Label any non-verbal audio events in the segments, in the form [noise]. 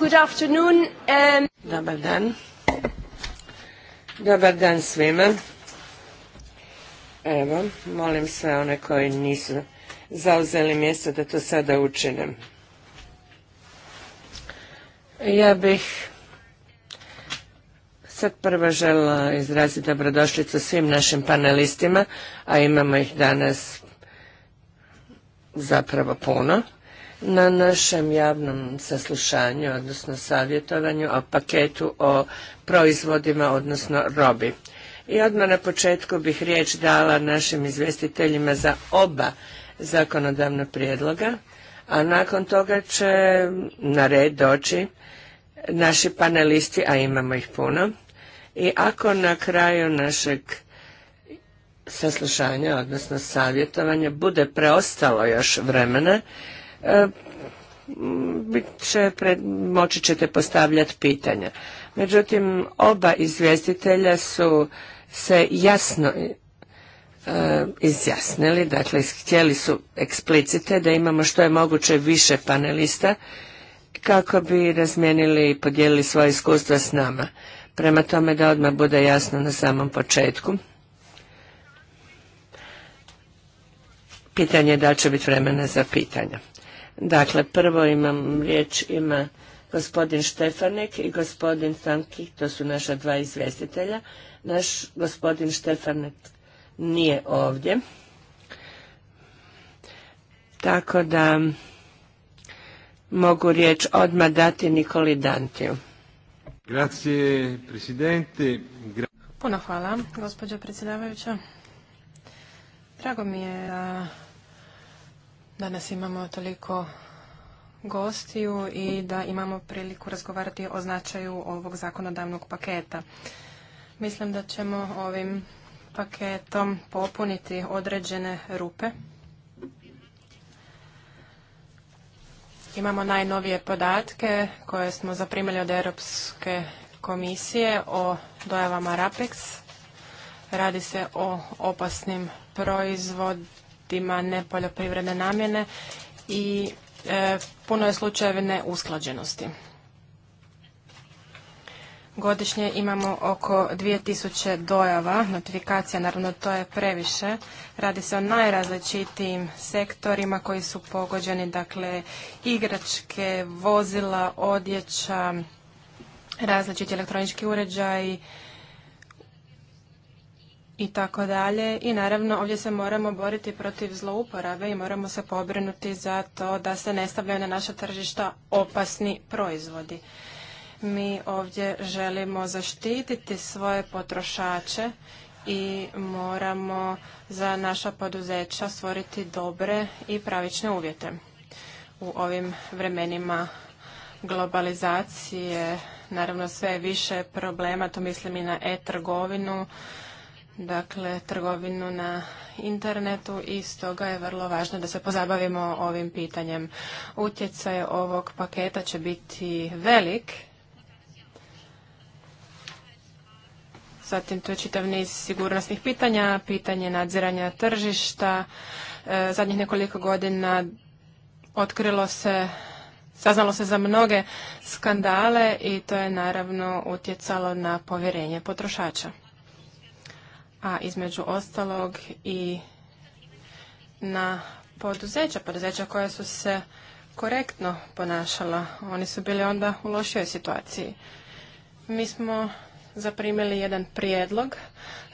Um, Dobar dan. Dobar dan svima. Evo, molim sve one koji nisu zauzeli mjesto da to sada učinem. Ja bih sad prvo žela izraziti dobrodošlicu svim našim panelistima, a imamo ih danas zapravo puno na našem javnom saslušanju, odnosno savjetovanju o paketu o proizvodima, odnosno robi. I odmah na početku bih riječ dala našim izvjestiteljima za oba zakonodavna prijedloga, a nakon toga će na red doći naši panelisti, a imamo ih puno. I ako na kraju našeg saslušanja, odnosno savjetovanja, bude preostalo još vremena, E, će moći ćete postavljati pitanja. Međutim, oba izvjestitelja su se jasno e, izjasnili, dakle htjeli su eksplicite da imamo što je moguće više panelista kako bi razmijenili i podijelili svoje iskustva s nama. Prema tome da odmah bude jasno na samom početku. Pitanje je da će biti vremena za pitanja. Dakle, prvo imam riječ ima gospodin Štefanek i gospodin Stanki, to su naša dva izvjestitelja. Naš gospodin Štefanek nije ovdje. Tako da mogu riječ odmah dati Nikoli Dantiju. Grazie, presidente. Puno hvala, gospođo predsjedavajuća. Drago mi je da danas imamo toliko gostiju i da imamo priliku razgovarati o značaju ovog zakonodavnog paketa. Mislim da ćemo ovim paketom popuniti određene rupe. Imamo najnovije podatke koje smo zaprimili od Europske komisije o dojavama RAPEX. Radi se o opasnim proizvodima objektima nepoljoprivredne namjene i e, puno je slučajeve neusklađenosti. Godišnje imamo oko 2000 dojava, notifikacija, naravno to je previše. Radi se o najrazličitijim sektorima koji su pogođeni, dakle igračke, vozila, odjeća, različiti elektronički uređaji, i tako dalje. I naravno ovdje se moramo boriti protiv zlouporabe i moramo se pobrinuti za to da se ne stavljaju na naša tržišta opasni proizvodi. Mi ovdje želimo zaštititi svoje potrošače i moramo za naša poduzeća stvoriti dobre i pravične uvjete. U ovim vremenima globalizacije naravno sve više problema, to mislim i na e-trgovinu, dakle trgovinu na internetu i stoga je vrlo važno da se pozabavimo ovim pitanjem. Utjecaj ovog paketa će biti velik. Zatim tu je čitav niz sigurnosnih pitanja, pitanje nadziranja tržišta. E, zadnjih nekoliko godina otkrilo se Saznalo se za mnoge skandale i to je naravno utjecalo na povjerenje potrošača a između ostalog i na poduzeća, poduzeća koja su se korektno ponašala. Oni su bili onda u lošoj situaciji. Mi smo zaprimili jedan prijedlog.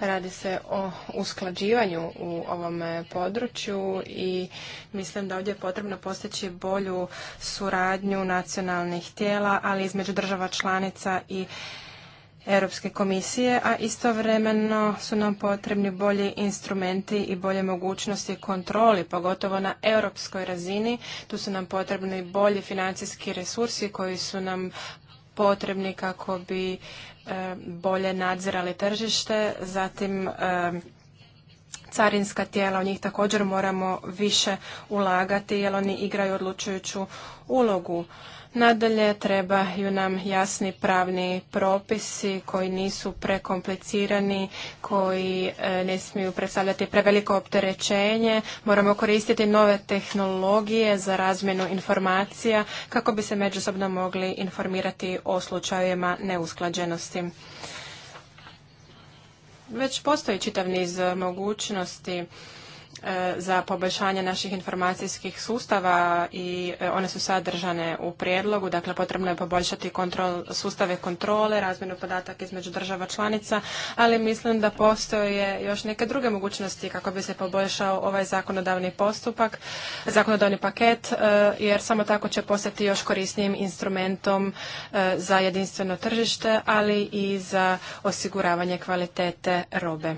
Radi se o usklađivanju u ovom području i mislim da ovdje je potrebno postići bolju suradnju nacionalnih tijela, ali između država članica i Europske komisije, a istovremeno su nam potrebni bolji instrumenti i bolje mogućnosti kontroli, pogotovo na europskoj razini. Tu su nam potrebni bolji financijski resursi koji su nam potrebni kako bi e, bolje nadzirali tržište, zatim e, carinska tijela, u njih također moramo više ulagati jer oni igraju odlučujuću ulogu. Nadalje trebaju nam jasni pravni propisi koji nisu prekomplicirani, koji e, ne smiju predstavljati preveliko opterećenje. Moramo koristiti nove tehnologije za razmjenu informacija kako bi se međusobno mogli informirati o slučajevima neusklađenosti. Već postoji čitav niz mogućnosti E, za poboljšanje naših informacijskih sustava i e, one su sadržane u prijedlogu. Dakle, potrebno je poboljšati kontrol, sustave kontrole, razmjenu podataka između država članica, ali mislim da postoje još neke druge mogućnosti kako bi se poboljšao ovaj zakonodavni postupak, zakonodavni paket, e, jer samo tako će postati još korisnijim instrumentom za jedinstveno tržište, ali i za osiguravanje kvalitete robe.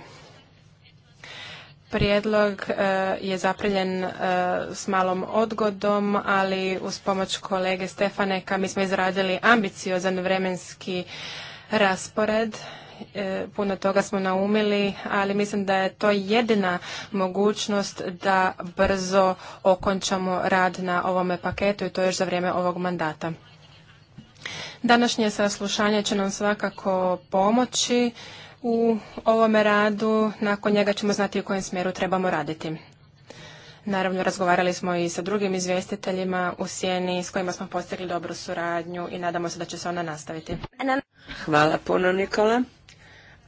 Prijedlog e, je zapravljen e, s malom odgodom, ali uz pomoć kolege Stefaneka mi smo izradili ambiciozan vremenski raspored e, puno toga smo naumili, ali mislim da je to jedina mogućnost da brzo okončamo rad na ovome paketu i to još za vrijeme ovog mandata. Današnje saslušanje će nam svakako pomoći u ovome radu, nakon njega ćemo znati u kojem smjeru trebamo raditi. Naravno, razgovarali smo i sa drugim izvjestiteljima u Sjeni s kojima smo postigli dobru suradnju i nadamo se da će se ona nastaviti. Hvala puno Nikola.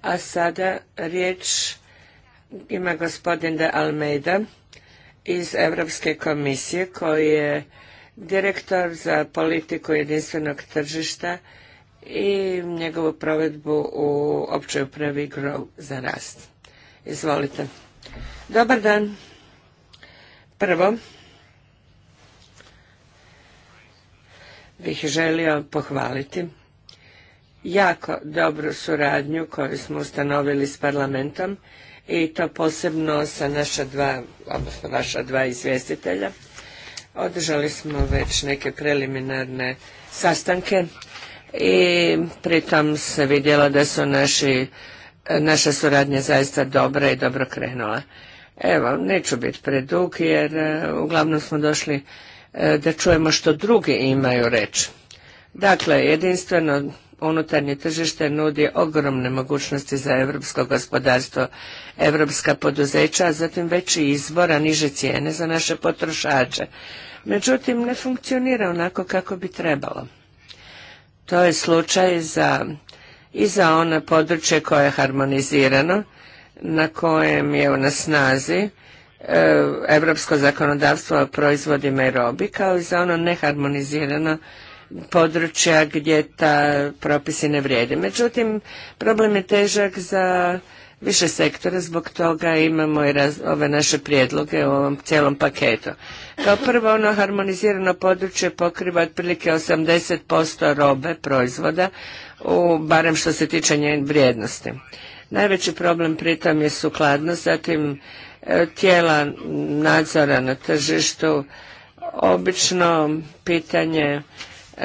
A sada riječ ima gospodin de Almeida iz Europske komisije koji je direktor za politiku jedinstvenog tržišta i njegovu provedbu u općoj upravi GROW za rast. Izvolite. Dobar dan. Prvo, bih želio pohvaliti jako dobru suradnju koju smo ustanovili s parlamentom i to posebno sa naša dva, odnosno vaša dva izvjestitelja. Održali smo već neke preliminarne sastanke i pritom se vidjela da su naši, naša suradnja zaista dobra i dobro krenula. Evo, neću biti predug jer e, uglavnom smo došli e, da čujemo što drugi imaju reći. Dakle, jedinstveno unutarnje tržište nudi ogromne mogućnosti za evropsko gospodarstvo, europska poduzeća, a zatim veći izbor, a niže cijene za naše potrošače. Međutim, ne funkcionira onako kako bi trebalo. To je slučaj za, i za ono područje koje je harmonizirano, na kojem je na snazi europsko zakonodavstvo o proizvodima i robi, kao i za ono neharmonizirano područja gdje ta propisi ne vrijede. Međutim, problem je težak za više sektora, zbog toga imamo i ove naše prijedloge u ovom cijelom paketu. Kao prvo, ono harmonizirano područje pokriva otprilike 80% robe, proizvoda, u, barem što se tiče njen vrijednosti. Najveći problem pritom je sukladnost, zatim e, tijela nadzora na tržištu, obično pitanje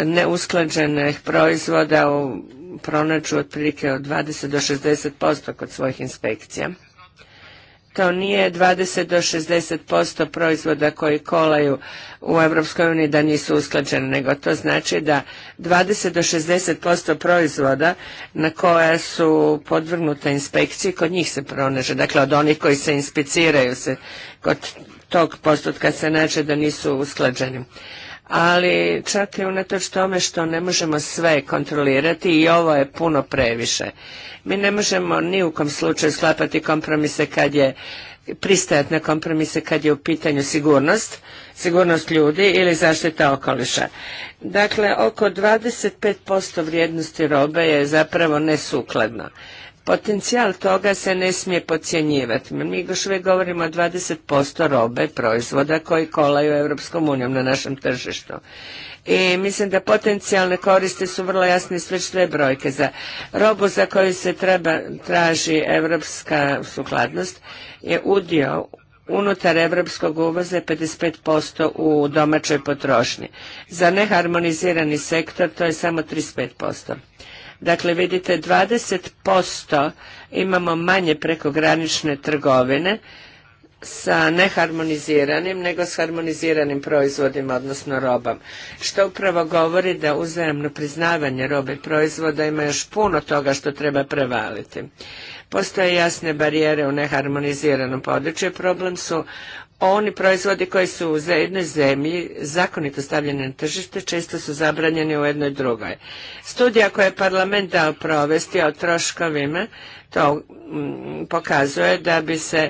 neusklađenih proizvoda u pronađu otprilike od 20 do 60% kod svojih inspekcija. To nije 20 do 60% proizvoda koji kolaju u Europskoj uniji da nisu usklađeni, nego to znači da 20 do 60% proizvoda na koja su podvrgnuta inspekcije kod njih se pronaže. Dakle, od onih koji se inspiciraju se, kod tog postotka se nađe da nisu usklađeni ali čak i unatoč tome što ne možemo sve kontrolirati i ovo je puno previše. Mi ne možemo ni u kom slučaju sklapati kompromise kad je pristajat na kompromise kad je u pitanju sigurnost, sigurnost ljudi ili zaštita okoliša. Dakle, oko 25% vrijednosti robe je zapravo nesukladno. Potencijal toga se ne smije podcjenjivati. Mi još uvijek govorimo o 20% robe, proizvoda koji kolaju Europskom unijom na našem tržištu. I mislim da potencijalne koriste su vrlo jasne sve sve brojke. Za robu za koju se treba, traži europska sukladnost je udio unutar evropskog uvoza je 55% u domaćoj potrošnji. Za neharmonizirani sektor to je samo 35%. Dakle, vidite, 20% imamo manje prekogranične trgovine sa neharmoniziranim, nego s harmoniziranim proizvodima, odnosno robom. Što upravo govori da uzajemno priznavanje robe proizvoda ima još puno toga što treba prevaliti. Postoje jasne barijere u neharmoniziranom području. Problem su oni proizvodi koji su u jednoj zemlji zakonito stavljeni na tržište često su zabranjeni u jednoj drugoj. Studija koju je parlament dao provesti o troškovima to mm, pokazuje da bi se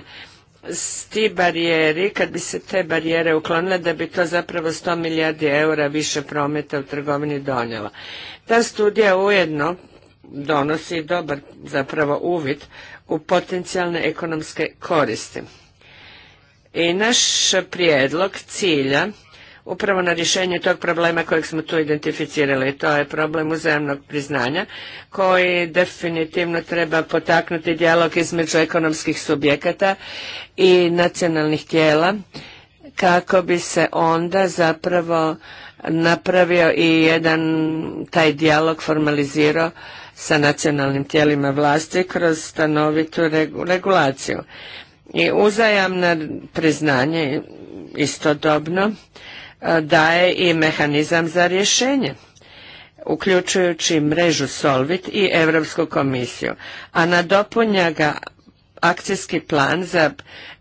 s ti barijeri, kad bi se te barijere uklonile, da bi to zapravo 100 milijardi eura više prometa u trgovini donijelo. Ta studija ujedno donosi dobar zapravo uvid u potencijalne ekonomske koristi. I naš prijedlog cilja upravo na rješenje tog problema kojeg smo tu identificirali. To je problem uzajamnog priznanja koji definitivno treba potaknuti dijalog između ekonomskih subjekata i nacionalnih tijela kako bi se onda zapravo napravio i jedan taj dijalog formalizirao sa nacionalnim tijelima vlasti kroz stanovitu regulaciju. I uzajamna priznanje istodobno e, daje i mehanizam za rješenje uključujući mrežu Solvit i Europsku komisiju, a nadopunja ga akcijski plan za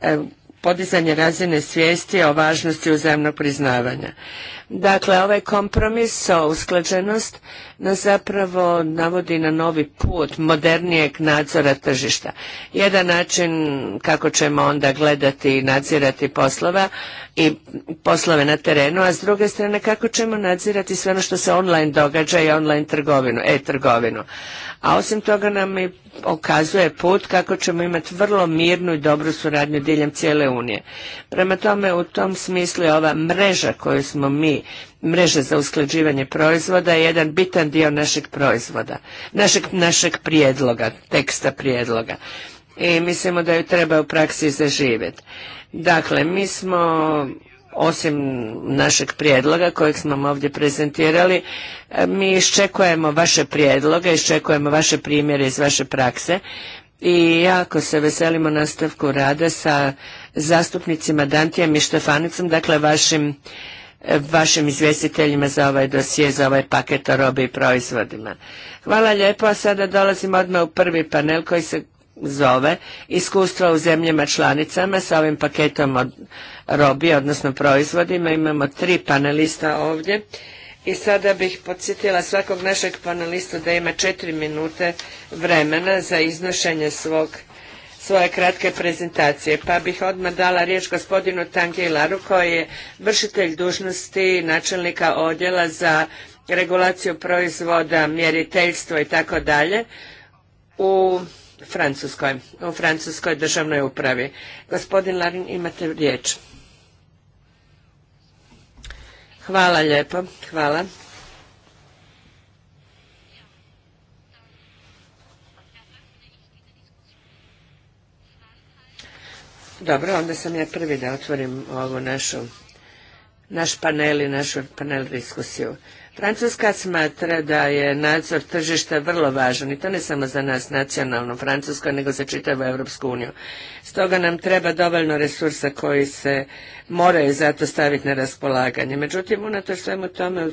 e, podizanje razine svijesti o važnosti uzajamnog priznavanja. Dakle, ovaj kompromis o usklađenost nas zapravo navodi na novi put modernijeg nadzora tržišta. Jedan način kako ćemo onda gledati i nadzirati poslova i poslove na terenu, a s druge strane kako ćemo nadzirati sve ono što se online događa i online trgovinu, e-trgovinu. A osim toga nam i okazuje put kako ćemo imati vrlo mirnu i dobru suradnju diljem cijele Unije. Prema tome u tom smislu je ova mreža koju smo mi mreže za usklađivanje proizvoda je jedan bitan dio našeg proizvoda, našeg, našeg prijedloga, teksta prijedloga. I mislimo da ju treba u praksi zaživjeti. Dakle, mi smo osim našeg prijedloga kojeg smo vam ovdje prezentirali, e, mi iščekujemo vaše prijedloge, iščekujemo vaše primjere iz vaše prakse i jako se veselimo nastavku rada sa zastupnicima Dantijem i Štefanicom, dakle vašim vašim izvjestiteljima za ovaj dosje za ovaj paket o robi i proizvodima. Hvala lijepo, a sada dolazimo odmah u prvi panel koji se zove Iskustva u zemljama članicama sa ovim paketom o robi, odnosno proizvodima. Imamo tri panelista ovdje. I sada bih podsjetila svakog našeg panelista da ima četiri minute vremena za iznošenje svog svoje kratke prezentacije, pa bih odmah dala riječ gospodinu Tankilaru koji je vršitelj dužnosti načelnika odjela za regulaciju proizvoda, mjeriteljstvo i tako dalje u Francuskoj, u Francuskoj državnoj upravi. Gospodin Larin, imate riječ. Hvala lijepo, hvala. Dobro, onda sam ja prvi da otvorim ovu našu, naš panel i našu panel diskusiju. Francuska smatra da je nadzor tržišta vrlo važan i to ne samo za nas nacionalno Francusko, nego za čitavu Europsku uniju. Stoga nam treba dovoljno resursa koji se moraju zato staviti na raspolaganje. Međutim, unatoč svemu tome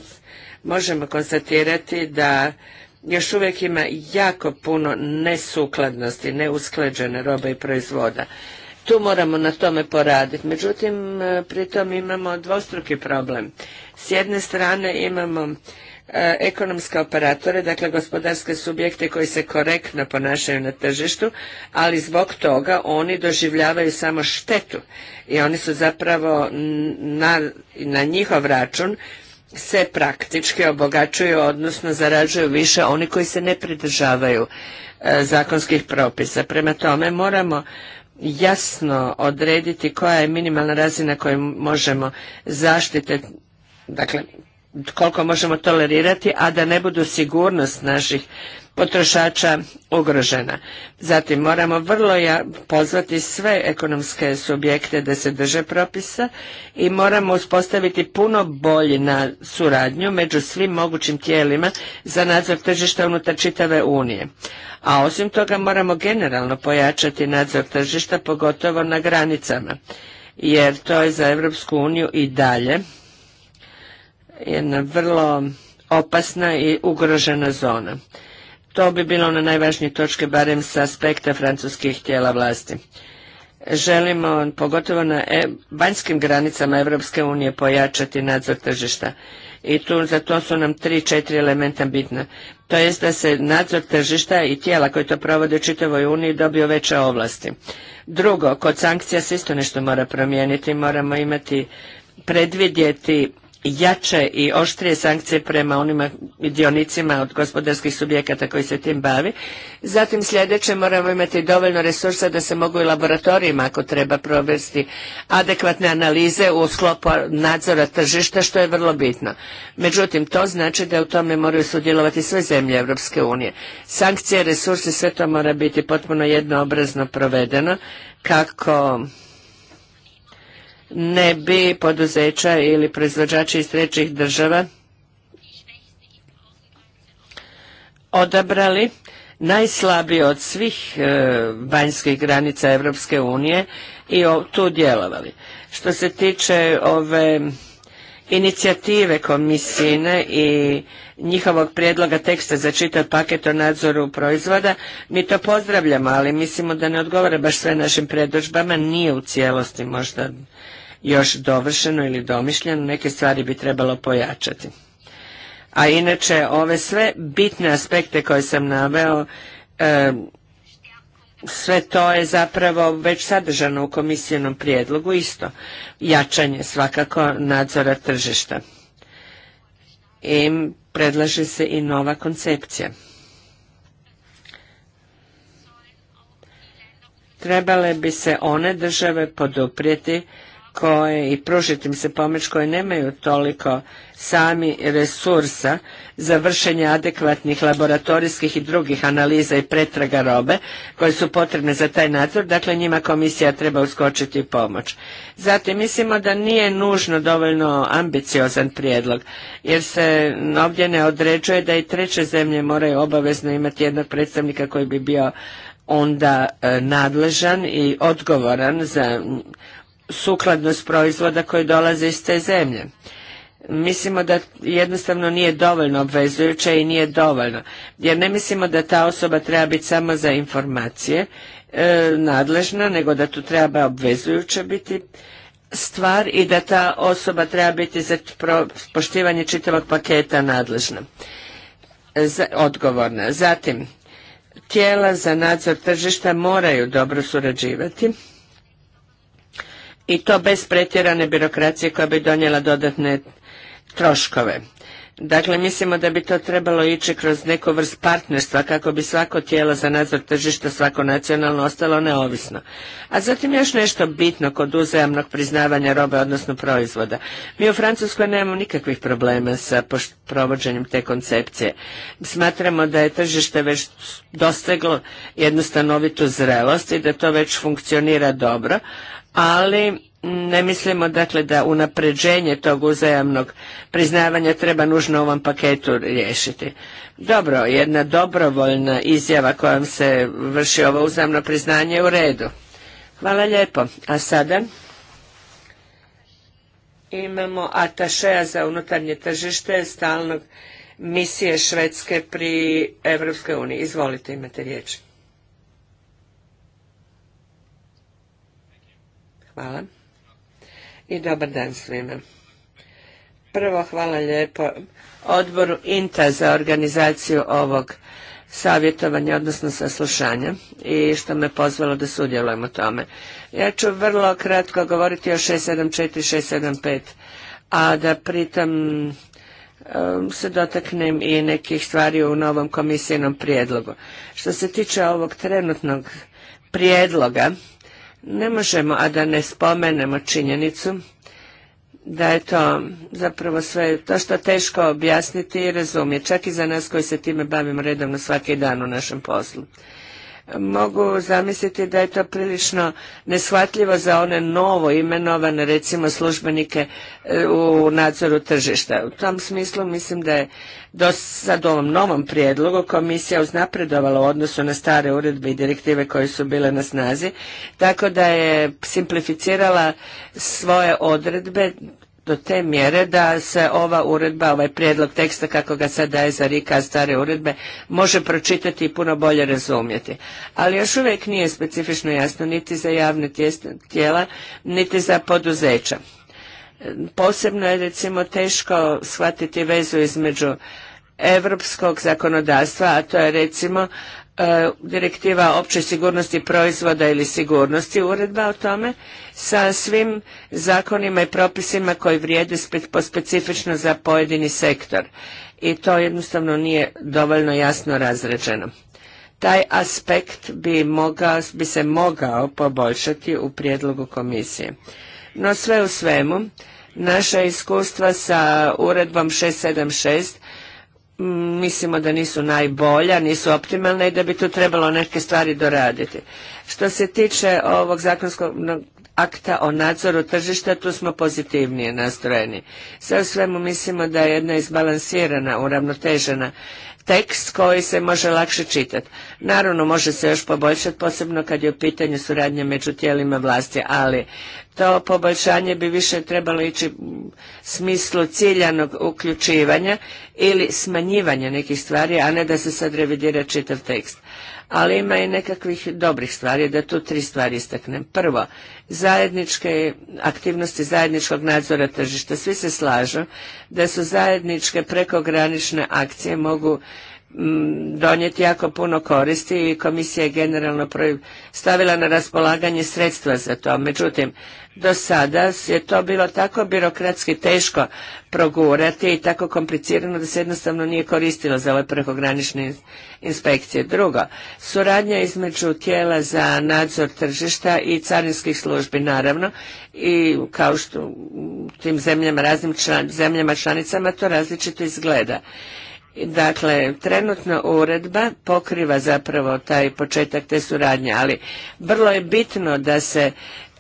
možemo konstatirati da još uvijek ima jako puno nesukladnosti, neusklađene robe i proizvoda tu moramo na tome poraditi. Međutim, e, pritom imamo dvostruki problem. S jedne strane imamo e, ekonomske operatore, dakle gospodarske subjekte koji se korektno ponašaju na tržištu, ali zbog toga oni doživljavaju samo štetu i oni su zapravo na, na njihov račun se praktički obogaćuju, odnosno zarađuju više oni koji se ne pridržavaju e, zakonskih propisa. Prema tome moramo jasno odrediti koja je minimalna razina koju možemo zaštite, dakle koliko možemo tolerirati, a da ne budu sigurnost naših potrošača ugrožena. Zatim moramo vrlo ja pozvati sve ekonomske subjekte da se drže propisa i moramo uspostaviti puno bolji na suradnju među svim mogućim tijelima za nadzor tržišta unutar čitave unije. A osim toga moramo generalno pojačati nadzor tržišta pogotovo na granicama jer to je za Europsku uniju i dalje jedna vrlo opasna i ugrožena zona. To bi bilo na najvažnije točke, barem sa aspekta francuskih tijela vlasti. Želimo, pogotovo na e, vanjskim granicama Evropske unije, pojačati nadzor tržišta. I tu, za to su nam tri, četiri elementa bitna. To jest da se nadzor tržišta i tijela koji to provode u čitavoj uniji dobiju veće ovlasti. Drugo, kod sankcija se isto nešto mora promijeniti. Moramo imati, predvidjeti jače i oštrije sankcije prema onima dionicima od gospodarskih subjekata koji se tim bavi. Zatim sljedeće moramo imati dovoljno resursa da se mogu i laboratorijima ako treba provesti adekvatne analize u sklopu nadzora tržišta što je vrlo bitno. Međutim, to znači da u tome moraju sudjelovati sve zemlje Europske unije. Sankcije, resursi, sve to mora biti potpuno jednoobrazno provedeno kako ne bi poduzeća ili proizvođači iz trećih država odabrali najslabije od svih e, vanjskih granica Europske unije i tu djelovali. Što se tiče ove inicijative komisine i njihovog prijedloga teksta za čitav paket o nadzoru proizvoda, mi to pozdravljamo, ali mislimo da ne odgovara baš sve našim predođbama, nije u cijelosti možda još dovršeno ili domišljeno, neke stvari bi trebalo pojačati. A inače, ove sve bitne aspekte koje sam naveo, sve to je zapravo već sadržano u komisijenom prijedlogu isto. Jačanje svakako nadzora tržišta. I predlaže se i nova koncepcija. Trebale bi se one države poduprijeti koje i pružiti im se pomoć koje nemaju toliko sami resursa za vršenje adekvatnih laboratorijskih i drugih analiza i pretraga robe koje su potrebne za taj nadzor, dakle njima komisija treba uskočiti pomoć. Zatim mislimo da nije nužno dovoljno ambiciozan prijedlog, jer se ovdje ne određuje da i treće zemlje moraju obavezno imati jednog predstavnika koji bi bio onda e, nadležan i odgovoran za sukladnost proizvoda koji dolaze iz te zemlje. Mislimo da jednostavno nije dovoljno obvezujuće i nije dovoljno, jer ne mislimo da ta osoba treba biti samo za informacije e, nadležna, nego da tu treba obvezujuće biti stvar i da ta osoba treba biti za poštivanje čitavog paketa nadležna, e, odgovorna. Zatim, tijela za nadzor tržišta moraju dobro surađivati i to bez pretjerane birokracije koja bi donijela dodatne troškove. Dakle, mislimo da bi to trebalo ići kroz neku vrst partnerstva kako bi svako tijelo za nadzor tržišta, svako nacionalno, ostalo neovisno. A zatim još nešto bitno kod uzajamnog priznavanja robe, odnosno proizvoda. Mi u Francuskoj nemamo nikakvih problema sa provođenjem te koncepcije. Smatramo da je tržište već dosteglo jednu zrelost i da to već funkcionira dobro, ali ne mislimo dakle da unapređenje tog uzajamnog priznavanja treba nužno u ovom paketu riješiti. Dobro, jedna dobrovoljna izjava kojom se vrši ovo uzajamno priznanje je u redu. Hvala lijepo. A sada imamo atašeja za unutarnje tržište stalnog misije Švedske pri Evropskoj uniji. Izvolite, imate riječ. Hvala. I dobar dan svima. Prvo hvala lijepo odboru INTA za organizaciju ovog savjetovanja, odnosno saslušanja i što me pozvalo da sudjelujem u tome. Ja ću vrlo kratko govoriti o 674, 675, a da pritom um, se dotaknem i nekih stvari u novom komisijenom prijedlogu. Što se tiče ovog trenutnog prijedloga ne možemo, a da ne spomenemo činjenicu da je to zapravo sve to što teško objasniti i razumjeti, čak i za nas koji se time bavimo redovno svaki dan u našem poslu mogu zamisliti da je to prilično neshvatljivo za one novo imenovane recimo službenike e, u nadzoru tržišta. U tom smislu mislim da je do sad u ovom novom prijedlogu komisija uznapredovala u odnosu na stare uredbe i direktive koje su bile na snazi, tako da je simplificirala svoje odredbe do te mjere da se ova uredba, ovaj prijedlog teksta kako ga sad daje za rika stare uredbe, može pročitati i puno bolje razumjeti. Ali još uvijek nije specifično jasno niti za javne tijela, niti za poduzeća. Posebno je recimo teško shvatiti vezu između europskog zakonodavstva, a to je recimo E, direktiva opće sigurnosti proizvoda ili sigurnosti uredba o tome sa svim zakonima i propisima koji vrijede specifično za pojedini sektor i to jednostavno nije dovoljno jasno razređeno. Taj aspekt bi, mogao, bi se mogao poboljšati u prijedlogu komisije. No sve u svemu, naša iskustva sa uredbom 676 mislimo da nisu najbolja, nisu optimalna i da bi tu trebalo neke stvari doraditi. Što se tiče ovog zakonskog akta o nadzoru tržišta, tu smo pozitivnije nastrojeni. Sve u svemu mislimo da je jedna izbalansirana, uravnotežena tekst koji se može lakše čitati. Naravno, može se još poboljšati, posebno kad je u pitanju suradnje među tijelima vlasti, ali to poboljšanje bi više trebalo ići u smislu ciljanog uključivanja ili smanjivanja nekih stvari, a ne da se sad revidira čitav tekst. Ali ima i nekakvih dobrih stvari, da tu tri stvari istaknem. Prvo, zajedničke aktivnosti zajedničkog nadzora tržišta. Svi se slažu da su zajedničke prekogranične akcije mogu mm, donijeti jako puno koristi i komisija je generalno stavila na raspolaganje sredstva za to. Međutim, do sada je to bilo tako birokratski teško progurati i tako komplicirano da se jednostavno nije koristilo za ove prekogranične inspekcije. Drugo, suradnja između tijela za nadzor tržišta i carinskih službi, naravno, i kao što u tim zemljama, raznim član, zemljama članicama to različito izgleda. Dakle, trenutna uredba pokriva zapravo taj početak te suradnje, ali vrlo je bitno da se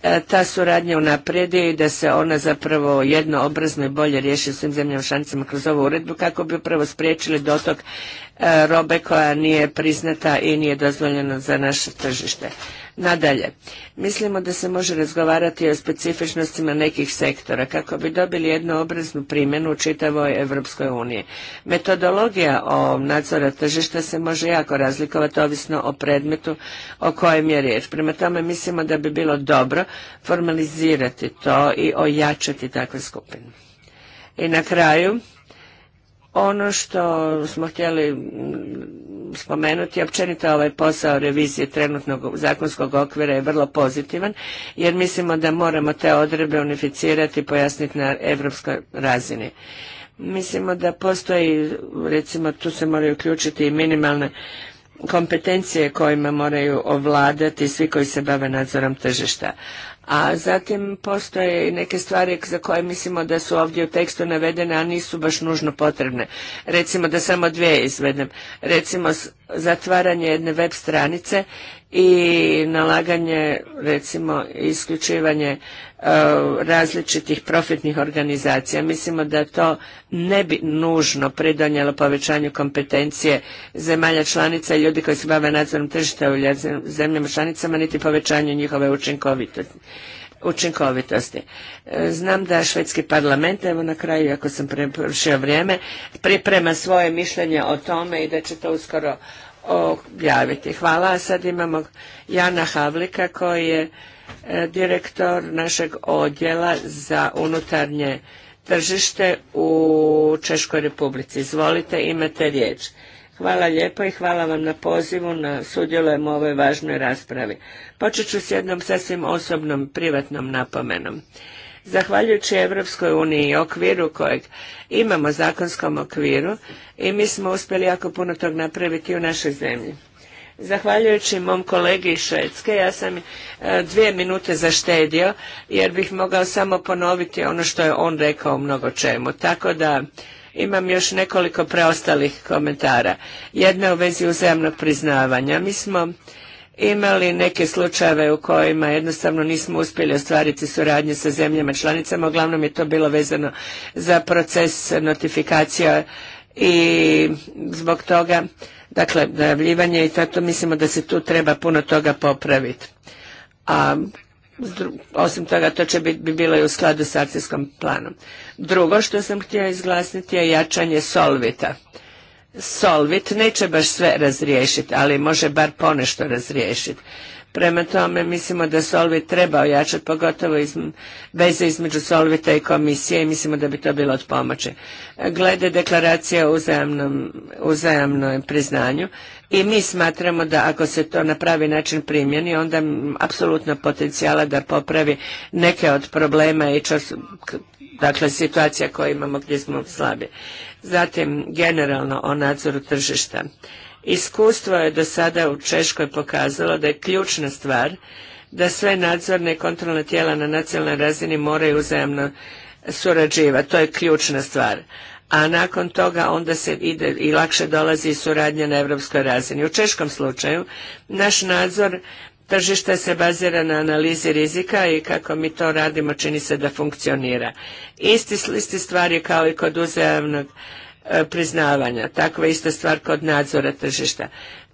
E, ta suradnja unaprijedi i da se ona zapravo jednoobrazno i bolje riješi svim zemljama članicama kroz ovu uredbu kako bi upravo spriječili dotok e, robe koja nije priznata i nije dozvoljena za naše tržište. Nadalje, mislimo da se može razgovarati o specifičnostima nekih sektora kako bi dobili jednu obraznu primjenu u čitavoj Evropskoj uniji. Metodologija o nadzora tržišta se može jako razlikovati ovisno o predmetu o kojem je riječ. Prema tome mislimo da bi bilo dobro formalizirati to i ojačati takve skupine. I na kraju, ono što smo htjeli spomenuti, općenito ovaj posao revizije trenutnog zakonskog okvira je vrlo pozitivan, jer mislimo da moramo te odrebe unificirati i pojasniti na evropskoj razini. Mislimo da postoji, recimo tu se moraju uključiti i minimalne kompetencije kojima moraju ovladati svi koji se bave nadzorom tržišta. A zatim postoje neke stvari za koje mislimo da su ovdje u tekstu navedene, a nisu baš nužno potrebne. Recimo da samo dvije izvedem. Recimo zatvaranje jedne web stranice i nalaganje recimo isključivanje e, različitih profitnih organizacija. Mislimo da to ne bi nužno pridonjelo povećanju kompetencije zemalja članica i ljudi koji se bave nadzorom tržišta u zemljama članicama niti povećanju njihove učinkovitosti učinkovitosti. E, znam da švedski parlament, evo na kraju, ako sam prevršio vrijeme, priprema svoje mišljenje o tome i da će to uskoro objaviti. Hvala. A sad imamo Jana Havlika koji je e, direktor našeg odjela za unutarnje tržište u Češkoj republici. Izvolite, imate riječ. Hvala lijepo i hvala vam na pozivu, na sudjelujem u ovoj važnoj raspravi. Počet ću s jednom sasvim osobnom, privatnom napomenom. Zahvaljujući Evropskoj uniji i okviru kojeg imamo zakonskom okviru i mi smo uspjeli jako puno tog napraviti u našoj zemlji. Zahvaljujući mom kolegi iz Švedske, ja sam e, dvije minute zaštedio jer bih mogao samo ponoviti ono što je on rekao mnogo čemu. Tako da imam još nekoliko preostalih komentara. Jedna u vezi uzajamnog priznavanja. Mi smo imali neke slučajeve u kojima jednostavno nismo uspjeli ostvariti suradnje sa zemljama članicama. Uglavnom je to bilo vezano za proces notifikacija i zbog toga, dakle, najavljivanje i to mislimo da se tu treba puno toga popraviti. A osim toga to će biti, bi bilo i u skladu s akcijskom planom. Drugo što sam htio izglasniti je jačanje solvita. Solvit neće baš sve razriješiti, ali može bar ponešto razriješiti. Prema tome, mislimo da Solvit treba ojačati, pogotovo iz, veze između Solvita i komisije i mislimo da bi to bilo od pomoći. Glede deklaracije o uzajamnom, uzajamnom priznanju i mi smatramo da ako se to na pravi način primjeni, onda apsolutno potencijala da popravi neke od problema i čas, dakle situacija koje imamo gdje smo slabi. Zatim, generalno o nadzoru tržišta. Iskustvo je do sada u Češkoj pokazalo da je ključna stvar da sve nadzorne i kontrolne tijela na nacionalnoj razini moraju uzajamno surađivati. To je ključna stvar. A nakon toga onda se ide i lakše dolazi suradnja na europskoj razini. U češkom slučaju naš nadzor tržišta se bazira na analizi rizika i kako mi to radimo čini se da funkcionira. Isti, isti stvar je kao i kod uzajamnog E, priznavanja. Takva ista stvar kod nadzora tržišta.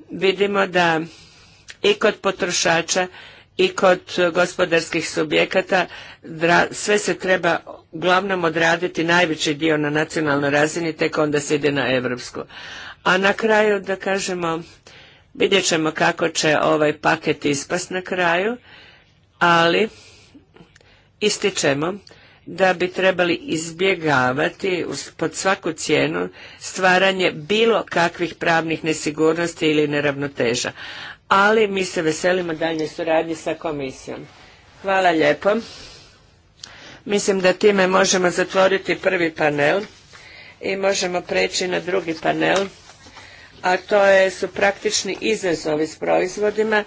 Vidimo da i kod potrošača i kod gospodarskih subjekata sve se treba uglavnom odraditi najveći dio na nacionalnoj razini, tek onda se ide na evropsku. A na kraju, da kažemo, vidjet ćemo kako će ovaj paket ispast na kraju, ali ističemo da bi trebali izbjegavati pod svaku cijenu stvaranje bilo kakvih pravnih nesigurnosti ili neravnoteža. Ali mi se veselimo daljnjoj suradnji sa komisijom. Hvala lijepo. Mislim da time možemo zatvoriti prvi panel i možemo preći na drugi panel, a to je, su praktični izazovi s proizvodima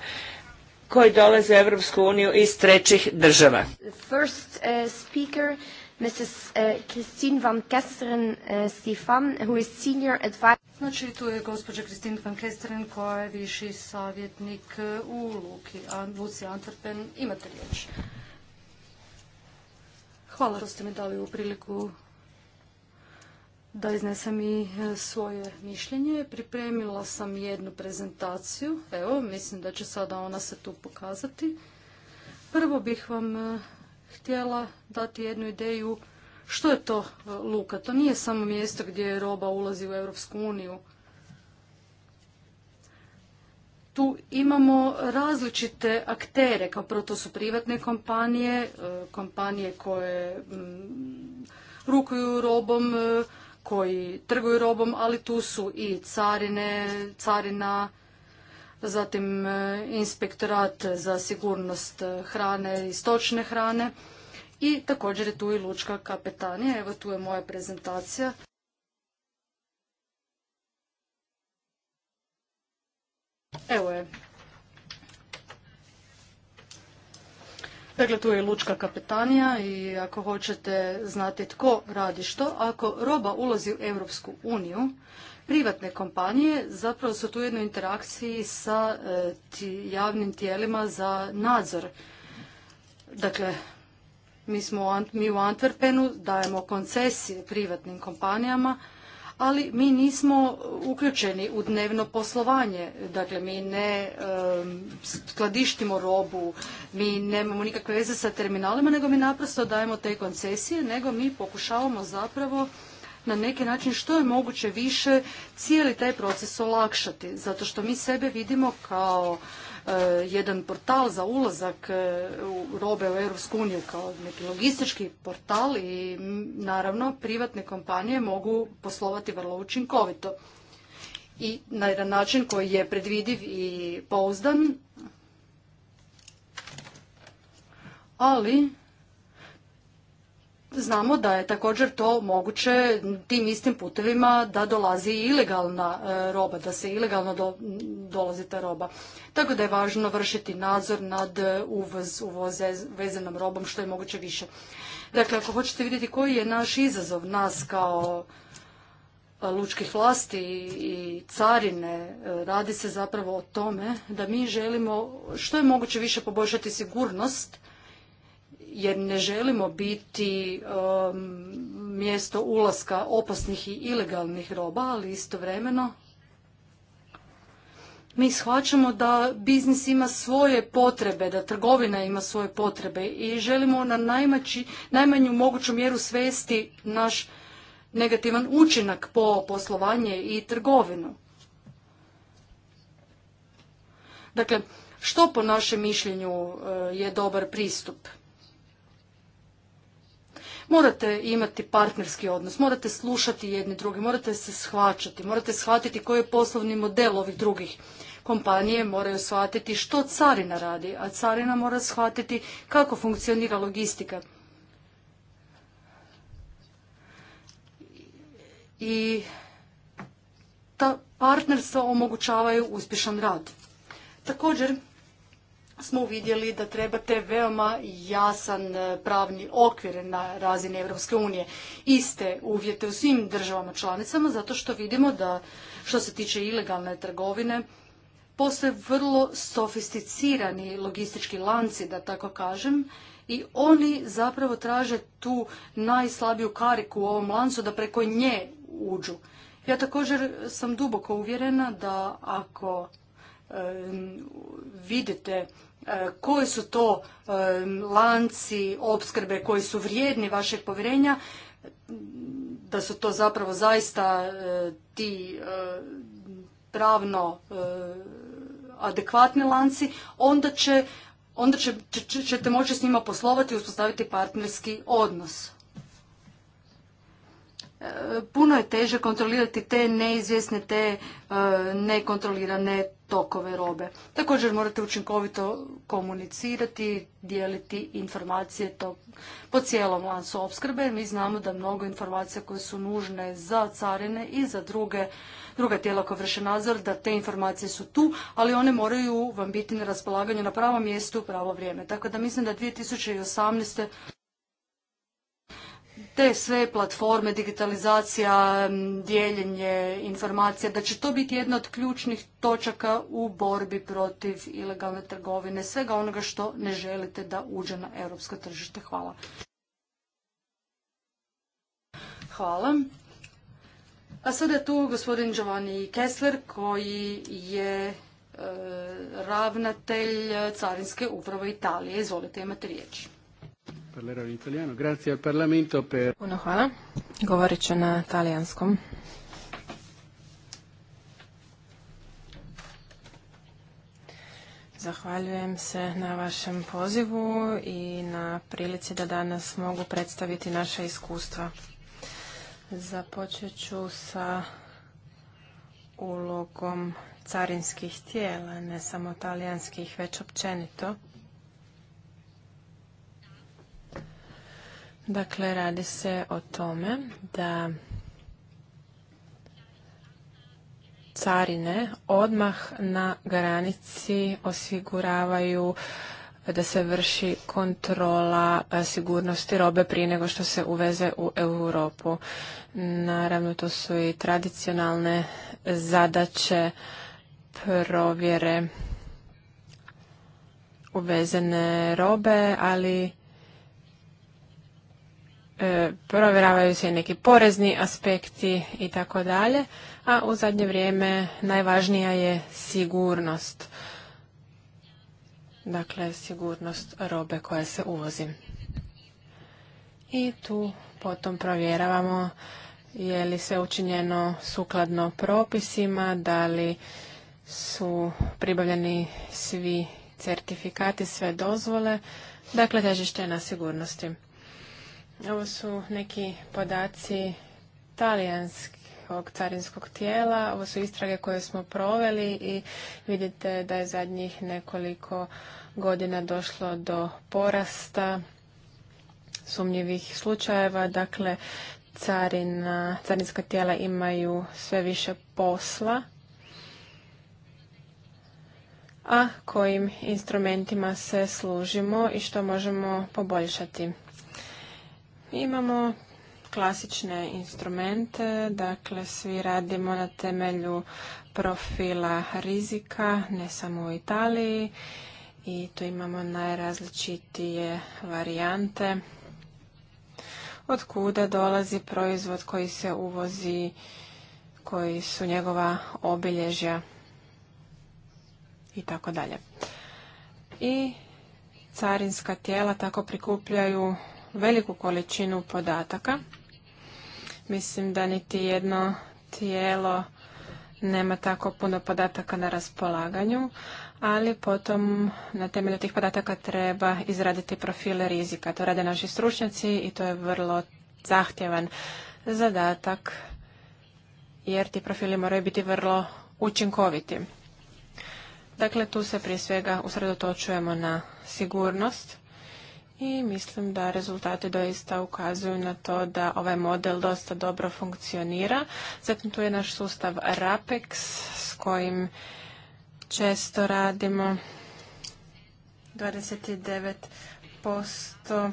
koji dolaze u Europsku uniju iz trećih država. First uh, speaker Mrs. Uh, Christine van Kesteren uh, Stefan, who is senior advisor. Znači, tu je gospođa Christine van Kesteren koja je viši savjetnik u Luki, Luci Antwerpen. Imate riječ. Hvala što ste mi dali u priliku da iznesem i e, svoje mišljenje. Pripremila sam jednu prezentaciju. Evo, mislim da će sada ona se tu pokazati. Prvo bih vam e, htjela dati jednu ideju što je to e, luka. To nije samo mjesto gdje roba ulazi u Europsku uniju. Tu imamo različite aktere, kao proto to su privatne kompanije, kompanije koje mm, rukuju robom, koji trguju robom, ali tu su i carine, carina, zatim e, inspektorat za sigurnost e, hrane i stočne hrane i također je tu i lučka kapetanija. Evo tu je moja prezentacija. Evo je Dakle, tu je lučka kapetanija i ako hoćete znati tko radi što, ako roba ulazi u Europsku uniju, privatne kompanije zapravo su tu jednoj interakciji sa e, javnim tijelima za nadzor. Dakle, mi, mi u Antwerpenu dajemo koncesije privatnim kompanijama, ali mi nismo uključeni u dnevno poslovanje. Dakle, mi ne skladištimo robu, mi nemamo nikakve veze sa terminalima, nego mi naprosto dajemo te koncesije, nego mi pokušavamo zapravo na neki način što je moguće više cijeli taj proces olakšati, zato što mi sebe vidimo kao E, jedan portal za ulazak e, u robe u Europsku uniju kao neki logistički portal i naravno privatne kompanije mogu poslovati vrlo učinkovito i na jedan način koji je predvidiv i pouzdan ali Znamo da je također to moguće tim istim putevima da dolazi ilegalna e, roba, da se ilegalno dolazi ta roba. Tako da je važno vršiti nadzor nad uvoz, uvoze robom što je moguće više. Dakle, ako hoćete vidjeti koji je naš izazov, nas kao e, lučkih vlasti i carine, e, radi se zapravo o tome da mi želimo što je moguće više poboljšati sigurnost jer ne želimo biti um, mjesto ulaska opasnih i ilegalnih roba, ali istovremeno mi shvaćamo da biznis ima svoje potrebe, da trgovina ima svoje potrebe i želimo na najmanju moguću mjeru svesti naš negativan učinak po poslovanje i trgovinu. Dakle, što po našem mišljenju uh, je dobar pristup? Morate imati partnerski odnos, morate slušati jedni drugi, morate se shvaćati, morate shvatiti koji je poslovni model ovih drugih. Kompanije moraju shvatiti što carina radi, a carina mora shvatiti kako funkcionira logistika. I ta partnerstva omogućavaju uspješan rad. Također, smo uvidjeli da trebate veoma jasan e, pravni okvir na razini Europske unije. Iste uvjete u svim državama članicama, zato što vidimo da što se tiče ilegalne trgovine, postoje vrlo sofisticirani logistički lanci, da tako kažem, i oni zapravo traže tu najslabiju kariku u ovom lancu da preko nje uđu. Ja također sam duboko uvjerena da ako e, vidite E, koji su to e, lanci opskrbe koji su vrijedni vašeg povjerenja, da su to zapravo zaista e, ti pravno adekvatni lanci, onda će onda ćete moći s njima poslovati i uspostaviti partnerski odnos. Puno je teže kontrolirati te neizvjesne, te nekontrolirane tokove robe. Također morate učinkovito komunicirati, dijeliti informacije po cijelom lancu opskrbe. Mi znamo da mnogo informacija koje su nužne za carine i za druge, druga tijela koja vrše nadzor, da te informacije su tu, ali one moraju vam biti na raspolaganju na pravom mjestu u pravo vrijeme. Tako da mislim da 2018 te sve platforme, digitalizacija, dijeljenje informacija, da će to biti jedna od ključnih točaka u borbi protiv ilegalne trgovine, svega onoga što ne želite da uđe na europsko tržište. Hvala. Hvala. A sada je tu gospodin Giovanni Kessler koji je e, ravnatelj Carinske uprave Italije. Izvolite, imate riječ parlerò in italiano. Grazie hvala. Govorit na talijanskom. Zahvaljujem se na vašem pozivu i na prilici da danas mogu predstaviti naša iskustva. Započet ću sa ulogom carinskih tijela, ne samo talijanskih, već općenito. Dakle, radi se o tome da carine odmah na granici osiguravaju da se vrši kontrola e, sigurnosti robe prije nego što se uveze u Europu. Naravno, to su i tradicionalne zadaće provjere uvezene robe, ali E, provjeravaju se i neki porezni aspekti i tako dalje, a u zadnje vrijeme najvažnija je sigurnost. Dakle, sigurnost robe koja se uvozi. I tu potom provjeravamo je li sve učinjeno sukladno propisima, da li su pribavljeni svi certifikati, sve dozvole, dakle težište je na sigurnosti. Ovo su neki podaci talijanskog carinskog tijela. Ovo su istrage koje smo proveli i vidite da je zadnjih nekoliko godina došlo do porasta sumnjivih slučajeva. Dakle, carinska tijela imaju sve više posla a kojim instrumentima se služimo i što možemo poboljšati. Imamo klasične instrumente, dakle svi radimo na temelju profila rizika, ne samo u Italiji i tu imamo najrazličitije varijante od kuda dolazi proizvod koji se uvozi, koji su njegova obilježja i tako dalje. I carinska tijela tako prikupljaju veliku količinu podataka. Mislim da niti jedno tijelo nema tako puno podataka na raspolaganju, ali potom na temelju tih podataka treba izraditi profile rizika. To rade naši stručnjaci i to je vrlo zahtjevan zadatak jer ti profili moraju biti vrlo učinkoviti. Dakle, tu se prije svega usredotočujemo na sigurnost i mislim da rezultati doista ukazuju na to da ovaj model dosta dobro funkcionira. Zatim tu je naš sustav RAPEX s kojim često radimo 29%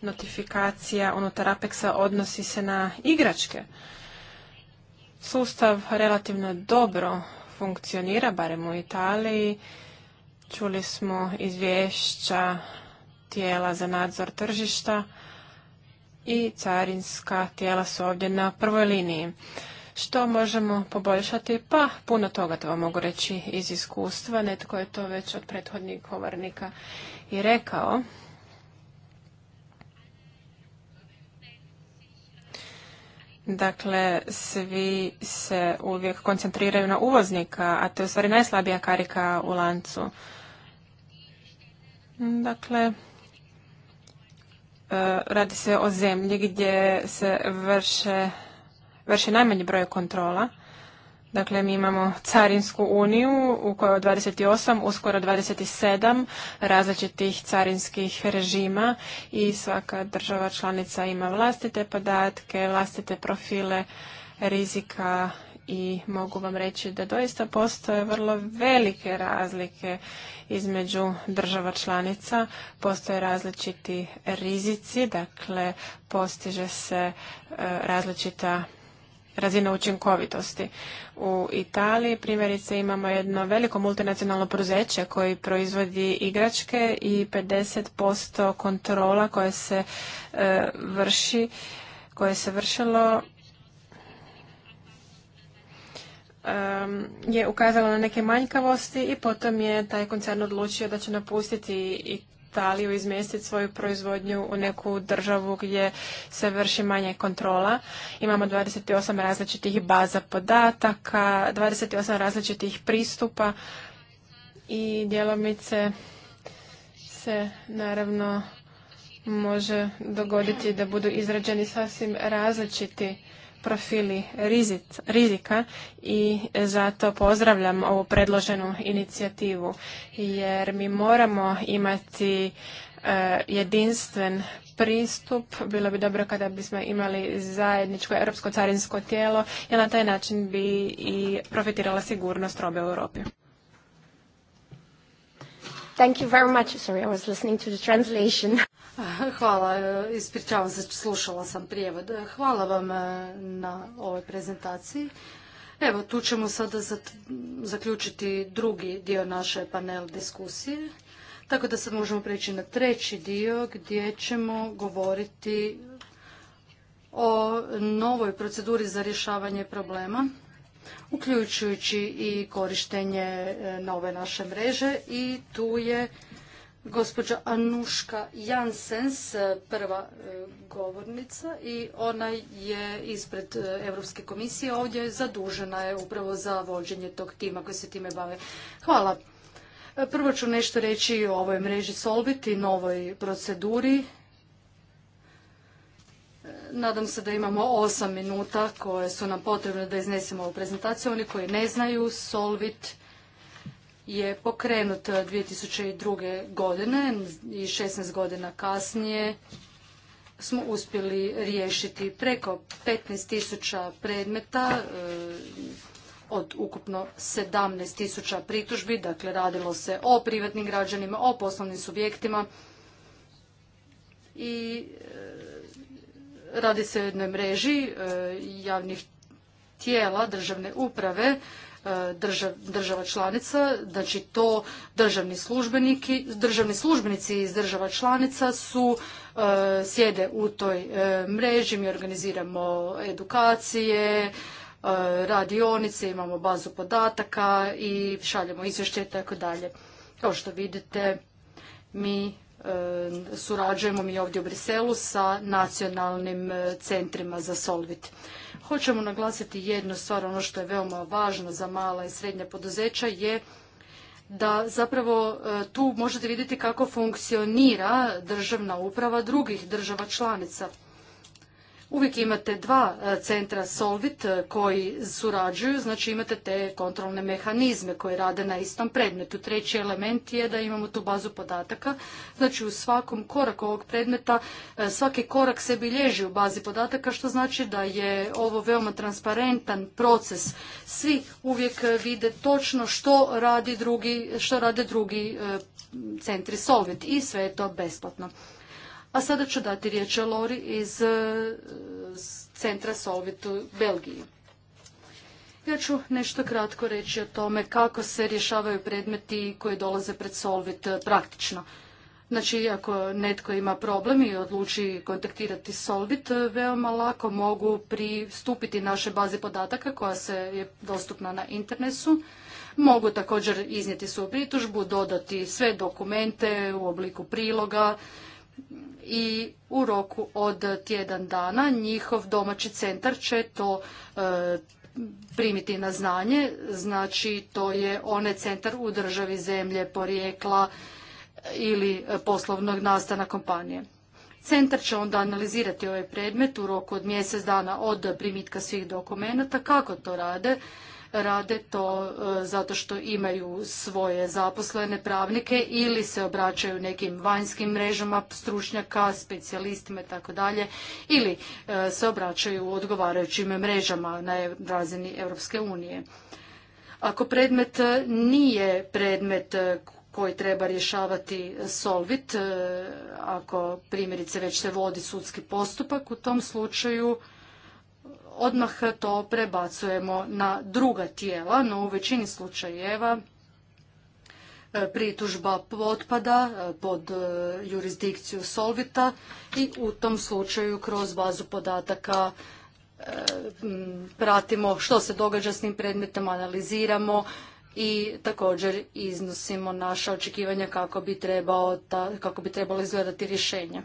notifikacija unutar Apexa odnosi se na igračke. Sustav relativno dobro funkcionira, barem u Italiji. Čuli smo izvješća tijela za nadzor tržišta i carinska tijela su ovdje na prvoj liniji. Što možemo poboljšati? Pa puno toga to mogu reći iz iskustva. Netko je to već od prethodnih govornika i rekao. Dakle, svi se uvijek koncentriraju na uvoznika, a to je u stvari najslabija karika u lancu. Dakle, E, radi se o zemlji gdje se vrše, vrši najmanji broj kontrola. Dakle, mi imamo Carinsku uniju u kojoj je 28, uskoro 27 različitih carinskih režima i svaka država članica ima vlastite podatke, vlastite profile rizika i mogu vam reći da doista postoje vrlo velike razlike između država članica, postoje različiti rizici, dakle postiže se e, različita razina učinkovitosti. U Italiji primjerice imamo jedno veliko multinacionalno poduzeće koji proizvodi igračke i 50% kontrola koje se e, vrši koje se vršilo je ukazala na neke manjkavosti i potom je taj koncern odlučio da će napustiti Italiju, izmjestiti svoju proizvodnju u neku državu gdje se vrši manje kontrola. Imamo 28 različitih baza podataka, 28 različitih pristupa i djelomice se naravno može dogoditi da budu izrađeni sasvim različiti profili rizika i zato pozdravljam ovu predloženu inicijativu jer mi moramo imati e, jedinstven pristup. Bilo bi dobro kada bismo imali zajedničko europsko carinsko tijelo jer na taj način bi i profitirala sigurnost robe u Europi. Thank you very much. Sorry, [laughs] Hvala, eh, ispričavam se, slušala sam prijevod. Hvala vam eh, na ovoj prezentaciji. Evo, tu ćemo sada zaključiti drugi dio naše panel diskusije. Tako da sad možemo preći na treći dio gdje ćemo govoriti o novoj proceduri za rješavanje problema uključujući i korištenje e, nove naše mreže i tu je gospođa Anuška Jansens, e, prva e, govornica i ona je ispred Europske komisije ovdje zadužena je upravo za vođenje tog tima koji se time bave. Hvala. Prvo ću nešto reći o ovoj mreži Solvit i novoj proceduri Nadam se da imamo osam minuta koje su nam potrebne da iznesemo ovu prezentaciju. Oni koji ne znaju, Solvit je pokrenut 2002. godine i 16 godina kasnije smo uspjeli riješiti preko 15.000 predmeta e, od ukupno 17.000 pritužbi, dakle radilo se o privatnim građanima, o poslovnim subjektima i e, Radi se o jednoj mreži e, javnih tijela državne uprave e, država članica, znači to državni službenici, državni službenici iz država članica su e, sjede u toj mreži, mi organiziramo edukacije, radionice, imamo bazu podataka i šaljemo izvješće i tako dalje. Kao što vidite, mi E, surađujemo mi ovdje u Briselu sa nacionalnim e, centrima za Solvit. Hoćemo naglasiti jednu stvar, ono što je veoma važno za mala i srednja poduzeća je da zapravo e, tu možete vidjeti kako funkcionira državna uprava drugih država članica. Uvijek imate dva e, centra Solvit e, koji surađuju, znači imate te kontrolne mehanizme koji rade na istom predmetu. Treći element je da imamo tu bazu podataka, znači u svakom koraku ovog predmeta e, svaki korak se bilježi u bazi podataka što znači da je ovo veoma transparentan proces. Svi uvijek vide točno što radi drugi, što rade drugi centri Solvit i sve je to besplatno. A sada ću dati riječ Lori iz e, centra Solvit u Belgiji. Ja ću nešto kratko reći o tome kako se rješavaju predmeti koji dolaze pred Solvit e, praktično. Znači, iako netko ima problem i odluči kontaktirati Solvit, e, veoma lako mogu pristupiti naše bazi podataka koja se je dostupna na internetu. Mogu također iznijeti svoju pritužbu, dodati sve dokumente u obliku priloga i u roku od tjedan dana njihov domaći centar će to e, primiti na znanje. Znači to je onaj centar u državi zemlje, porijekla ili poslovnog nastana kompanije. Centar će onda analizirati ovaj predmet u roku od mjesec dana od primitka svih dokumenata. Kako to rade? rade to e, zato što imaju svoje zaposlene pravnike ili se obraćaju nekim vanjskim mrežama stručnjaka, specijalistima i tako dalje ili e, se obraćaju odgovarajućim mrežama na razini Europske unije. Ako predmet nije predmet koji treba rješavati Solvit, e, ako primjerice već se vodi sudski postupak, u tom slučaju odmah to prebacujemo na druga tijela, no u većini slučajeva e, pritužba otpada e, pod e, jurisdikciju Solvita i u tom slučaju kroz bazu podataka pratimo što se događa s tim predmetom, analiziramo i također iznosimo naša očekivanja kako bi, kako bi trebalo izgledati rješenje.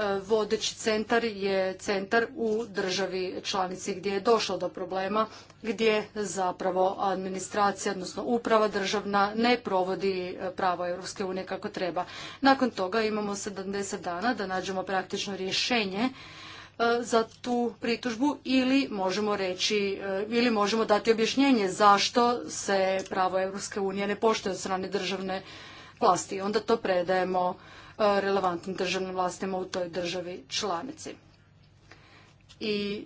E, vodeći centar je centar u državi članici gdje je došlo do problema, gdje zapravo administracija, odnosno uprava državna ne provodi e, pravo Europske unije kako treba. Nakon toga imamo 70 dana da nađemo praktično rješenje e, za tu pritužbu ili možemo reći ili možemo dati objašnjenje zašto se pravo Europske unije ne poštuje od strane državne vlasti. Onda to predajemo E, relevantnim državnim vlastima u toj državi članici. I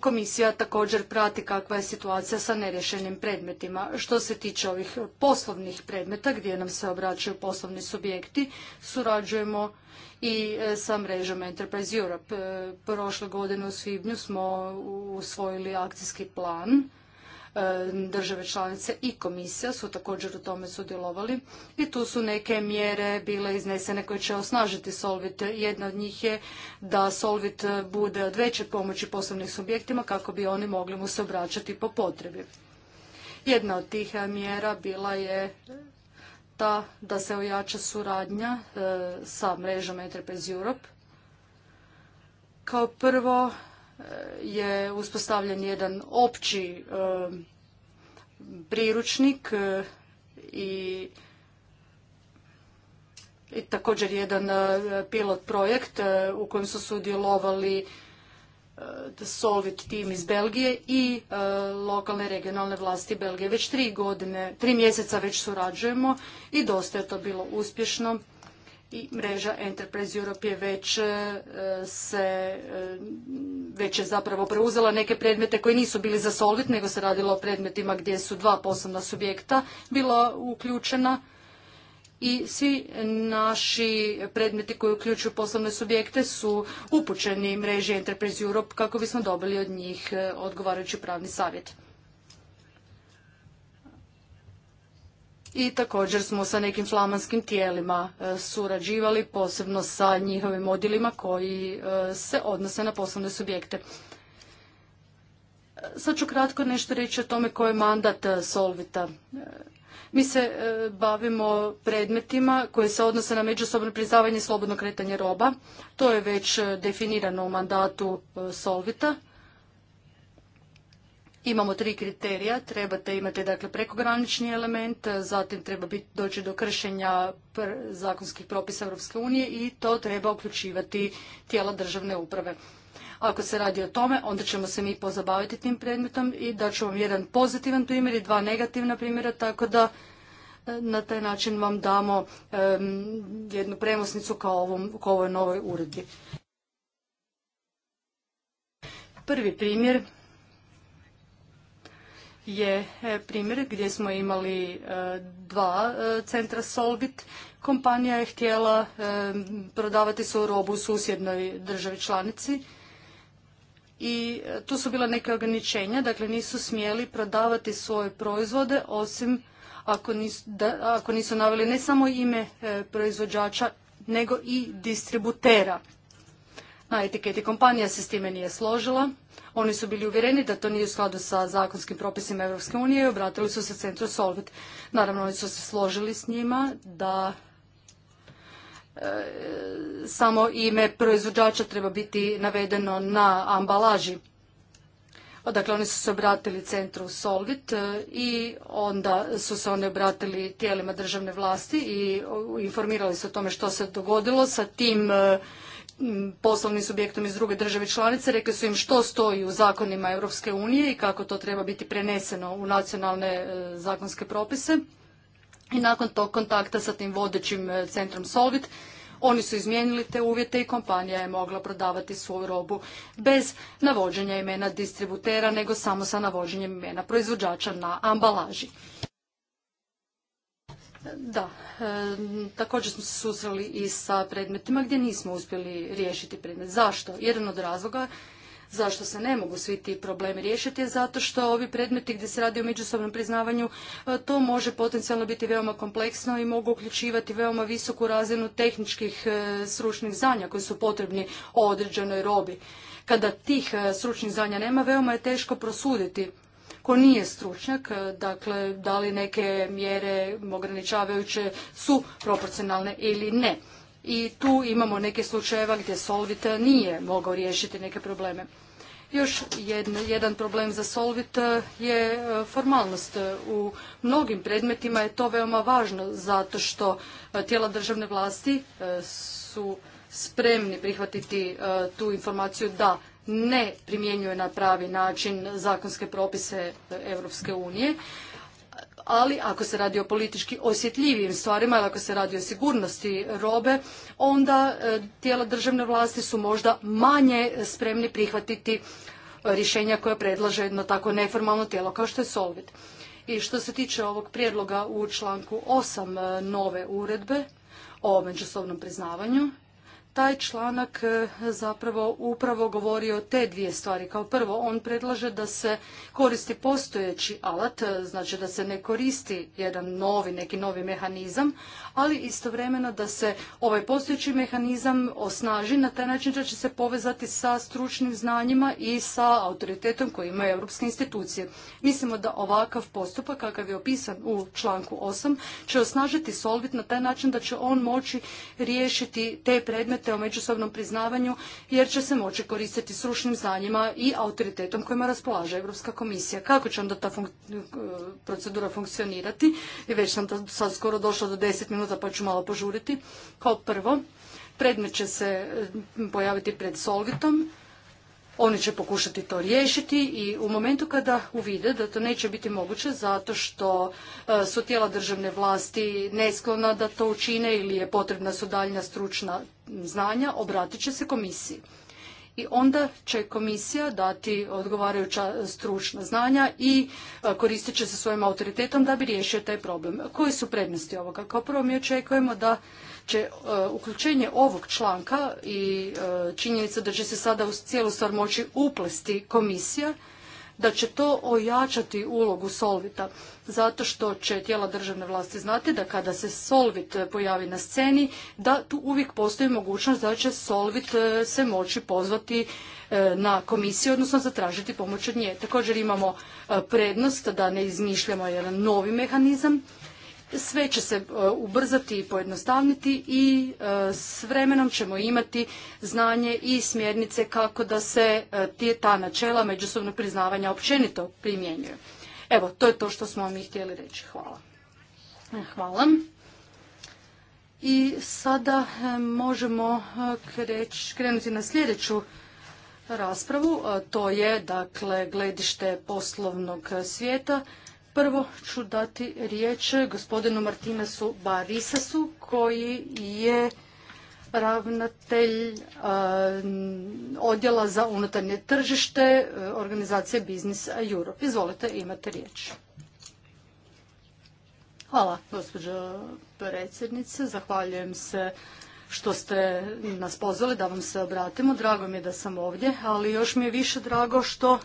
Komisija također prati kakva je situacija sa nerješenim predmetima. Što se tiče ovih poslovnih predmeta gdje nam se obraćaju poslovni subjekti, surađujemo i e, sa mrežom Enterprise Europe. E, prošle godine u svibnju smo usvojili akcijski plan E, države članice i komisija su također u tome sudjelovali i tu su neke mjere bile iznesene koje će osnažiti Solvit. Jedna od njih je da Solvit bude od veće pomoći poslovnim subjektima kako bi oni mogli mu se obraćati po potrebi. Jedna od tih e, mjera bila je ta da se ojača suradnja e, sa mrežom Enterprise Europe. Kao prvo, je uspostavljen jedan opći um, priručnik uh, i također jedan uh, pilot projekt uh, u kojem su sudjelovali Solvit tim iz Belgije i lokalne regionalne vlasti Belgije. Već tri godine, tri mjeseca već surađujemo i dosta je to bilo uspješno i mreža Enterprise Europe je već e, se e, već je zapravo preuzela neke predmete koji nisu bili za Solvit, nego se radilo o predmetima gdje su dva poslovna subjekta bila uključena i svi naši predmeti koji uključuju poslovne subjekte su upućeni mreži Enterprise Europe kako bismo dobili od njih e, odgovarajući pravni savjet. i također smo sa nekim flamanskim tijelima e, surađivali, posebno sa njihovim odjelima koji e, se odnose na poslovne subjekte. E, sad ću kratko nešto reći o tome koji je mandat Solvita. Mi se bavimo predmetima koji se odnose na međusobno priznavanje i slobodno kretanje roba. To je već definirano u mandatu Solvita Imamo tri kriterija, trebate imati dakle prekogranični element, zatim treba biti doći do kršenja zakonskih propisa Europske unije i to treba uključivati tijela državne uprave. Ako se radi o tome, onda ćemo se mi pozabaviti tim predmetom i daću vam jedan pozitivan primjer i dva negativna primjera, tako da e, na taj način vam damo jednu premosnicu kao, ovom, kao ovoj novoj uredbi. Prvi primjer je e, primjer gdje smo imali e, dva e, centra Solbit. Kompanija je htjela prodavati svoju robu u susjednoj državi članici i tu su bila neke ograničenja, dakle nisu smjeli prodavati svoje proizvode osim ako nisu, ako nisu naveli ne samo ime proizvođača nego i distributera. Na etiketi kompanija se s time nije složila oni su bili uvjereni da to nije u skladu sa zakonskim propisima Europske unije i obratili su se centru Solvit. Naravno, oni su se složili s njima da e, samo ime proizvođača treba biti navedeno na ambalaži. Dakle, oni su se obratili centru Solvit e, i onda su se oni obratili tijelima državne vlasti i informirali su o tome što se dogodilo sa tim e, poslovnim subjektom iz druge države članice, rekli su im što stoji u zakonima Europske unije i kako to treba biti preneseno u nacionalne e, zakonske propise. I nakon tog kontakta sa tim vodećim e, centrom Solvit, oni su izmijenili te uvjete i kompanija je mogla prodavati svoju robu bez navođenja imena distributera, nego samo sa navođenjem imena proizvođača na ambalaži. Da, e, također smo se susreli i sa predmetima gdje nismo uspjeli riješiti predmet. Zašto? Jedan od razloga zašto se ne mogu svi ti problemi riješiti je zato što ovi predmeti gdje se radi o međusobnom priznavanju e, to može potencijalno biti veoma kompleksno i mogu uključivati veoma visoku razinu tehničkih e, stručnih znanja koji su potrebni o određenoj robi. Kada tih stručnih znanja nema, veoma je teško prosuditi ko nije stručnjak, e, dakle da li neke mjere ograničavajuće su proporcionalne ili ne. I tu imamo neke slučajeva gdje Solvit nije mogao riješiti neke probleme. Još jedan problem za Solvit e, je e, formalnost. U mnogim predmetima je to veoma važno zato što tijela državne vlasti su spremni prihvatiti tu informaciju da ne primjenjuje na pravi način zakonske propise e, Europske unije, ali ako se radi o politički osjetljivijim stvarima ili ako se radi o sigurnosti robe, onda e, tijela državne vlasti su možda manje spremni prihvatiti e, rješenja koja predlaže jedno tako neformalno tijelo kao što je Solvit. I što se tiče ovog prijedloga u članku 8 nove uredbe o međusobnom priznavanju taj članak e, zapravo upravo govori o te dvije stvari. Kao prvo, on predlaže da se koristi postojeći alat, e, znači da se ne koristi jedan novi, neki novi mehanizam, ali istovremeno da se ovaj postojeći mehanizam osnaži na taj način da će se povezati sa stručnim znanjima i sa autoritetom koji imaju europske institucije. Mislimo da ovakav postupak kakav je opisan u članku 8 će osnažiti Solvit na taj način da će on moći riješiti te predmete o međusobnom priznavanju jer će se moći koristiti stručnim znanjima i autoritetom kojima raspolaže Europska komisija. Kako će onda ta procedura funkcionirati? Već sam sad skoro došla do 10 minuta minuta pa ću malo požuriti. Kao prvo, predmet će se pojaviti pred solvitom, Oni će pokušati to riješiti i u momentu kada uvide da to neće biti moguće zato što e, su tijela državne vlasti nesklona da to učine ili je potrebna su daljnja stručna znanja, obratit će se komisiji i onda će komisija dati odgovarajuća stručna znanja i e, koristit će se svojim autoritetom da bi riješio taj problem. Koje su prednosti ovoga? Kao prvo mi očekujemo da će e, uključenje ovog članka i e, činjenica da će se sada u cijelu stvar moći uplesti komisija da će to ojačati ulogu Solvita, zato što će tijela državne vlasti znati da kada se Solvit pojavi na sceni, da tu uvijek postoji mogućnost da će Solvit e, se moći pozvati e, na komisiju, odnosno zatražiti pomoć od nje. Također imamo e, prednost da ne izmišljamo jedan novi mehanizam, sve će se e, ubrzati i pojednostavniti i e, s vremenom ćemo imati znanje i smjernice kako da se e, ta načela međusobnog priznavanja općenito primjenjuju. Evo, to je to što smo vam i htjeli reći. Hvala. Hvala. I sada možemo krenuti na sljedeću raspravu. To je, dakle, gledište poslovnog svijeta. Prvo ću dati riječ gospodinu Martinesu Barisasu koji je ravnatelj odjela za unutarnje tržište e, organizacije Business Europe. Izvolite, imate riječ. Hvala, gospođo predsjednice. Zahvaljujem se što ste nas pozvali da vam se obratimo. Drago mi je da sam ovdje, ali još mi je više drago što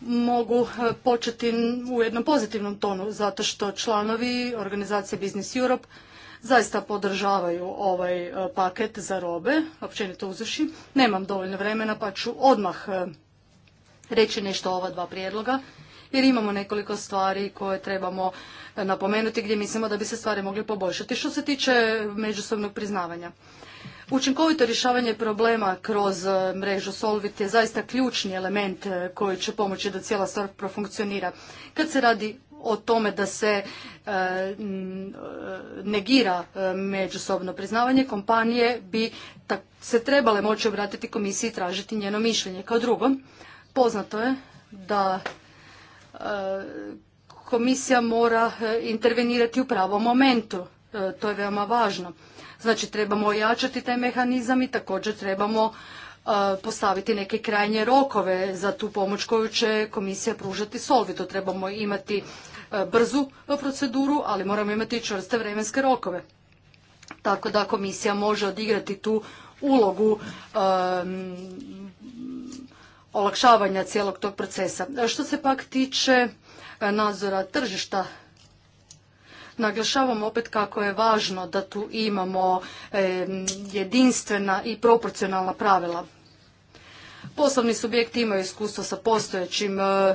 mogu eh, početi u jednom pozitivnom tonu, zato što članovi organizacije Business Europe zaista podržavaju ovaj eh, paket za robe, općenito uzeši. Nemam dovoljno vremena pa ću odmah eh, reći nešto o ova dva prijedloga, jer imamo nekoliko stvari koje trebamo napomenuti gdje mislimo da bi se stvari mogli poboljšati. Što se tiče međusobnog priznavanja, Učinkovito rješavanje problema kroz e, mrežu Solvit je zaista ključni element e, koji će pomoći da cijela stvar profunkcionira. Kad se radi o tome da se e, negira međusobno priznavanje, kompanije bi se trebale moći obratiti komisiji i tražiti njeno mišljenje. Kao drugo, poznato je da komisija mora intervenirati u pravom momentu. to je veoma važno. Znači trebamo ojačati taj mehanizam i također trebamo e, postaviti neke krajnje rokove za tu pomoć koju će komisija pružati solvito. Trebamo imati e, brzu proceduru, ali moramo imati i čvrste vremenske rokove. Tako da komisija može odigrati tu ulogu olakšavanja cijelog tog procesa. Što se pak tiče e, nadzora tržišta Naglašavam opet kako je važno da tu imamo e, jedinstvena i proporcionalna pravila. Poslovni subjekti imaju iskustvo sa postojećim e, e,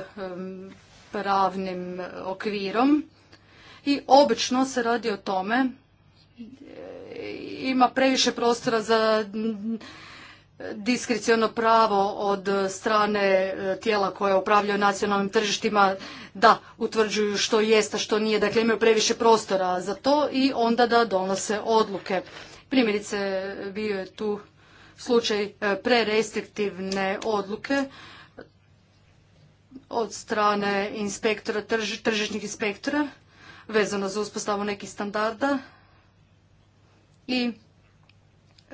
pravnim okvirom i obično se radi o tome ima previše prostora za diskreciono pravo od strane e, tijela koja upravljaju nacionalnim tržištima da utvrđuju što jest, a što nije, dakle imaju previše prostora za to i onda da donose odluke. Primjerice bio je tu slučaj e, prerestriktivne odluke od strane inspektora, tržišnih inspektora vezano za uspostavu nekih standarda i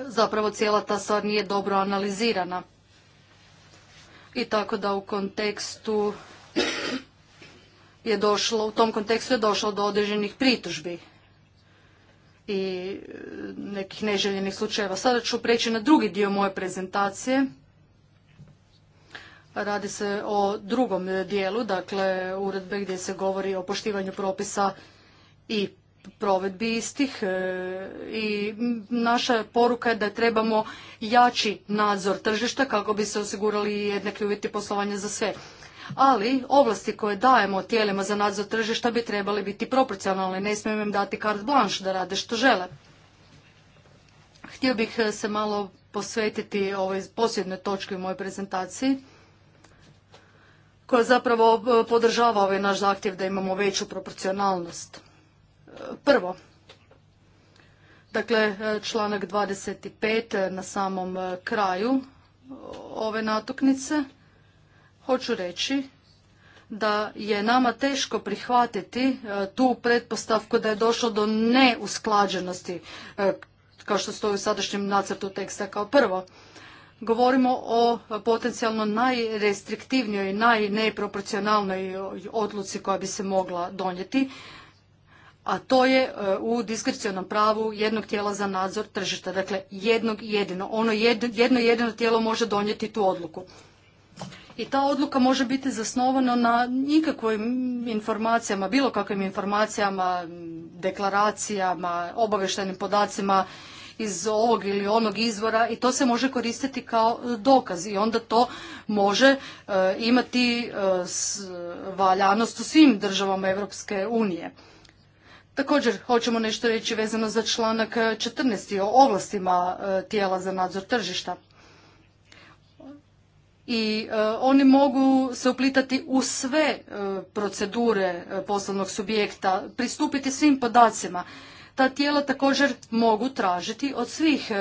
zapravo cijela ta stvar nije dobro analizirana. I tako da u kontekstu je došlo, u tom kontekstu je došlo do određenih pritužbi i nekih neželjenih slučajeva. Sada ću preći na drugi dio moje prezentacije. Radi se o drugom dijelu, dakle uredbe gdje se govori o poštivanju propisa i provedbi istih e, i naša poruka je da trebamo jači nadzor tržišta kako bi se osigurali jednaki uvjeti poslovanja za sve. Ali ovlasti koje dajemo tijelima za nadzor tržišta bi trebali biti proporcionalne, ne smijem im dati carte blanche da rade što žele. Htio bih e, se malo posvetiti ovoj posljednoj točki u mojoj prezentaciji koja zapravo e, podržava ovaj naš zahtjev da imamo veću proporcionalnost prvo. Dakle, članak 25 na samom kraju ove natuknice. Hoću reći da je nama teško prihvatiti e, tu pretpostavku da je došlo do neusklađenosti, e, kao što stoji u sadašnjem nacrtu teksta kao prvo. Govorimo o potencijalno najrestriktivnijoj, najneproporcionalnoj odluci koja bi se mogla donijeti a to je e, u diskrecionom pravu jednog tijela za nadzor tržišta. Dakle, jednog jedino. Ono jedno jedino tijelo može donijeti tu odluku. I ta odluka može biti zasnovana na nikakvim informacijama, bilo kakvim informacijama, deklaracijama, obavještajnim podacima iz ovog ili onog izvora i to se može koristiti kao dokaz i onda to može e, imati e, valjanost u svim državama Europske unije. Također hoćemo nešto reći vezano za članak 14. E, o ovlastima e, tijela za nadzor tržišta. I e, oni mogu se uplitati u sve procedure poslovnog subjekta, pristupiti svim podacima tijela također mogu tražiti od svih e,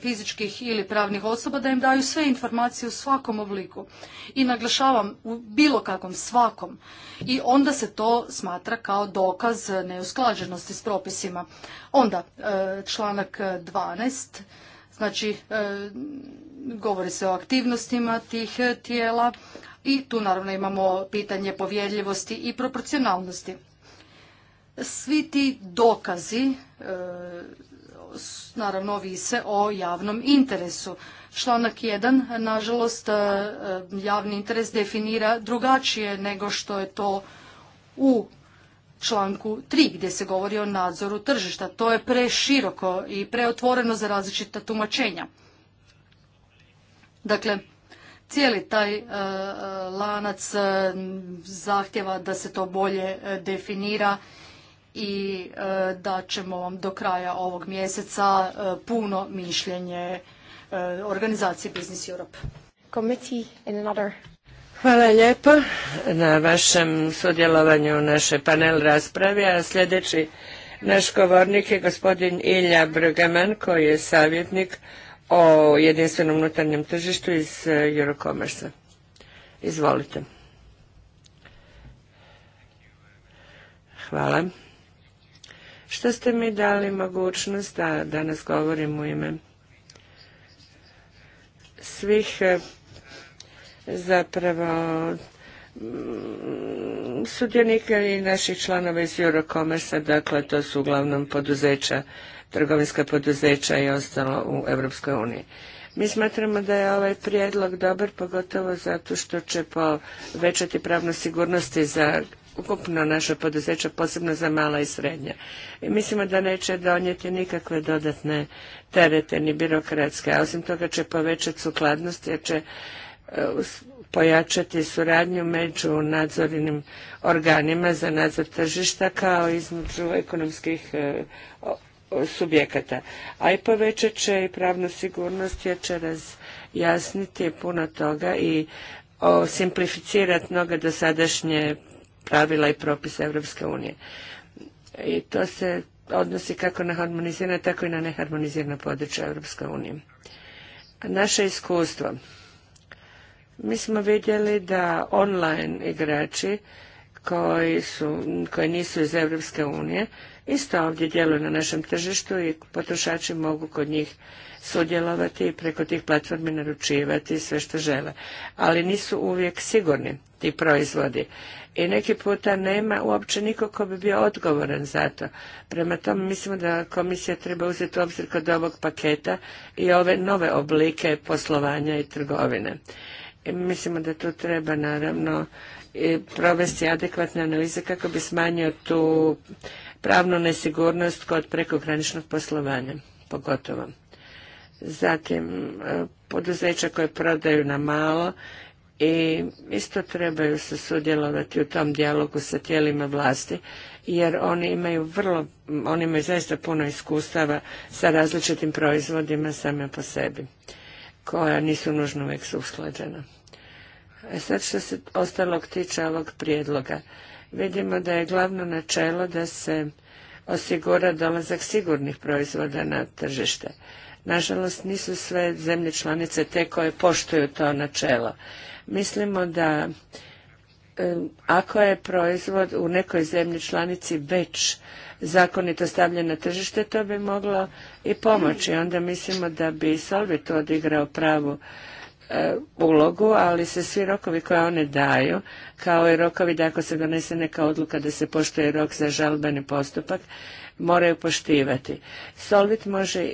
fizičkih ili pravnih osoba da im daju sve informacije u svakom obliku i naglašavam u bilo kakvom svakom i onda se to smatra kao dokaz neusklađenosti s propisima. Onda e, članak 12 znači e, govori se o aktivnostima tih tijela i tu naravno imamo pitanje povjerljivosti i proporcionalnosti. Svi ti dokazi e, naravno ovise o javnom interesu. Članak 1, nažalost, e, e, javni interes definira drugačije nego što je to u članku 3 gdje se govori o nadzoru tržišta. To je preširoko i preotvoreno za različita tumačenja. Dakle, cijeli taj lanac zahtjeva da se to bolje definira i e, da ćemo vam do kraja ovog mjeseca e, puno mišljenje e, organizacije Business Europe. Hvala lijepo na vašem sudjelovanju u našoj panel raspravi, a sljedeći naš govornik je gospodin Ilja Brgeman koji je savjetnik o jedinstvenom unutarnjem tržištu iz Eurocommerce. Izvolite. Hvala što ste mi dali mogućnost da danas govorim u ime svih e, zapravo mm, sudionika i naših članova iz Eurokomersa, dakle to su uglavnom poduzeća, trgovinska poduzeća i ostalo u Europskoj uniji. Mi smatramo da je ovaj prijedlog dobar, pogotovo zato što će povećati pravnu sigurnosti za ukupno naše poduzeća, posebno za mala i srednja. I mislimo da neće donijeti nikakve dodatne terete ni birokratske, a osim toga će povećati sukladnost jer će e, pojačati suradnju među nadzornim organima za nadzor tržišta kao između ekonomskih e, subjekata. A i povećat će i pravnu sigurnost jer će razjasniti puno toga i simplificirati mnoge dosadašnje pravila i propisa Europske unije. I to se odnosi kako na harmonizirana, tako i na neharmonizirana područja Europske unije. Naše iskustvo. Mi smo vidjeli da online igrači koji, su, koji nisu iz Europske unije isto ovdje djeluju na našem tržištu i potrošači mogu kod njih sudjelovati i preko tih platformi naručivati sve što žele. Ali nisu uvijek sigurni ti proizvodi i neki puta nema uopće nikog ko bi bio odgovoran za to. Prema tome mislimo da komisija treba uzeti u obzir kod ovog paketa i ove nove oblike poslovanja i trgovine. I mislimo da tu treba naravno provesti adekvatne analize kako bi smanjio tu pravnu nesigurnost kod prekograničnog poslovanja, pogotovo. Zatim, e, poduzeća koje prodaju na malo i isto trebaju se sudjelovati u tom dijalogu sa tijelima vlasti jer oni imaju vrlo, oni imaju zaista puno iskustava sa različitim proizvodima same po sebi koja nisu nužno uvijek usklađena. E sad što se ostalog tiče ovog prijedloga, vidimo da je glavno načelo da se osigura dolazak sigurnih proizvoda na tržište. Nažalost, nisu sve zemlje članice te koje poštuju to načelo mislimo da ako je proizvod u nekoj zemlji članici već zakonito stavljen na tržište, to bi moglo i pomoći. Onda mislimo da bi to odigrao pravu e, ulogu, ali se svi rokovi koje one daju, kao i rokovi da ako se donese neka odluka da se poštuje rok za žalbeni postupak, moraju poštivati. Solvit može e,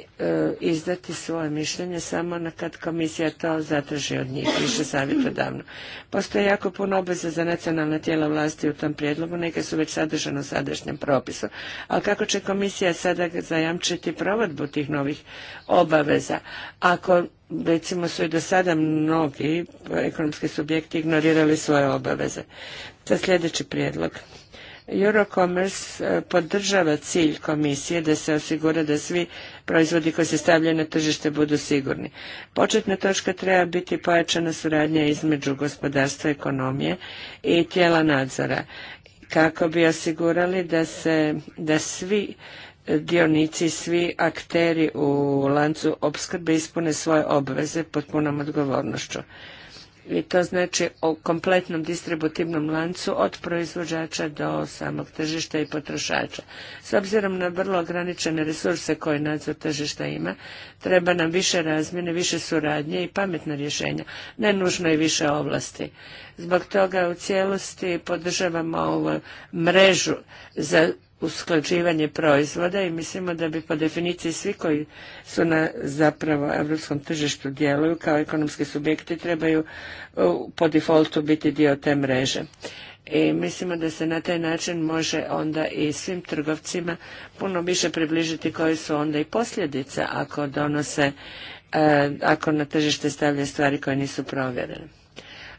izdati svoje mišljenje samo na kad komisija to zatraži od njih, više davno. Postoje jako puno obveza za nacionalna tijela vlasti u tom prijedlogu, neke su već sadržane u sadašnjem propisu. Ali kako će komisija sada zajamčiti provodbu tih novih obaveza? Ako recimo su i do sada mnogi ekonomski subjekti ignorirali svoje obaveze. Za sljedeći prijedlog. Eurocommerce e, podržava cilj komisije da se osigura da svi proizvodi koji se stavljaju na tržište budu sigurni. Početna točka treba biti pojačana suradnja između gospodarstva, ekonomije i tijela nadzora kako bi osigurali da se, da svi dionici, svi akteri u lancu opskrbe ispune svoje obveze pod punom odgovornošću i to znači o kompletnom distributivnom lancu od proizvođača do samog tržišta i potrošača. S obzirom na vrlo ograničene resurse koje nadzor tržišta ima, treba nam više razmjene, više suradnje i pametna rješenja, ne nužno i više ovlasti. Zbog toga u cijelosti podržavamo ovu mrežu za usklađivanje proizvoda i mislimo da bi po definiciji svi koji su na zapravo europskom tržištu djeluju kao ekonomski subjekti trebaju po defaultu biti dio te mreže. I mislimo da se na taj način može onda i svim trgovcima puno više približiti koje su onda i posljedice ako donose, e, ako na tržište stavljaju stvari koje nisu provjerene.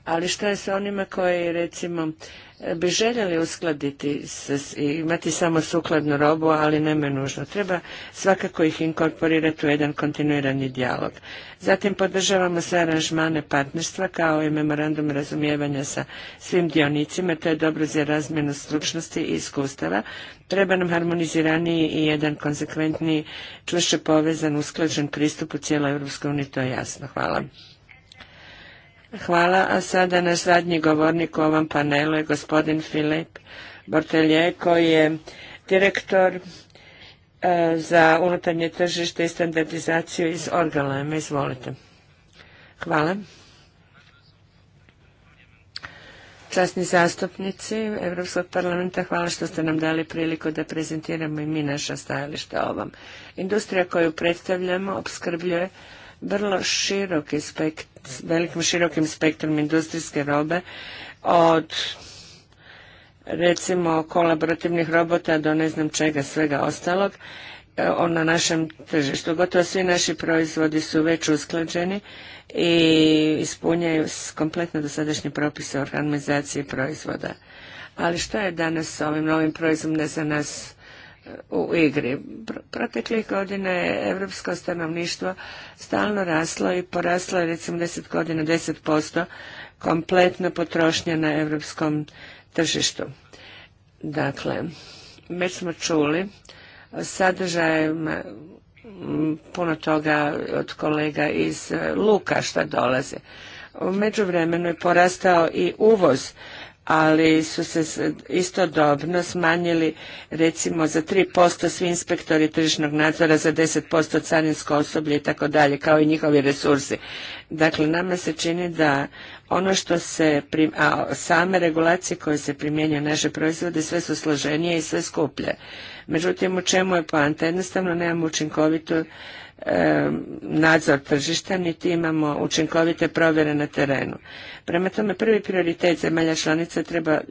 Ali što je sa onima koji recimo bi željeli uskladiti imati samo sukladnu robu, ali nema nužno. Treba svakako ih inkorporirati u jedan kontinuirani dijalog. Zatim podržavamo sve aranžmane partnerstva kao i memorandum razumijevanja sa svim dionicima. To je dobro za razmjenu stručnosti i iskustava. Treba nam harmoniziraniji i jedan konsekventniji, čvršće povezan, usklađen pristup u cijeloj EU, To je jasno. Hvala. Hvala, a sada na zadnji govornik u ovom panelu je gospodin Filip Bortelje, koji je direktor e, za unutarnje tržište i standardizaciju iz Orgalema. Izvolite. Hvala. Časni zastupnici Europskog parlamenta, hvala što ste nam dali priliku da prezentiramo i mi naša stajališta ovom. Industrija koju predstavljamo obskrbljuje vrlo široki spekt, velikim širokim spektrom industrijske robe od recimo kolaborativnih robota do ne znam čega svega ostalog e, na našem tržištu. Gotovo svi naši proizvodi su već usklađeni i ispunjaju kompletno dosadašnje propise o proizvoda. Ali što je danas s ovim novim proizvodom za nas u igri. Proteklih godina je evropsko stanovništvo stalno raslo i poraslo je recimo 10 godina 10% kompletna potrošnja na evropskom tržištu. Dakle, već smo čuli sadržajem puno toga od kolega iz e, Luka što dolaze. U međuvremenu je porastao i uvoz ali su se istodobno smanjili recimo za 3% svi inspektori tržišnog nadzora, za 10% carinsko osoblje i tako dalje, kao i njihovi resursi. Dakle, nama se čini da ono što se, a same regulacije koje se primjenjuju naše proizvode sve su složenije i sve skuplje. Međutim, u čemu je poanta? Jednostavno nemamo učinkovitu nadzor tržišta, niti imamo učinkovite provjere na terenu. Prema tome, prvi prioritet zemalja članica treba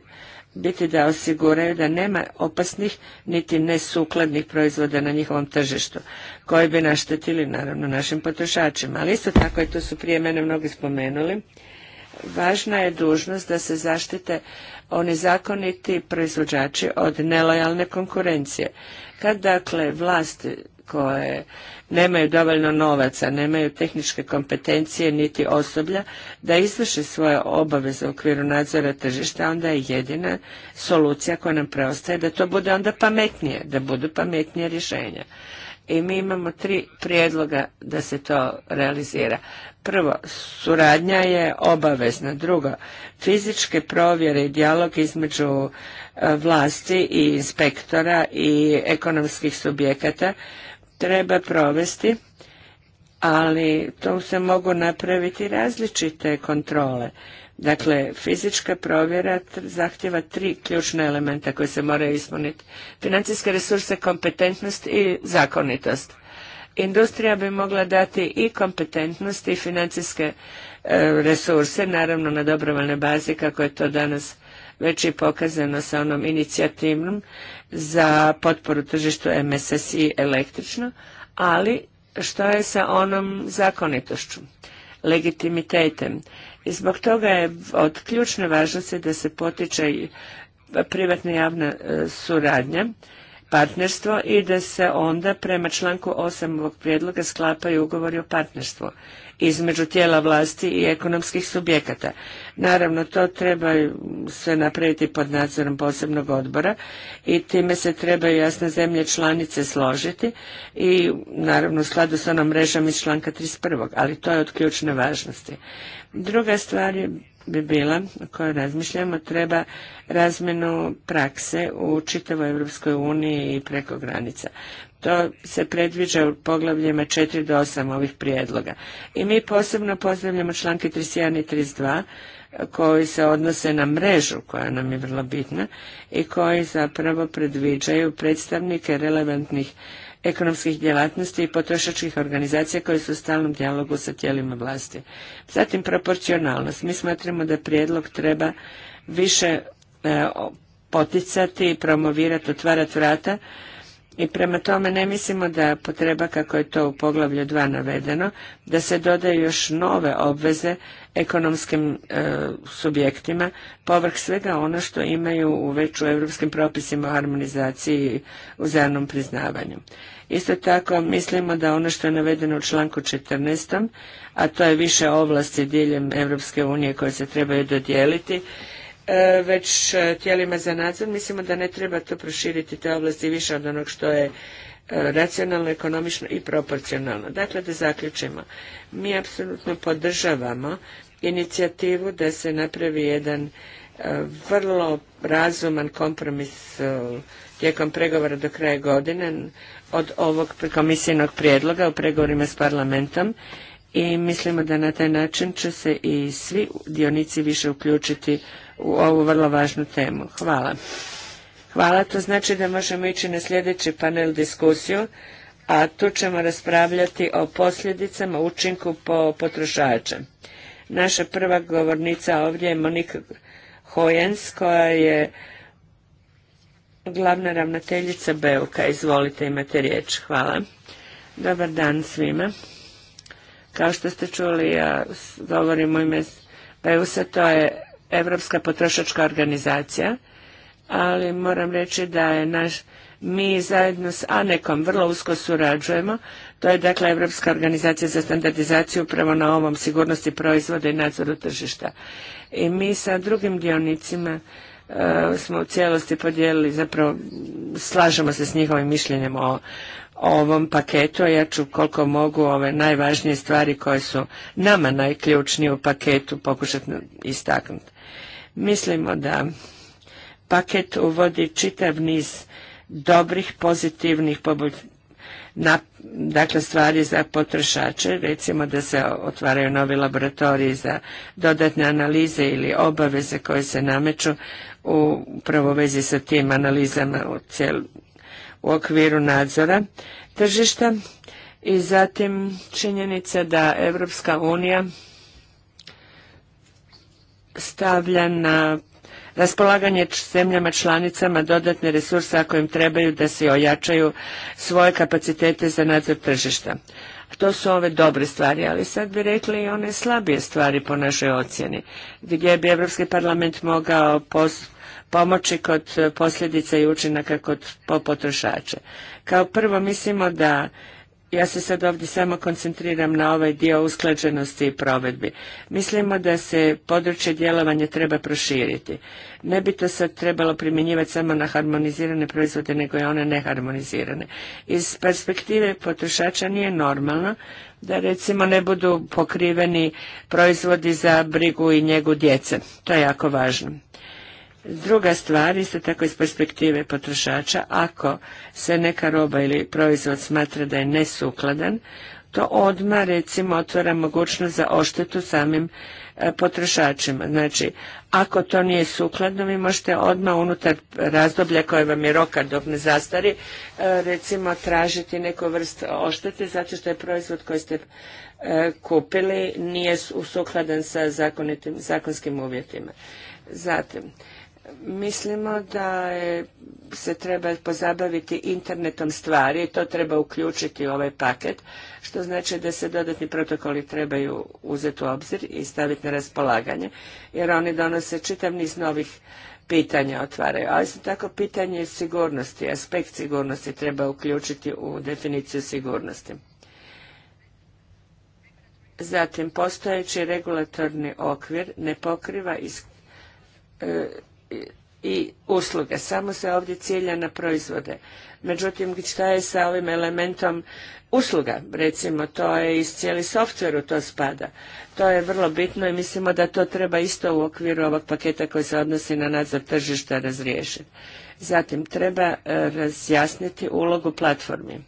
biti da osiguraju da nema opasnih niti nesukladnih proizvoda na njihovom tržištu, koji bi naštetili naravno našim potrošačima. Ali isto tako, i to su prije mene mnogi spomenuli, važna je dužnost da se zaštite oni zakoniti proizvođači od nelojalne konkurencije. Kad dakle vlasti koje nemaju dovoljno novaca, nemaju tehničke kompetencije niti osoblja da izvrše svoje obaveze u okviru nadzora tržišta, onda je jedina solucija koja nam preostaje da to bude onda pametnije, da budu pametnije rješenja. I mi imamo tri prijedloga da se to realizira. Prvo, suradnja je obavezna. Drugo, fizičke provjere i dijalog između e, vlasti i inspektora i ekonomskih subjekata treba provesti, ali to se mogu napraviti različite kontrole. Dakle, fizička provjera zahtjeva tri ključna elementa koje se moraju ispuniti. Financijske resurse, kompetentnost i zakonitost. Industrija bi mogla dati i kompetentnost i financijske e, resurse, naravno na dobrovoljnoj bazi kako je to danas već i pokazano sa onom inicijativnom za potporu tržištu MSSI električno, ali što je sa onom zakonitošću, legitimitetem. I zbog toga je od ključne važnosti da se potiče privatna javna e, suradnja, partnerstvo i da se onda prema članku 8 ovog prijedloga sklapaju ugovori o partnerstvu između tijela vlasti i ekonomskih subjekata. Naravno, to treba sve napraviti pod nadzorom posebnog odbora i time se trebaju jasne zemlje članice složiti i naravno u skladu s onom mrežom iz članka 31. Ali to je od ključne važnosti. Druga stvar bi bila o kojoj razmišljamo treba razmjenu prakse u čitavoj Europskoj uniji i preko granica. To se predviđa u poglavljima 4 do 8 ovih prijedloga. I mi posebno pozdravljamo članke 31 i 32 koji se odnose na mrežu koja nam je vrlo bitna i koji zapravo predviđaju predstavnike relevantnih ekonomskih djelatnosti i potrošačkih organizacija koje su u stalnom dijalogu sa tijelima vlasti. Zatim proporcionalnost. Mi smatramo da prijedlog treba više e, poticati i promovirati, otvarati vrata i prema tome ne mislimo da potreba, kako je to u poglavlju 2 navedeno, da se dodaju još nove obveze ekonomskim e, subjektima povrh svega ono što imaju u već u europskim propisima o harmonizaciji i uzajamnom priznavanju. Isto tako mislimo da ono što je navedeno u članku 14. a to je više ovlasti diljem Evropske unije koje se trebaju dodijeliti E, već e, tijelima za nadzor, mislimo da ne treba to proširiti te ovlasti više od onog što je e, racionalno, ekonomično i proporcionalno. Dakle, da zaključimo. Mi apsolutno podržavamo inicijativu da se napravi jedan vrlo razuman kompromis tijekom pregovora do kraja godine od ovog komisijenog prijedloga u pregovorima s parlamentom i mislimo da na taj način će se i svi dionici više uključiti u ovu vrlo važnu temu. Hvala. Hvala, to znači da možemo ići na sljedeći panel diskusiju, a tu ćemo raspravljati o posljedicama učinku po potrošače. Naša prva govornica ovdje je Monika Hojens, koja je glavna ravnateljica Beuka. Izvolite, imate riječ. Hvala. Dobar dan svima. Kao što ste čuli, ja govorim u ime Beusa, to je Europska potrošačka organizacija, ali moram reći da je naš, mi zajedno s ANEKom vrlo usko surađujemo, to je dakle Europska organizacija za standardizaciju upravo na ovom sigurnosti proizvoda i nadzoru tržišta. I mi sa drugim dionicima e, smo u cijelosti podijelili, zapravo slažemo se s njihovim mišljenjem o ovom paketu, a ja ću koliko mogu ove najvažnije stvari koje su nama najključnije u paketu pokušati istaknuti. Mislimo da paket uvodi čitav niz dobrih, pozitivnih dakle stvari za potrošače, recimo da se otvaraju novi laboratoriji za dodatne analize ili obaveze koje se nameću u vezi sa tim analizama u, u okviru nadzora tržišta i zatim činjenica da Evropska unija stavlja na raspolaganje zemljama članicama dodatne resurse ako im trebaju da se ojačaju svoje kapacitete za nadzor tržišta. To su ove dobre stvari, ali sad bi rekli i one slabije stvari po našoj ocjeni, gdje bi Europski parlament mogao pomoći kod e, posljedica i učinaka kod po potrošače. Kao prvo mislimo da ja se sad ovdje samo koncentriram na ovaj dio usklađenosti i provedbi. Mislimo da se područje djelovanja treba proširiti. Ne bi to sad trebalo primjenjivati samo na harmonizirane proizvode, nego i one neharmonizirane. Iz perspektive potrošača nije normalno da recimo ne budu pokriveni proizvodi za brigu i njegu djece. To je jako važno. Druga stvar, isto tako iz perspektive potrošača, ako se neka roba ili proizvod smatra da je nesukladan, to odmah recimo otvara mogućnost za oštetu samim e, potrošačima. Znači, ako to nije sukladno, vi možete odmah unutar razdoblja koje vam je roka dok ne zastari, e, recimo tražiti neku vrstu oštete zato što je proizvod koji ste e, kupili nije sukladan sa zakonskim uvjetima. Zatim, mislimo da se treba pozabaviti internetom stvari i to treba uključiti u ovaj paket, što znači da se dodatni protokoli trebaju uzeti u obzir i staviti na raspolaganje, jer oni donose čitav niz novih pitanja otvaraju. Ali isto tako pitanje sigurnosti, aspekt sigurnosti treba uključiti u definiciju sigurnosti. Zatim, postojeći regulatorni okvir ne pokriva iz, e, i usluge. Samo se ovdje cilja na proizvode. Međutim, šta je sa ovim elementom usluga? Recimo, to je iz cijeli softveru to spada. To je vrlo bitno i mislimo da to treba isto u okviru ovog paketa koji se odnosi na nadzor tržišta razriješiti. Zatim, treba e, razjasniti ulogu platformi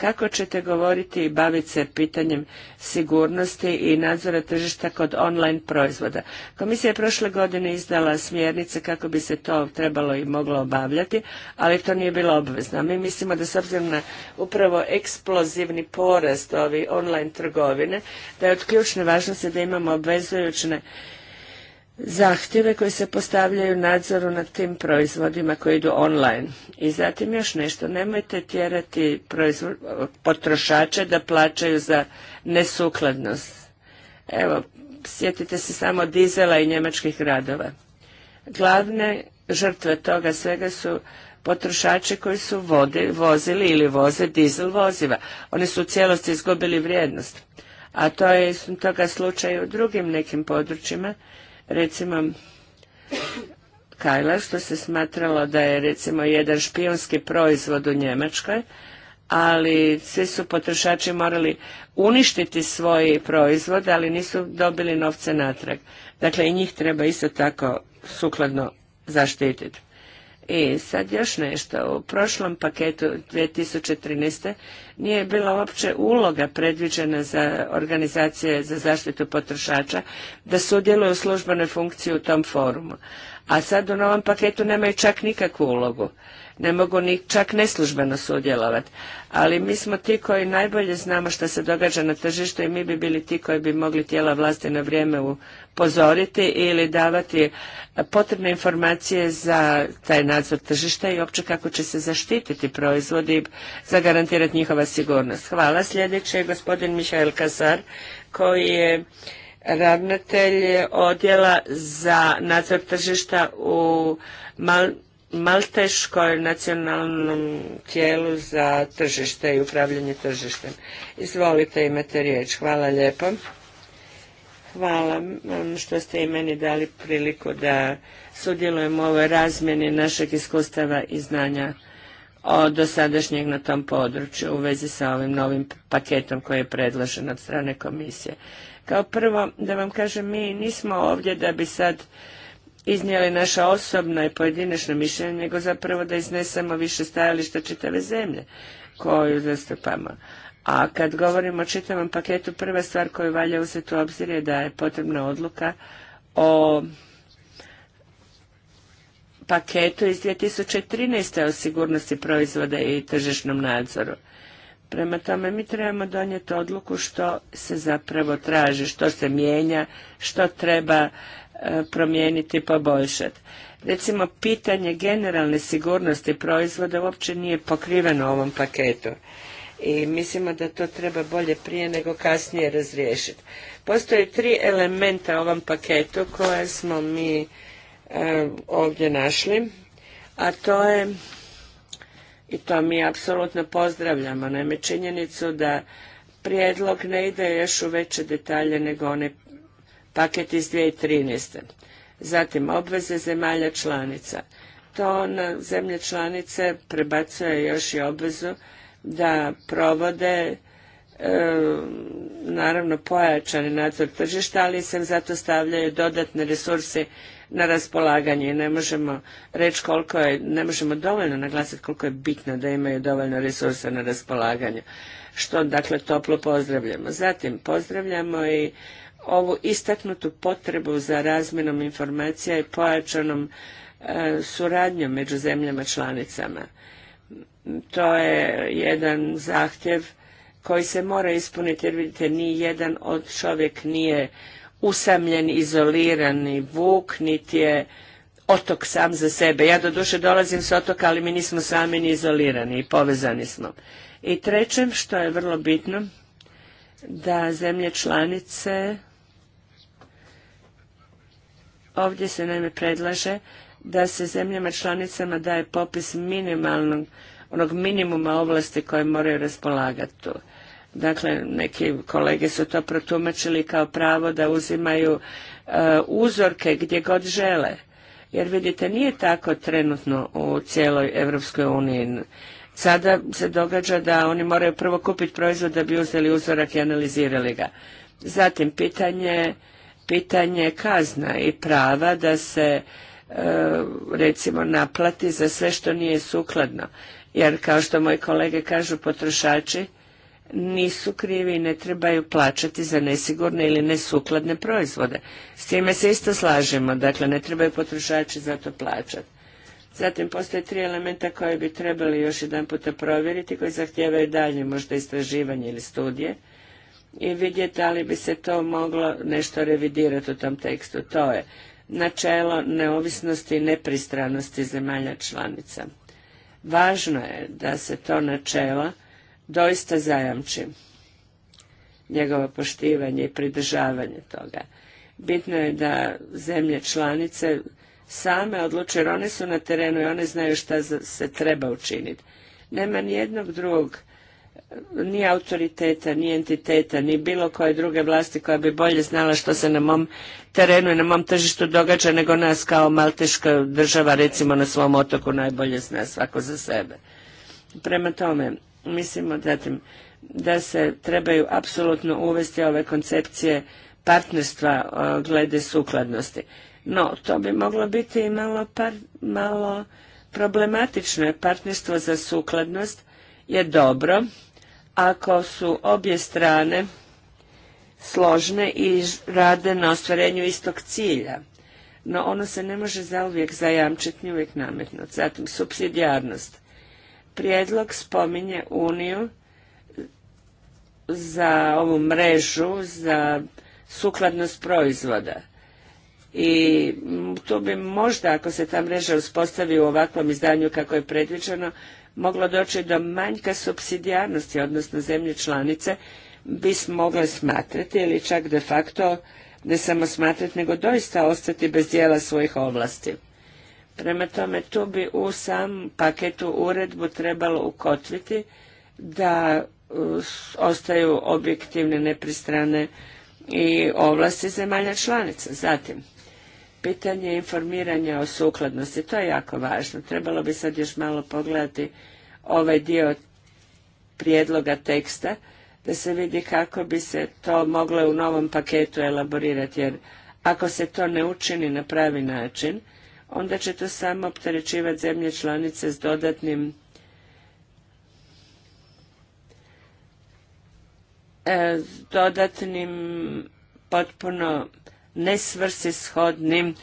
kako ćete govoriti i baviti se pitanjem sigurnosti i nadzora tržišta kod online proizvoda. Komisija je prošle godine izdala smjernice kako bi se to trebalo i moglo obavljati, ali to nije bilo obvezno. Mi mislimo da s obzirom na upravo eksplozivni porast ovi online trgovine, da je od ključne važnosti da imamo obvezujuće zahtjeve koji se postavljaju nadzoru nad tim proizvodima koji idu online. I zatim još nešto, nemojte tjerati potrošače da plaćaju za nesukladnost. Evo, sjetite se samo dizela i njemačkih gradova. Glavne žrtve toga svega su potrošači koji su vode, vozili ili voze dizel voziva. Oni su u cijelosti izgubili vrijednost. A to je iz toga slučaj u drugim nekim područjima recimo kajla što se smatralo da je recimo jedan špionski proizvod u Njemačkoj, ali svi su potrošači morali uništiti svoj proizvod, ali nisu dobili novce natrag. Dakle, i njih treba isto tako sukladno zaštititi. I e, sad još nešto, u prošlom paketu 2013. nije bila uopće uloga predviđena za organizacije za zaštitu potrošača da sudjeluju u službenoj funkciji u tom forumu. A sad u novom paketu nemaju čak nikakvu ulogu. Ne mogu ni čak neslužbeno sudjelovati. Ali mi smo ti koji najbolje znamo što se događa na tržištu i mi bi bili ti koji bi mogli tijela vlasti na vrijeme u upozoriti ili davati potrebne informacije za taj nadzor tržišta i opće kako će se zaštititi proizvodi i zagarantirati njihova sigurnost. Hvala. Sljedeći je gospodin Mihajl Kasar koji je ravnatelj odjela za nadzor tržišta u Mal Malteškoj nacionalnom tijelu za tržište i upravljanje tržištem. Izvolite, imate riječ. Hvala lijepo. Hvala što ste i meni dali priliku da sudjelujem u ovoj razmjeni našeg iskustava i znanja o dosadašnjeg na tom području u vezi sa ovim novim paketom koji je predložen od strane komisije. Kao prvo, da vam kažem, mi nismo ovdje da bi sad iznijeli naša osobna i pojedinačna mišljenja, nego zapravo da iznesemo više stajališta čitave zemlje koju zastupamo. A kad govorimo o čitavom paketu, prva stvar koju valja uzeti u obzir je da je potrebna odluka o paketu iz 2013. o sigurnosti proizvoda i tržišnom nadzoru. Prema tome mi trebamo donijeti odluku što se zapravo traži, što se mijenja, što treba e, promijeniti i poboljšati. Recimo, pitanje generalne sigurnosti proizvoda uopće nije pokriveno ovom paketu i mislimo da to treba bolje prije nego kasnije razriješiti. Postoje tri elementa ovom paketu koje smo mi e, ovdje našli, a to je, i to mi apsolutno pozdravljamo, naime činjenicu da prijedlog ne ide još u veće detalje nego onaj paket iz 2013. Zatim obveze zemalja članica. To na zemlje članice prebacuje još i obvezu da provode e, naravno pojačani nadzor tržišta, ali se zato stavljaju dodatne resurse na raspolaganje i ne možemo reći koliko je, ne možemo dovoljno naglasiti koliko je bitno da imaju dovoljno resursa na raspolaganju, što dakle toplo pozdravljamo. Zatim pozdravljamo i ovu istaknutu potrebu za razmjenom informacija i pojačanom e, suradnjom među zemljama članicama to je jedan zahtjev koji se mora ispuniti jer vidite ni jedan od čovjek nije usamljen, izoliran vuk, niti je otok sam za sebe. Ja do duše dolazim s otoka, ali mi nismo sami ni izolirani i povezani smo. I treće, što je vrlo bitno, da zemlje članice, ovdje se naime predlaže da se zemljama članicama daje popis minimalnog, onog minimuma ovlasti koje moraju raspolagati tu. Dakle, neki kolege su to protumačili kao pravo da uzimaju uh, uzorke gdje god žele. Jer vidite, nije tako trenutno u cijeloj Europskoj uniji. Sada se događa da oni moraju prvo kupiti proizvod da bi uzeli uzorak i analizirali ga. Zatim, pitanje, pitanje kazna i prava da se recimo naplati za sve što nije sukladno. Jer kao što moji kolege kažu potrošači nisu krivi i ne trebaju plaćati za nesigurne ili nesukladne proizvode. S time se isto slažemo, dakle ne trebaju potrošači za to plaćati. Zatim postoje tri elementa koje bi trebali još jedan puta provjeriti, koji zahtijevaju dalje možda istraživanje ili studije i vidjeti da li bi se to moglo nešto revidirati u tom tekstu. To je načelo neovisnosti i nepristranosti zemalja članica. Važno je da se to načelo doista zajamči, njegovo poštivanje i pridržavanje toga. Bitno je da zemlje članice same odluče, jer one su na terenu i one znaju šta se treba učiniti. Nema nijednog drugog ni autoriteta, ni entiteta, ni bilo koje druge vlasti koja bi bolje znala što se na mom terenu i na mom tržištu događa nego nas kao malteška država recimo na svom otoku najbolje zna svako za sebe. Prema tome, mislimo zatim da se trebaju apsolutno uvesti ove koncepcije partnerstva glede sukladnosti. No, to bi moglo biti i malo, par, malo problematično partnerstvo za sukladnost je dobro, ako su obje strane složne i rade na ostvarenju istog cilja. No ono se ne može zauvijek zajamčiti ni uvijek nametnuti. Zatim subsidijarnost. Prijedlog spominje Uniju za ovu mrežu za sukladnost proizvoda. I tu bi možda, ako se ta mreža uspostavi u ovakvom izdanju kako je predviđeno, moglo doći do manjka subsidijarnosti, odnosno zemlje članice bi mogle smatrati ili čak de facto ne samo smatrati, nego doista ostati bez dijela svojih ovlasti. Prema tome, tu bi u sam paketu uredbu trebalo ukotviti da ostaju objektivne, nepristrane i ovlasti zemalja članica. Zatim, pitanje informiranja o sukladnosti. To je jako važno. Trebalo bi sad još malo pogledati ovaj dio prijedloga teksta da se vidi kako bi se to moglo u novom paketu elaborirati. Jer ako se to ne učini na pravi način, onda će to samo opterećivati zemlje članice s dodatnim e, dodatnim potpuno nesvrsishodnim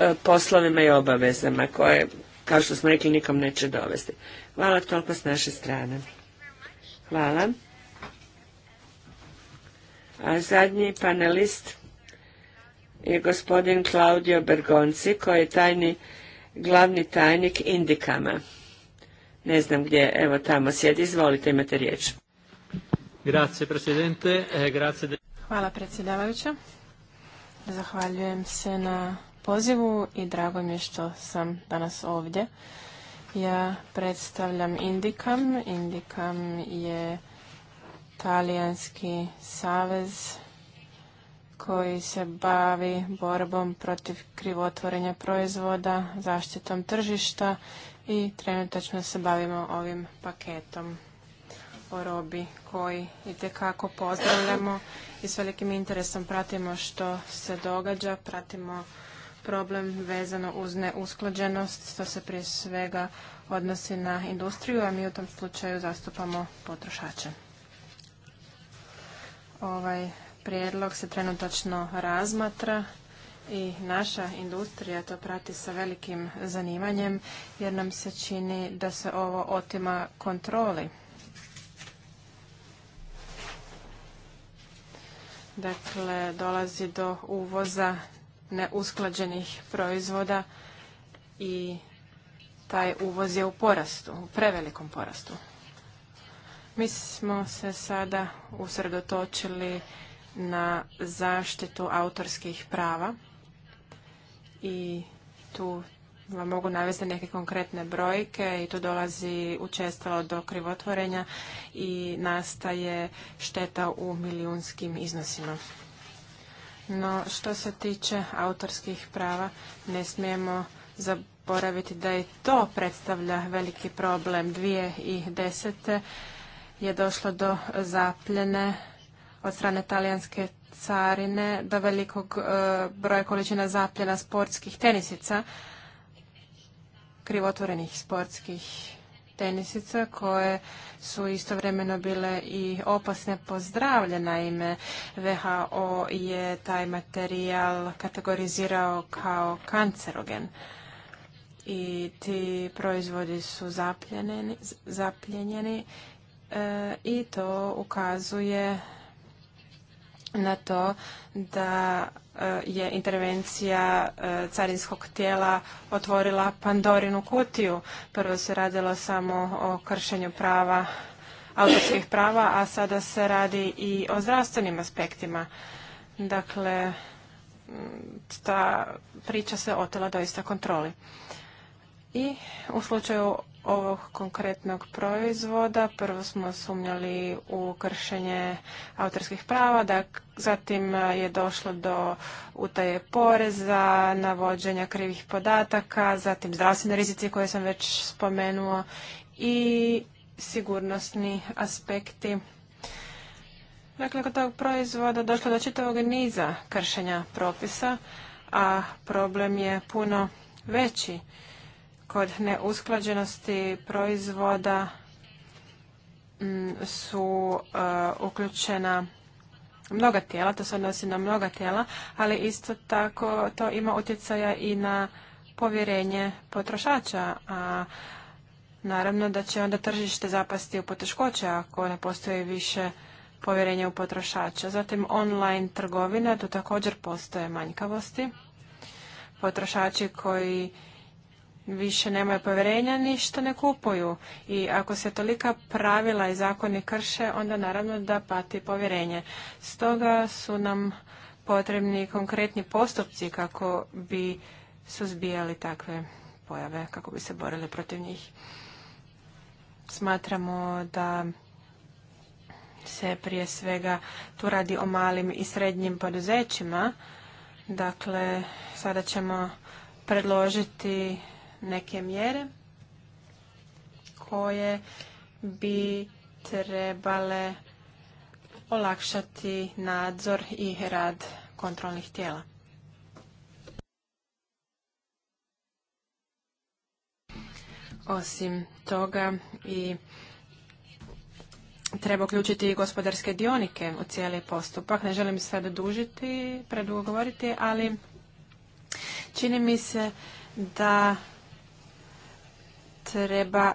e, poslovima i obavezama koje, kao što smo rekli, nikom neće dovesti. Hvala toliko s naše strane. Hvala. A zadnji panelist je gospodin Claudio Bergonci, koji je tajni, glavni tajnik Indikama. Ne znam gdje, evo tamo sjedi, izvolite, imate riječ. Grazie, presidente. E, Hvala predsjedavajuća. Zahvaljujem se na pozivu i drago mi je što sam danas ovdje. Ja predstavljam Indikam. Indikam je talijanski savez koji se bavi borbom protiv krivotvorenja proizvoda, zaštitom tržišta i trenutačno se bavimo ovim paketom o robi koji i tekako pozdravljamo i s velikim interesom pratimo što se događa, pratimo problem vezano uz neusklađenost, što se prije svega odnosi na industriju, a mi u tom slučaju zastupamo potrošače. Ovaj prijedlog se trenutačno razmatra i naša industrija to prati sa velikim zanimanjem jer nam se čini da se ovo otima kontroli Dakle, dolazi do uvoza neusklađenih proizvoda i taj uvoz je u porastu, u prevelikom porastu. Mi smo se sada usredotočili na zaštitu autorskih prava i tu vam mogu navesti neke konkretne brojke i tu dolazi učestalo do krivotvorenja i nastaje šteta u milijunskim iznosima. No, što se tiče autorskih prava, ne smijemo zaboraviti da i to predstavlja veliki problem. 2010. je došlo do zapljene od strane talijanske carine do velikog e, broja količina zapljena sportskih tenisica, krivotvorenih sportskih tenisica koje su istovremeno bile i opasne po ime. Naime, WHO je taj materijal kategorizirao kao kancerogen i ti proizvodi su zapljenjeni, e, i to ukazuje na to da e, je intervencija e, carinskog tijela otvorila Pandorinu kutiju. Prvo se radilo samo o kršenju prava, autorskih prava, a sada se radi i o zdravstvenim aspektima. Dakle, ta priča se otela doista kontroli. I u slučaju ovog konkretnog proizvoda. Prvo smo sumnjali u kršenje autorskih prava, zatim je došlo do utaje poreza, navođenja krivih podataka, zatim zdravstvene rizici koje sam već spomenuo i sigurnosni aspekti. Dakle, kod tog proizvoda došlo do čitavog niza kršenja propisa, a problem je puno veći kod neusklađenosti proizvoda mm, su e, uključena mnoga tijela, to se odnosi na mnoga tijela, ali isto tako to ima utjecaja i na povjerenje potrošača, a naravno da će onda tržište zapasti u poteškoće ako ne postoji više povjerenja u potrošača. Zatim online trgovina, tu također postoje manjkavosti. Potrošači koji više nemaju povjerenja, ništa ne kupuju. I ako se tolika pravila i zakoni krše, onda naravno da pati povjerenje. Stoga su nam potrebni konkretni postupci kako bi suzbijali takve pojave, kako bi se borili protiv njih. Smatramo da se prije svega tu radi o malim i srednjim poduzećima. Dakle, sada ćemo predložiti neke mjere koje bi trebale olakšati nadzor i rad kontrolnih tijela. Osim toga i treba uključiti i gospodarske dionike u cijeli postupak. Ne želim sve dodužiti, predugo govoriti, ali čini mi se da treba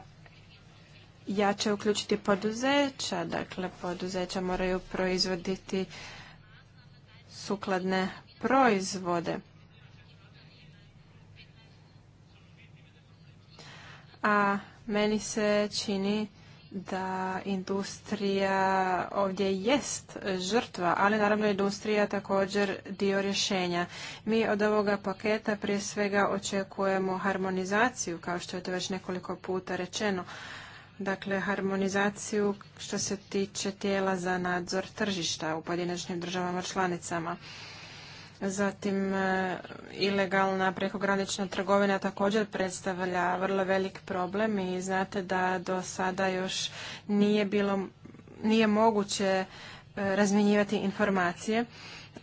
jače uključiti poduzeća. Dakle, poduzeća moraju proizvoditi sukladne proizvode. A meni se čini da industrija ovdje jest žrtva, ali naravno industrija također dio rješenja. Mi od ovoga paketa prije svega očekujemo harmonizaciju, kao što je to već nekoliko puta rečeno. Dakle, harmonizaciju što se tiče tijela za nadzor tržišta u pojedinačnim državama članicama. Zatim, e, ilegalna prekogranična trgovina također predstavlja vrlo velik problem i znate da do sada još nije bilo, nije moguće e, razmjenjivati informacije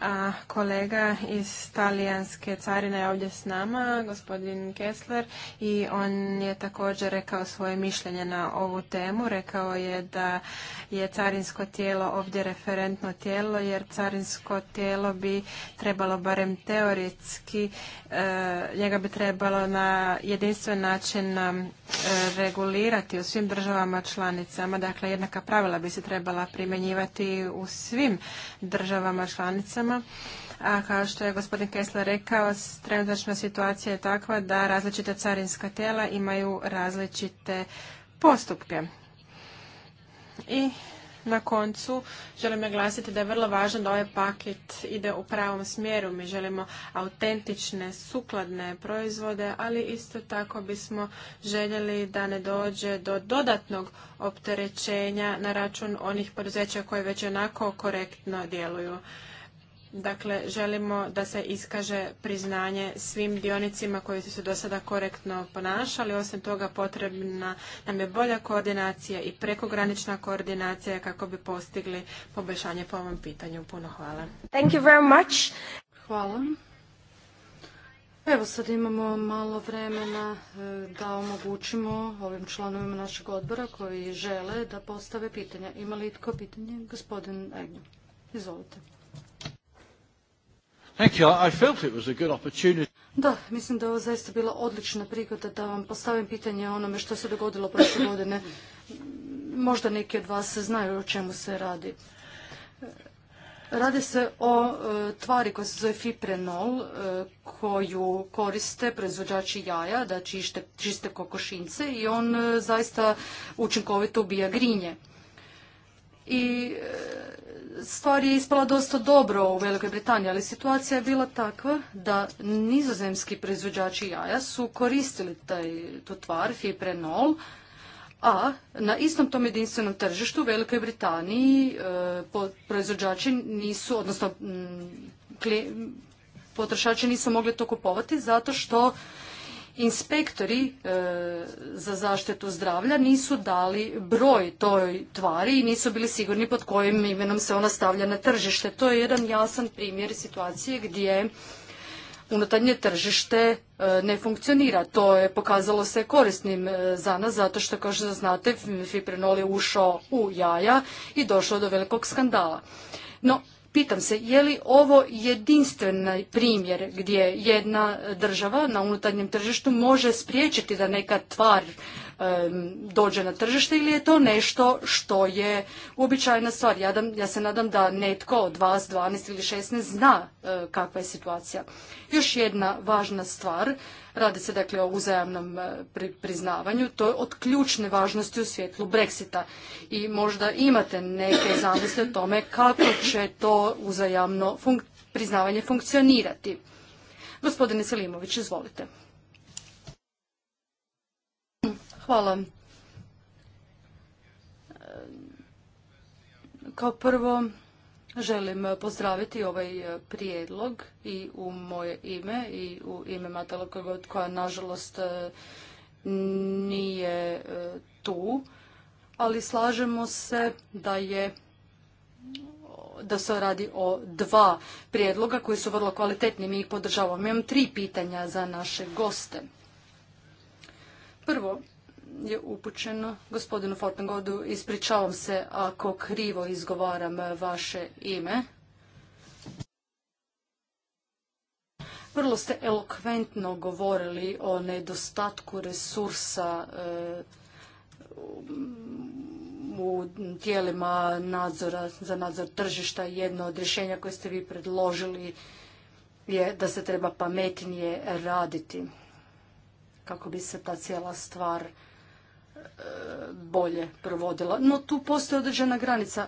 a kolega iz talijanske carine je ovdje s nama, gospodin Kessler, i on je također rekao svoje mišljenje na ovu temu. Rekao je da je carinsko tijelo ovdje referentno tijelo, jer carinsko tijelo bi trebalo barem teoretski, e, njega bi trebalo na jedinstven način e, regulirati u svim državama članicama. Dakle, jednaka pravila bi se trebala primjenjivati u svim državama članicama a kao što je gospodin Kessler rekao, trenutačna situacija je takva da različita carinska tijela imaju različite postupke. I na koncu želim naglasiti da je vrlo važno da ovaj paket ide u pravom smjeru. Mi želimo autentične, sukladne proizvode, ali isto tako bismo željeli da ne dođe do dodatnog opterećenja na račun onih poduzeća koje već onako korektno djeluju. Dakle, želimo da se iskaže priznanje svim dionicima koji su se do sada korektno ponašali. Osim toga, potrebna nam je bolja koordinacija i prekogranična koordinacija kako bi postigli poboljšanje po ovom pitanju. Puno hvala. Thank you very much. Hvala. Evo sad imamo malo vremena e, da omogućimo ovim članovima našeg odbora koji žele da postave pitanja. Ima li itko pitanje? Gospodin Egnju. Izvolite. Da, mislim da je ovo zaista bila odlična prigoda da vam postavim pitanje o onome što se dogodilo prošle [coughs] godine. Možda neki od vas znaju o čemu se radi. Radi se o e, tvari koja se zove fiprenol, e, koju koriste proizvođači jaja da čište, čiste kokošince i on e, zaista učinkovito ubija grinje. I stvar je ispala dosta dobro u Velikoj Britaniji, ali situacija je bila takva da nizozemski proizvođači jaja su koristili taj, tu tvar, fiprenol, a na istom tom jedinstvenom tržištu u Velikoj Britaniji e, proizvođači nisu, odnosno potrošači nisu mogli to kupovati zato što inspektori e, za zaštitu zdravlja nisu dali broj toj tvari i nisu bili sigurni pod kojim imenom se ona stavlja na tržište. To je jedan jasan primjer situacije gdje unutarnje tržište e, ne funkcionira. To je pokazalo se korisnim e, za nas zato što, kao što znate, fipronol je ušao u jaja i došao do velikog skandala. No, Pitam se, je li ovo jedinstveni primjer gdje jedna država na unutarnjem tržištu može spriječiti da neka tvar dođe na tržište ili je to nešto što je uobičajena stvar? Ja, se nadam da netko od vas 12 ili 16 zna e, kakva je situacija. Još jedna važna stvar, radi se dakle o uzajamnom e, priznavanju, to je od ključne važnosti u svjetlu Brexita i možda imate neke zamisle o tome kako će to uzajamno priznavanje funkcionirati. Gospodine Selimović, izvolite. Hvala. Kao prvo želim pozdraviti ovaj prijedlog i u moje ime i u ime Matala koja nažalost nije e, tu, ali slažemo se da je da se radi o dva prijedloga koji su vrlo kvalitetni, mi ih podržavamo. Imam tri pitanja za naše goste. Prvo, je upućeno gospodinu Fortengodu. Ispričavam se ako krivo izgovaram vaše ime. Vrlo ste elokventno govorili o nedostatku resursa eh, u tijelima nadzora za nadzor tržišta. Jedno od rješenja koje ste vi predložili je da se treba pametnije raditi kako bi se ta cijela stvar bolje provodila. No tu postoji određena granica.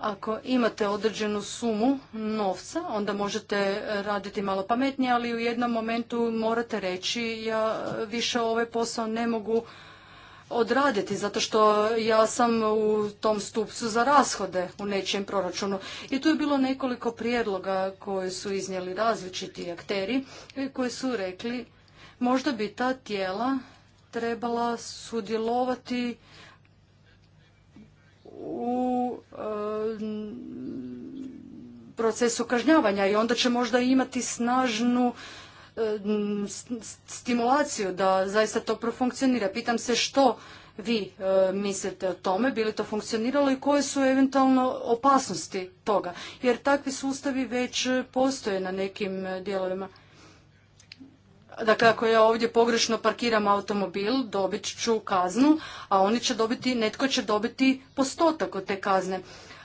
Ako imate određenu sumu novca, onda možete raditi malo pametnije, ali u jednom momentu morate reći ja više ovaj posao ne mogu odraditi zato što ja sam u tom stupcu za rashode u nečijem proračunu. I tu je bilo nekoliko prijedloga koje su iznijeli različiti akteri e, koji su rekli možda bi ta tijela trebala sudjelovati u e, procesu kažnjavanja i onda će možda imati snažnu e, stimulaciju da zaista to profunkcionira. Pitam se što vi e, mislite o tome, bi li to funkcioniralo i koje su eventualno opasnosti toga. Jer takvi sustavi već postoje na nekim dijelovima Dakle, ako ja ovdje pogrešno parkiram automobil, dobit ću kaznu, a oni će dobiti, netko će dobiti postotak od te kazne.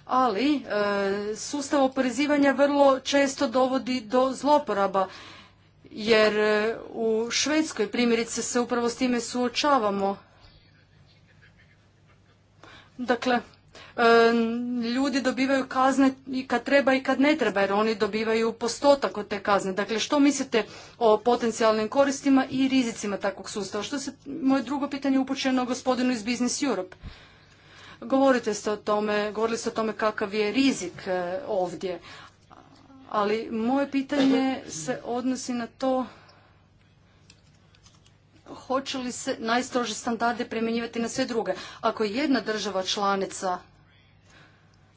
Ali e, sustav oporezivanja vrlo često dovodi do zloporaba jer e, u Švedskoj primjerice se upravo s time suočavamo. Dakle, E, ljudi dobivaju kazne i kad treba i kad ne treba jer oni dobivaju postotak od te kazne. Dakle, što mislite o potencijalnim koristima i rizicima takvog sustava? Što se moje drugo pitanje upućeno gospodinu iz Business Europe? Govorite ste o tome, govorili ste o tome kakav je rizik e, ovdje. Ali moje pitanje se odnosi na to hoće li se najstrože standarde primjenjivati na sve druge. Ako jedna država članica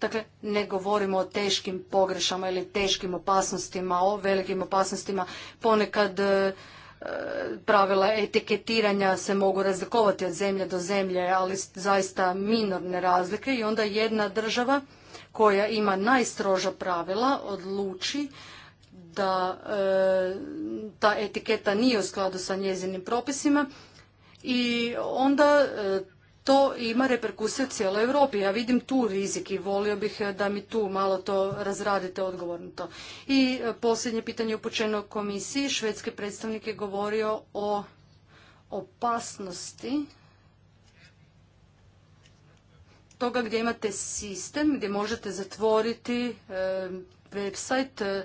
Dakle, ne govorimo o teškim pogrešama ili teškim opasnostima, o velikim opasnostima. Ponekad e, pravila etiketiranja se mogu razlikovati od zemlje do zemlje, ali zaista minorne razlike i onda jedna država koja ima najstroža pravila odluči da e, ta etiketa nije u skladu sa njezinim propisima i onda e, to ima reperkusije u cijeloj Europi. Ja vidim tu rizik i volio bih eh, da mi tu malo to razradite odgovorno to. I eh, posljednje pitanje upućeno komisiji. Švedski predstavnik je govorio o opasnosti toga gdje imate sistem, gdje možete zatvoriti eh, website,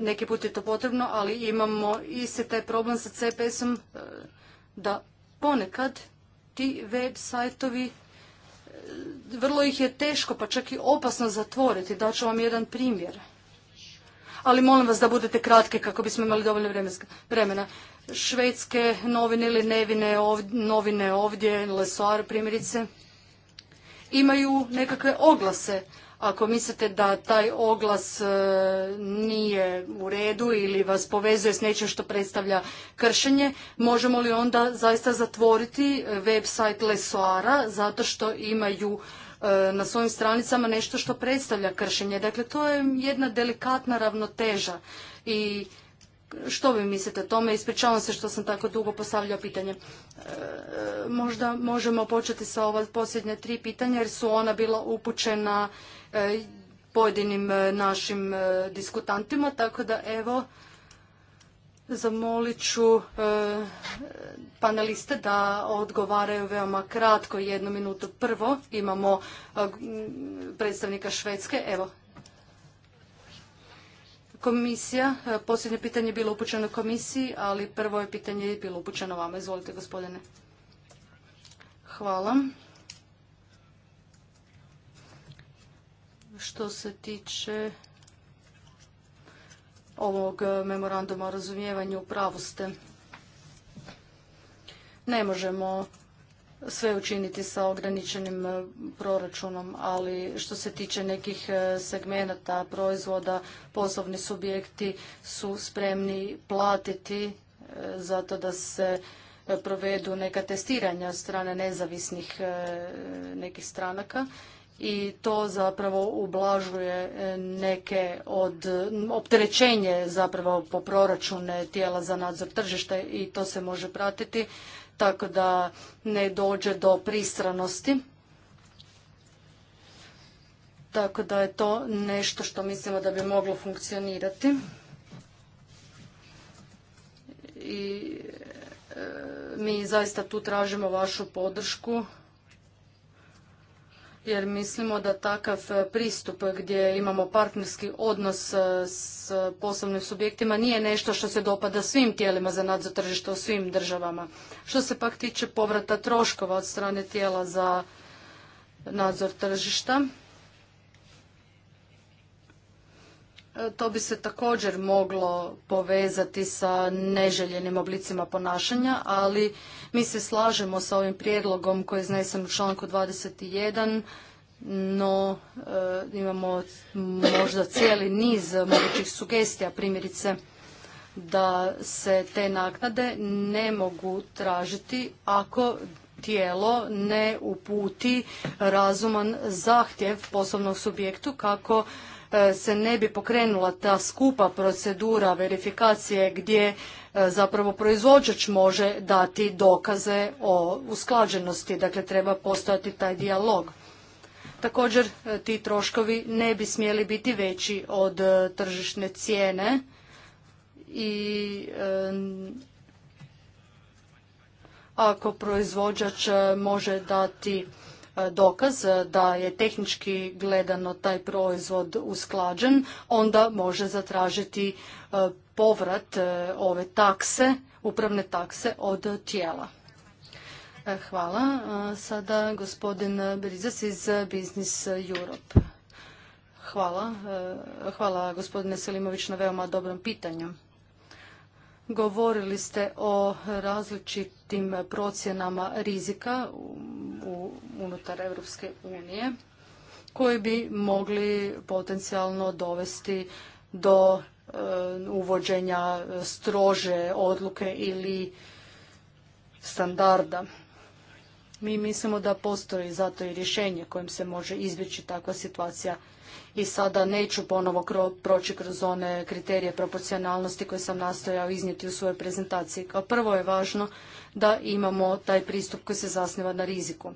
neki put je to potrebno, ali imamo i se taj problem sa CPS-om da ponekad ti web sajtovi e, vrlo ih je teško pa čak i opasno zatvoriti. Daću vam jedan primjer. Ali molim vas da budete kratke kako bismo imali dovoljno vremena. Švedske novine ili nevine novine ovdje, Lesoar primjerice, imaju nekakve oglase ako mislite da taj oglas e, nije u redu ili vas povezuje s nečim što predstavlja kršenje, možemo li onda zaista zatvoriti e, website Lesoara zato što imaju e, na svojim stranicama nešto što predstavlja kršenje. Dakle, to je jedna delikatna ravnoteža i što vi mislite o tome? Ispričavam se što sam tako dugo postavljao pitanje. možda možemo početi sa ova posljednja tri pitanja jer su ona bila upućena E, pojedinim e, našim e, diskutantima, tako da evo zamolit ću paneliste da odgovaraju veoma kratko, jednu minutu prvo. Imamo predstavnika Švedske, evo. Komisija, posljednje pitanje je bilo upućeno komisiji, ali prvo je pitanje bilo upućeno vama. Izvolite gospodine. Hvala. što se tiče ovog memoranduma o razumijevanju, pravoste, Ne možemo sve učiniti sa ograničenim proračunom, ali što se tiče nekih e, segmenata proizvoda, poslovni subjekti su spremni platiti e, zato da se e, provedu neka testiranja od strane nezavisnih nekih stranaka i to zapravo ublažuje e, neke od opterećenje zapravo po proračune tijela za nadzor tržišta i to se može pratiti tako da ne dođe do pristranosti. Tako da je to nešto što mislimo da bi moglo funkcionirati. I e, mi zaista tu tražimo vašu podršku jer mislimo da takav e, pristup gdje imamo partnerski odnos e, s poslovnim subjektima nije nešto što se dopada svim tijelima za nadzor tržišta u svim državama. Što se pak tiče povrata troškova od strane tijela za nadzor tržišta, E, to bi se također moglo povezati sa neželjenim oblicima ponašanja, ali mi se slažemo sa ovim prijedlogom koji je iznesen u članku 21, no e, imamo možda cijeli niz mogućih sugestija, primjerice da se te naknade ne mogu tražiti ako tijelo ne uputi razuman zahtjev poslovnog subjektu kako E, se ne bi pokrenula ta skupa procedura verifikacije gdje e, zapravo proizvođač može dati dokaze o usklađenosti, dakle treba postojati taj dijalog. Također e, ti troškovi ne bi smjeli biti veći od tržišne cijene i ako proizvođač može dati dokaz eh, da je tehnički gledano taj proizvod usklađen, onda može zatražiti eh, povrat eh, ove takse, upravne takse od tijela. Hvala. Sada gospodin Brizas iz Business Europe. Hvala. Hvala gospodine Selimović na veoma dobrom pitanju. Govorili ste o različitim procjenama rizika unutar Europske unije koji bi mogli potencijalno dovesti do e, uvođenja strože odluke ili standarda. Mi mislimo da postoji zato i rješenje kojim se može izbjeći takva situacija i sada neću ponovo proći kroz one kriterije proporcionalnosti koje sam nastojao iznijeti u svojoj prezentaciji. Kao prvo je važno da imamo taj pristup koji se zasniva na riziku.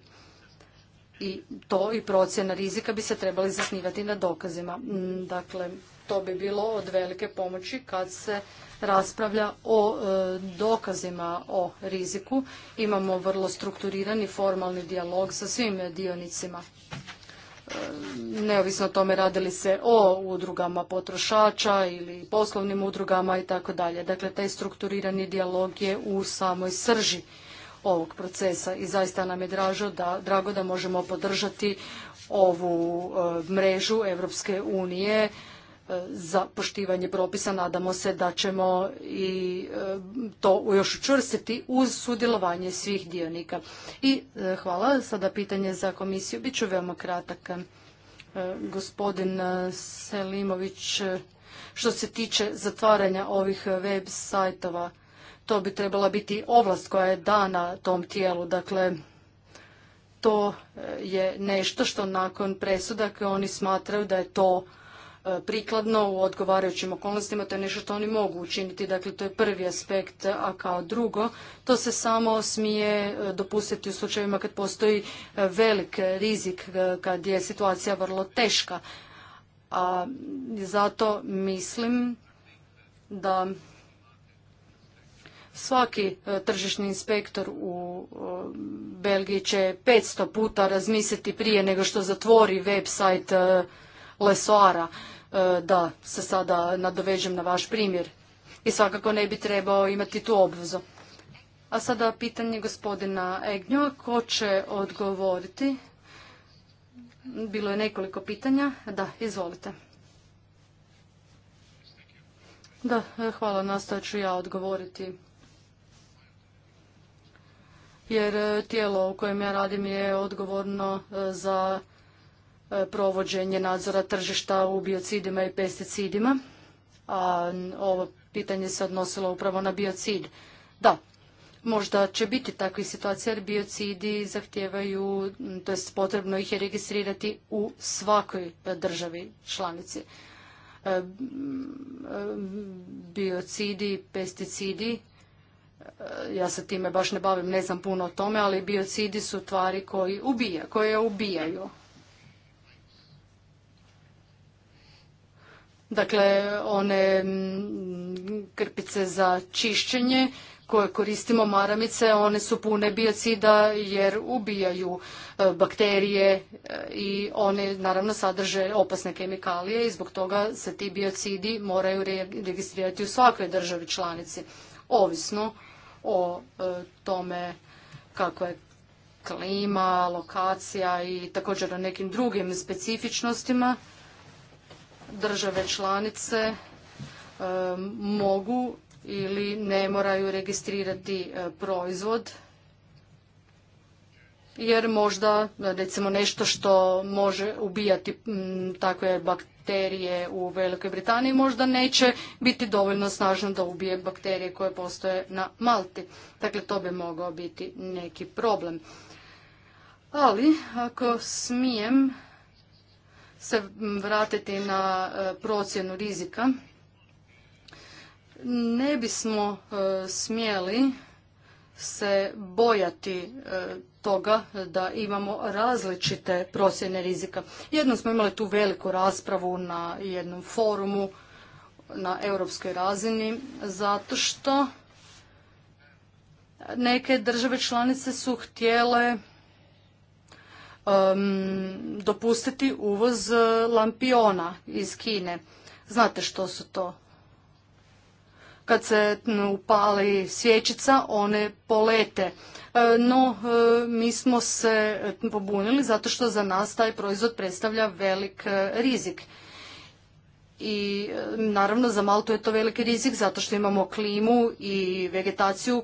I to i procjena rizika bi se trebali zasnivati na dokazima. Mm, dakle, to bi bilo od velike pomoći kad se raspravlja o e, dokazima o riziku. Imamo vrlo strukturirani formalni dijalog sa svim dionicima neovisno o tome radili se o udrugama potrošača ili poslovnim udrugama i tako dalje. Dakle, taj strukturirani dijalog je u samoj srži ovog procesa i zaista nam je dražo da, drago da možemo podržati ovu e, mrežu Europske unije E, za poštivanje propisa. Nadamo se da ćemo i e, to još učvrstiti uz sudjelovanje svih dionika. I e, hvala. Sada pitanje za komisiju. Biću veoma kratak. Gospodin Selimović, što se tiče zatvaranja ovih web sajtova, to bi trebala biti ovlast koja je dana tom tijelu. Dakle, to je nešto što nakon presuda oni smatraju da je to E, prikladno u odgovarajućim okolnostima, to je nešto što oni mogu učiniti, dakle to je prvi aspekt, a kao drugo, to se samo smije e, dopustiti u slučajevima kad postoji e, velik rizik, kad je situacija vrlo teška. A zato mislim da svaki tržišni inspektor u Belgiji će 500 puta razmisliti prije nego što zatvori website lesoara E, da se sada nadovežem na vaš primjer i svakako ne bi trebao imati tu obvezu. A sada pitanje gospodina Egnjo, ko će odgovoriti? Bilo je nekoliko pitanja. Da, izvolite. Da, e, hvala, nastojat ću ja odgovoriti. Jer e, tijelo u kojem ja radim je odgovorno za E, provođenje nadzora tržišta u biocidima i pesticidima, a ovo pitanje se odnosilo upravo na biocid. Da, možda će biti takvih situacija jer biocidi zahtijevaju, to je potrebno ih je registrirati u svakoj državi članici. E, biocidi, pesticidi, e, ja se time baš ne bavim, ne znam puno o tome, ali biocidi su tvari koji ubija, koje ubijaju dakle one krpice za čišćenje koje koristimo maramice, one su pune biocida jer ubijaju e, bakterije e, i one naravno sadrže opasne kemikalije i zbog toga se ti biocidi moraju registrirati u svakoj državi članici, ovisno o e, tome kako je klima, lokacija i također o nekim drugim specifičnostima države članice e, mogu ili ne moraju registrirati e, proizvod jer možda recimo nešto što može ubijati takve bakterije u Velikoj Britaniji možda neće biti dovoljno snažno da ubije bakterije koje postoje na Malti. Dakle, to bi mogao biti neki problem. Ali, ako smijem, se vratiti na e, procjenu rizika. Ne bismo e, smjeli se bojati e, toga da imamo različite procjene rizika. Jednom smo imali tu veliku raspravu na jednom forumu na europskoj razini zato što neke države članice su htjele dopustiti uvoz e, lampiona iz Kine. Znate što su to? Kad se upali svječica, one polete. E, no, e, mi smo se pobunili zato što za nas taj proizvod predstavlja velik rizik. I naravno za Maltu je to veliki rizik zato što imamo klimu i vegetaciju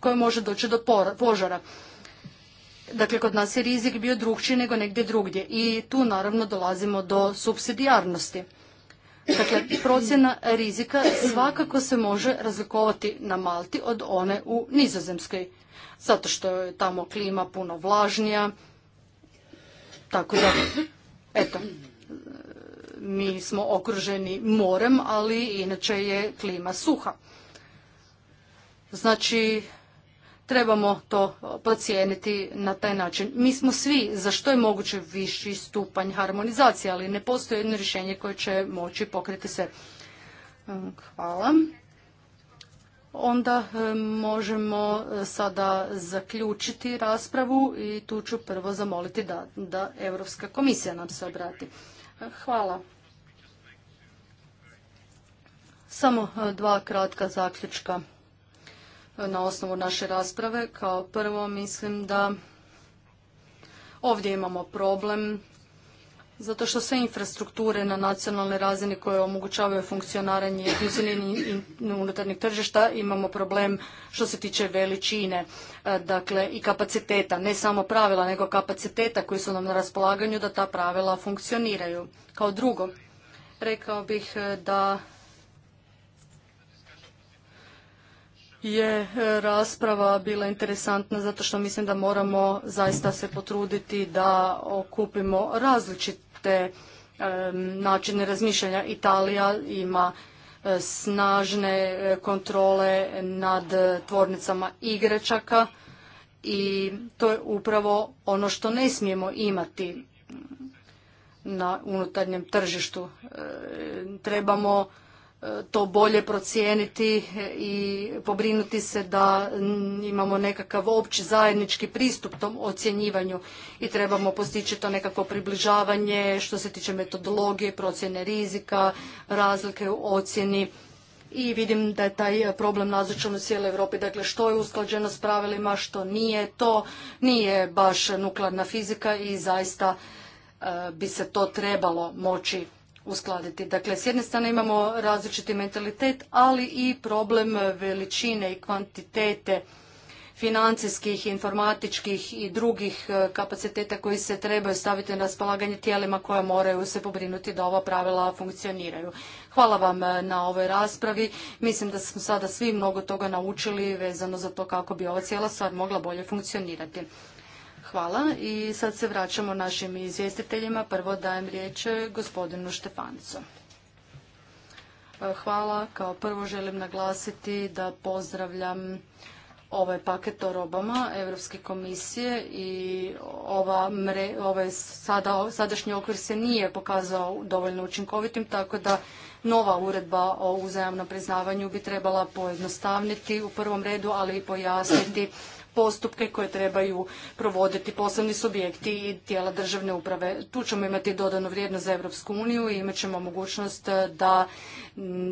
koja može doći do požara. Dakle, kod nas je rizik bio drugčiji nego negdje drugdje i tu naravno dolazimo do subsidijarnosti. Dakle, procjena rizika svakako se može razlikovati na Malti od one u Nizozemskoj, zato što je tamo klima puno vlažnija, tako da, eto, mi smo okruženi morem, ali inače je klima suha. Znači, trebamo to procijeniti na taj način. Mi smo svi za što je moguće viši stupanj harmonizacije, ali ne postoji jedno rješenje koje će moći pokriti se. Mm, hvala. Onda e, možemo e, sada zaključiti raspravu i tu ću prvo zamoliti da, da Europska komisija nam se obrati. E, hvala. Samo dva kratka zaključka na osnovu naše rasprave. Kao prvo mislim da ovdje imamo problem zato što sve infrastrukture na nacionalnoj razini koje omogućavaju funkcionaranje jedinstvenih unutarnjeg tržišta imamo problem što se tiče veličine e, dakle i kapaciteta, ne samo pravila nego kapaciteta koji su nam na raspolaganju da ta pravila funkcioniraju. Kao drugo, rekao bih e, da je e, rasprava bila interesantna zato što mislim da moramo zaista se potruditi da okupimo različite e, načine razmišljanja. Italija ima e, snažne kontrole nad tvornicama igračaka i to je upravo ono što ne smijemo imati na unutarnjem tržištu. Trebamo to bolje procijeniti i pobrinuti se da imamo nekakav opći zajednički pristup tom ocjenjivanju i trebamo postići to nekako približavanje što se tiče metodologije, procjene rizika, razlike u ocjeni i vidim da je taj problem nazočan u cijeloj Europi. Dakle, što je usklađeno s pravilima, što nije to, nije baš nuklearna fizika i zaista eh, bi se to trebalo moći uskladiti. Dakle, s jedne strane imamo različiti mentalitet, ali i problem veličine i kvantitete financijskih, informatičkih i drugih e, kapaciteta koji se trebaju staviti na raspolaganje tijelima koja moraju se pobrinuti da ova pravila funkcioniraju. Hvala vam e, na ovoj raspravi. Mislim da smo sada svi mnogo toga naučili vezano za to kako bi ova cijela stvar mogla bolje funkcionirati. Hvala i sad se vraćamo našim izvjestiteljima. Prvo dajem riječ eh, gospodinu Štefancu. Eh, hvala. Kao prvo želim naglasiti da pozdravljam ovaj paket o robama Europske komisije i ovaj sadašnji okvir se nije pokazao dovoljno učinkovitim, tako da nova uredba o uzajamnom priznavanju bi trebala pojednostavniti u prvom redu, ali i pojasniti postupke koje trebaju provoditi poslovni subjekti i tijela državne uprave. Tu ćemo imati dodanu vrijednost za Europsku uniju i imat ćemo mogućnost eh, da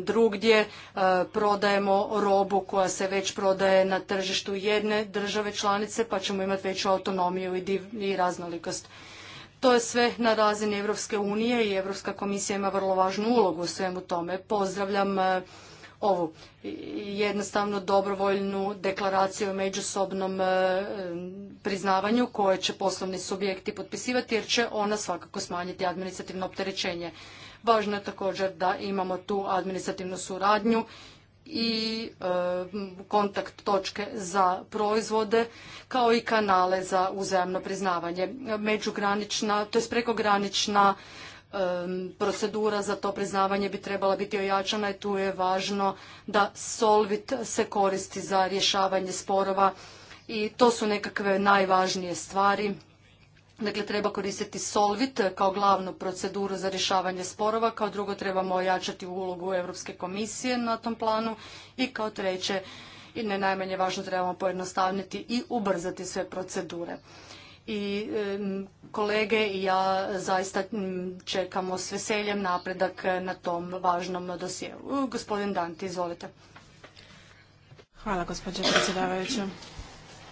drugdje eh, prodajemo robu koja se već prodaje na tržištu jedne države članice pa ćemo imati veću autonomiju i raznolikost. To je sve na razini Europske unije i Europska komisija ima vrlo važnu ulogu u svemu tome. Pozdravljam eh, ovu jednostavno dobrovoljnu deklaraciju o međusobnom e, priznavanju koje će poslovni subjekti potpisivati jer će ona svakako smanjiti administrativno opterećenje. Važno je također da imamo tu administrativnu suradnju i e, kontakt točke za proizvode kao i kanale za uzajamno priznavanje. Međugranična, to je prekogranična procedura za to priznavanje bi trebala biti ojačana i tu je važno da Solvit se koristi za rješavanje sporova i to su nekakve najvažnije stvari. Dakle, treba koristiti Solvit kao glavnu proceduru za rješavanje sporova, kao drugo trebamo ojačati ulogu Europske komisije na tom planu i kao treće i ne najmanje važno trebamo pojednostavniti i ubrzati sve procedure i e, kolege i ja zaista čekamo s veseljem napredak na tom važnom dosijelu. Gospodin Danti, izvolite. Hvala gospođo predsjedavajuća.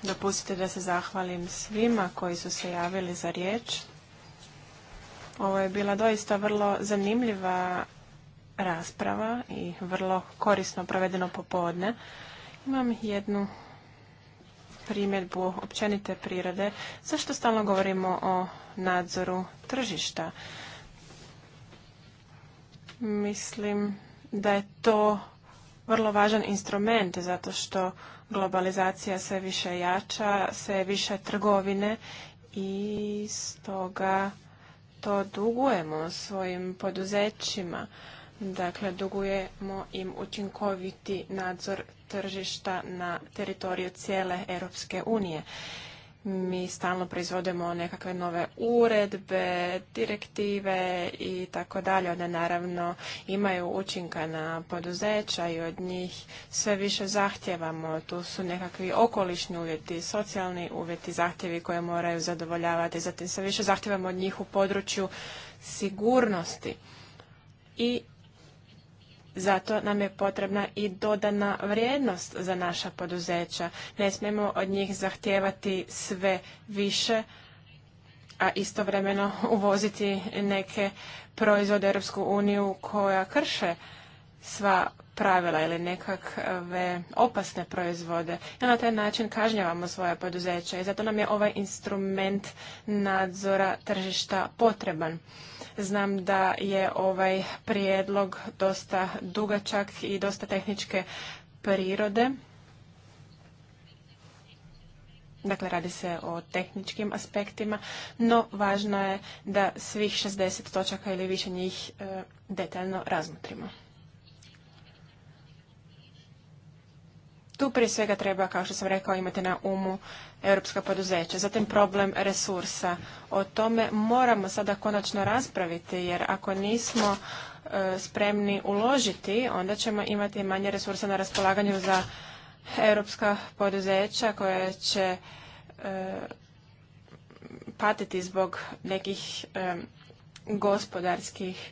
Dopustite da se zahvalim svima koji su se javili za riječ. Ovo je bila doista vrlo zanimljiva rasprava i vrlo korisno provedeno popodne. Imam jednu primjedbu općenite prirode, zašto stalno govorimo o nadzoru tržišta? Mislim da je to vrlo važan instrument zato što globalizacija sve više jača, sve više trgovine i stoga to dugujemo svojim poduzećima. Dakle, dugujemo im učinkoviti nadzor tržišta na teritoriju cijele Europske unije. Mi stalno proizvodimo nekakve nove uredbe, direktive i tako dalje. One naravno imaju učinka na poduzeća i od njih sve više zahtjevamo. Tu su nekakvi okolišni uvjeti, socijalni uvjeti, zahtjevi koje moraju zadovoljavati. Zatim sve više zahtjevamo od njih u području sigurnosti i zato nam je potrebna i dodana vrijednost za naša poduzeća. Ne smijemo od njih zahtijevati sve više, a istovremeno uvoziti neke proizvode Europsku uniju koja krše sva pravila ili nekakve opasne proizvode. I na taj način kažnjavamo svoje poduzeća i zato nam je ovaj instrument nadzora tržišta potreban. Znam da je ovaj prijedlog dosta dugačak i dosta tehničke prirode. Dakle, radi se o tehničkim aspektima, no važno je da svih 60 točaka ili više njih e, detaljno razmotrimo. Tu prije svega treba, kao što sam rekao, imati na umu europska poduzeća. Zatim problem resursa. O tome moramo sada konačno raspraviti, jer ako nismo e, spremni uložiti, onda ćemo imati manje resursa na raspolaganju za europska poduzeća koje će e, patiti zbog nekih e, gospodarskih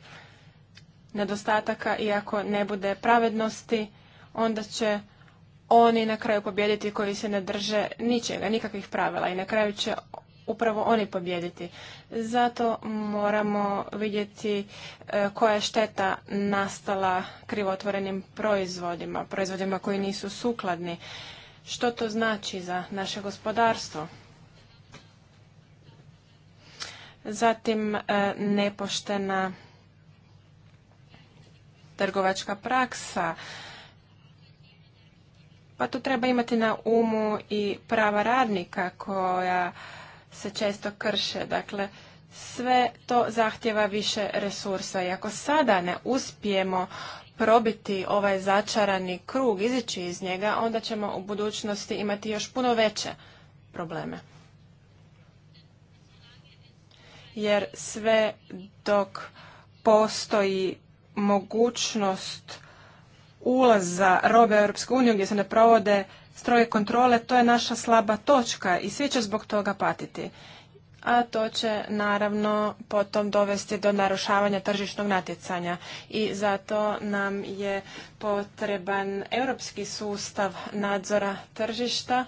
nedostataka i ako ne bude pravednosti, onda će oni na kraju pobjediti koji se ne drže ničega, nikakvih pravila i na kraju će upravo oni pobjediti. Zato moramo vidjeti e, koja je šteta nastala krivotvorenim proizvodima, proizvodima koji nisu sukladni. Što to znači za naše gospodarstvo? Zatim e, nepoštena trgovačka praksa, pa tu treba imati na umu i prava radnika koja se često krše. Dakle, sve to zahtjeva više resursa. I ako sada ne uspijemo probiti ovaj začarani krug, izići iz njega, onda ćemo u budućnosti imati još puno veće probleme. Jer sve dok postoji mogućnost za robe u Europsku uniju gdje se ne provode stroje kontrole, to je naša slaba točka i svi će zbog toga patiti. A to će naravno potom dovesti do narušavanja tržišnog natjecanja i zato nam je potreban europski sustav nadzora tržišta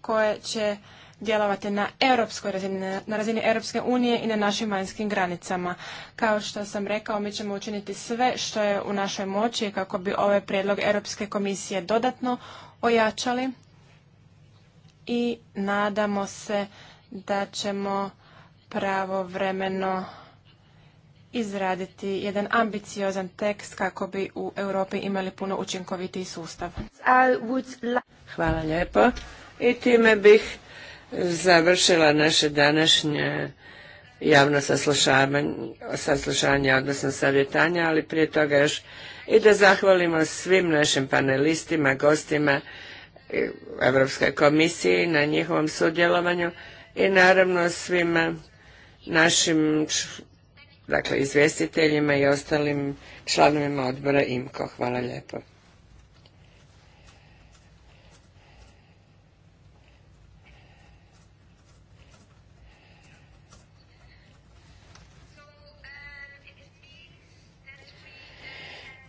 koje će djelovati na europskoj razini, na razini Europske unije i na našim vanjskim granicama. Kao što sam rekao, mi ćemo učiniti sve što je u našoj moći kako bi ovaj prijedlog Europske komisije dodatno ojačali i nadamo se da ćemo pravovremeno izraditi jedan ambiciozan tekst kako bi u Europi imali puno učinkovitiji sustav. Hvala lijepo. I time bih završila naše današnje javno saslušanje odnosno savjetanje, ali prije toga još i da zahvalimo svim našim panelistima, gostima, Europskoj komisiji na njihovom sudjelovanju i naravno svima našim dakle, izvjestiteljima i ostalim članovima odbora IMKO. Hvala lijepo.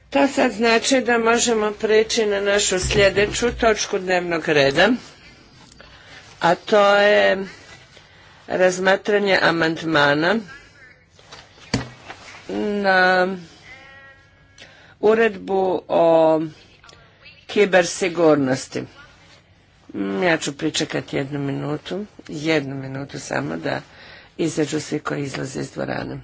To sad znači da možemo preći na našu sljedeću točku dnevnog reda, a to je razmatranje amandmana na uredbu o kibersigurnosti. Mm, ja ću pričekati jednu minutu, jednu minutu samo da izađu svi koji izlaze iz dvorana.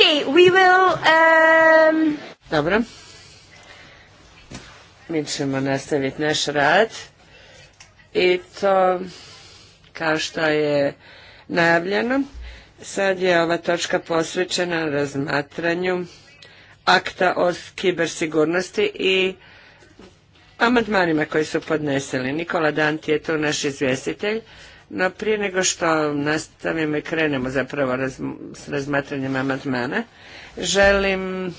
Okay, we will, um, Dobro. Mi ćemo nastaviti naš rad i to kao što je najavljeno. Sad je ova točka posvećena razmatranju akta o kibersigurnosti i amandmanima koji su podneseli. Nikola Danti je tu naš izvjestitelj. No prije nego što nastavimo i krenemo zapravo s razmatranjem amandmana, želim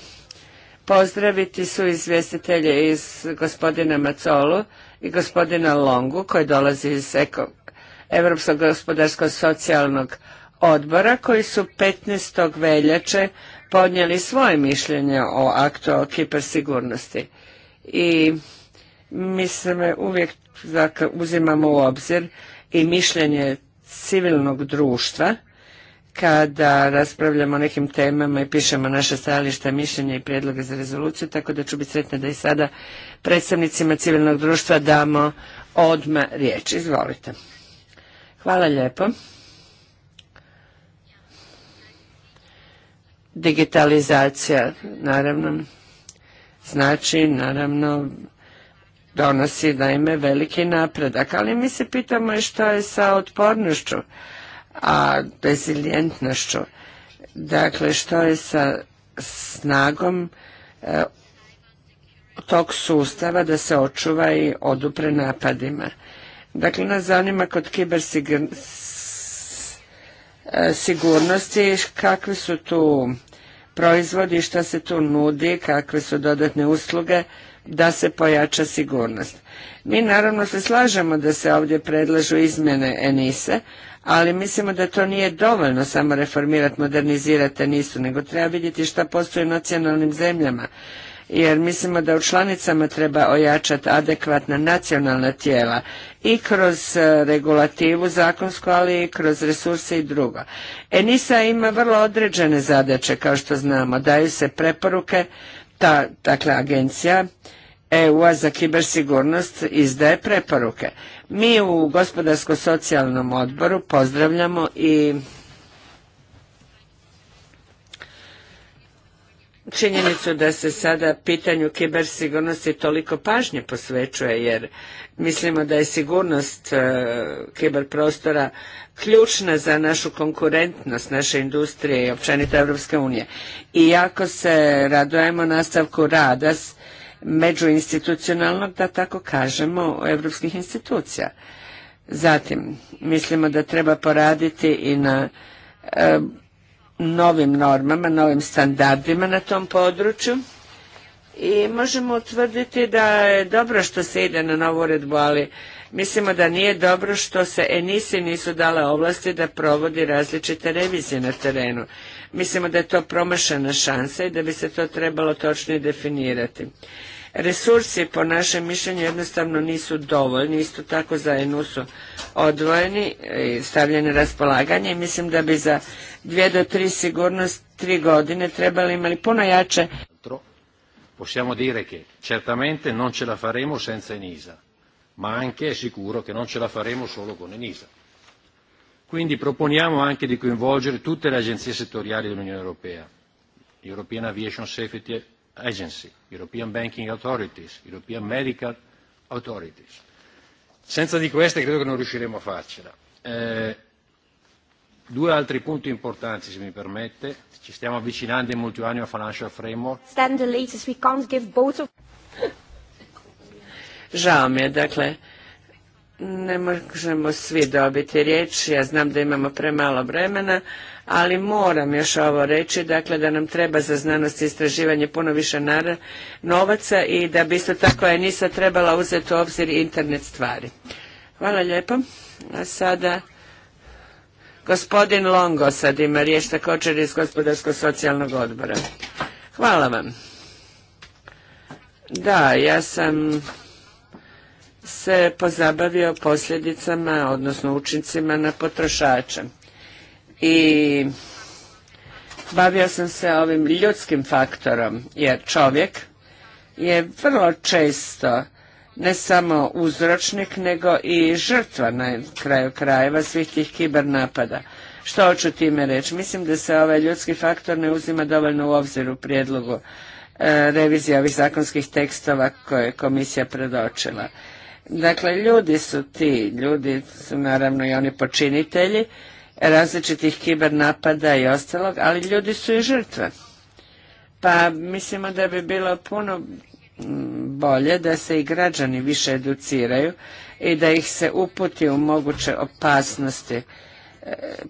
pozdraviti su izvjestitelje iz gospodina Macolu i gospodina Longu koji dolazi iz Europskog gospodarskog socijalnog odbora koji su 15. veljače podnijeli svoje mišljenje o aktu o kipersigurnosti. I mi se uvijek dakle, uzimamo u obzir i mišljenje civilnog društva kada raspravljamo o nekim temama i pišemo naše stajališta, mišljenje i prijedloge za rezoluciju, tako da ću biti sretna da i sada predstavnicima civilnog društva damo odma riječ. Izvolite. Hvala lijepo. Digitalizacija, naravno, znači, naravno, donosi naime veliki napredak, ali mi se pitamo i što je sa otpornošću, a rezilijentnošću. Dakle, što je sa snagom e, tog sustava da se očuva i odupre napadima. Dakle, nas zanima kod kiber e, sigurnosti kakvi su tu proizvodi, šta se tu nudi, kakve su dodatne usluge da se pojača sigurnost. Mi naravno se slažemo da se ovdje predlažu izmjene Enise, ali mislimo da to nije dovoljno samo reformirati, modernizirati Enisu, nego treba vidjeti šta postoji u nacionalnim zemljama. Jer mislimo da u članicama treba ojačati adekvatna nacionalna tijela i kroz e, regulativu zakonsku, ali i kroz resurse i drugo. Enisa ima vrlo određene zadaće, kao što znamo. Daju se preporuke ta, dakle, agencija EU-a za kibersigurnost izdaje preporuke. Mi u Gospodarsko-socijalnom odboru pozdravljamo i činjenicu da se sada pitanju kibersigurnosti toliko pažnje posvećuje jer mislimo da je sigurnost e, kiberprostora ključna za našu konkurentnost naše industrije i općenito Europske unije. I jako se radujemo nastavku rada međuinstitucionalnog, da tako kažemo, europskih institucija. Zatim, mislimo da treba poraditi i na e, novim normama, novim standardima na tom području i možemo utvrditi da je dobro što se ide na novu uredbu, ali mislimo da nije dobro što se ENISI nisu dale ovlasti da provodi različite revizije na terenu. Mislimo da je to promašena šansa i da bi se to trebalo točnije definirati. Resursi, po našem mišljenju, jednostavno nisu dovoljni, isto tako za jednu su odvojeni i stavljeni raspolaganje i mislim da bi za dvije do tri sigurnost tri godine trebali imali puno jače. Possiamo dire che certamente non ce la faremo senza Enisa, ma anche è sicuro che non ce la faremo solo con Enisa. Quindi proponiamo anche di coinvolgere tutte le agenzie settoriali dell'Unione Europea, European Aviation Safety agency european banking authorities european medical authorities senza di queste credo che non riusciremo a farcela eh, due altri punti importanti se mi permette ci stiamo avvicinando in al financial framework stand the Žao mi je, dakle, ne možemo svi dobiti riječi, ja znam da imamo premalo vremena, ali moram još ovo reći, dakle da nam treba za znanost i istraživanje puno više novaca i da bi isto tako nisa trebala uzeti u obzir internet stvari. Hvala lijepo. A sada gospodin Longo sad ima riječ također iz gospodarsko-socijalnog odbora. Hvala vam. Da, ja sam se pozabavio posljedicama, odnosno učincima na potrošače i bavio sam se ovim ljudskim faktorom, jer čovjek je vrlo često ne samo uzročnik, nego i žrtva na kraju krajeva svih tih kibernapada. Što hoću time reći? Mislim da se ovaj ljudski faktor ne uzima dovoljno u obzir u prijedlogu e, revizije ovih zakonskih tekstova koje je komisija predočila. Dakle, ljudi su ti, ljudi su naravno i oni počinitelji, različitih kiber napada i ostalog, ali ljudi su i žrtve. Pa mislimo da bi bilo puno bolje da se i građani više educiraju i da ih se uputi u moguće opasnosti e,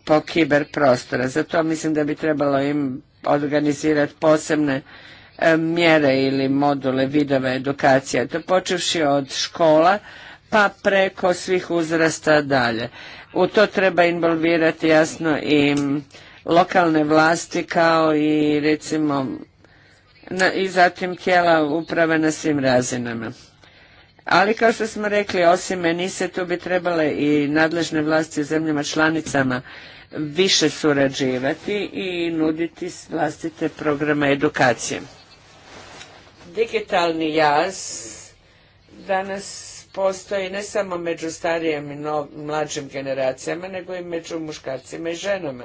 po kiber prostora. Zato mislim da bi trebalo im organizirati posebne e, mjere ili module, vidove edukacije. To počevši od škola pa preko svih uzrasta dalje. U to treba involvirati jasno i lokalne vlasti kao i recimo i zatim tijela uprave na svim razinama. Ali kao što smo rekli, osim Enise, tu bi trebale i nadležne vlasti u zemljama članicama više surađivati i nuditi vlastite programe edukacije. Digitalni jaz danas postoji ne samo među starijim i mlađim generacijama, nego i među muškarcima i ženama.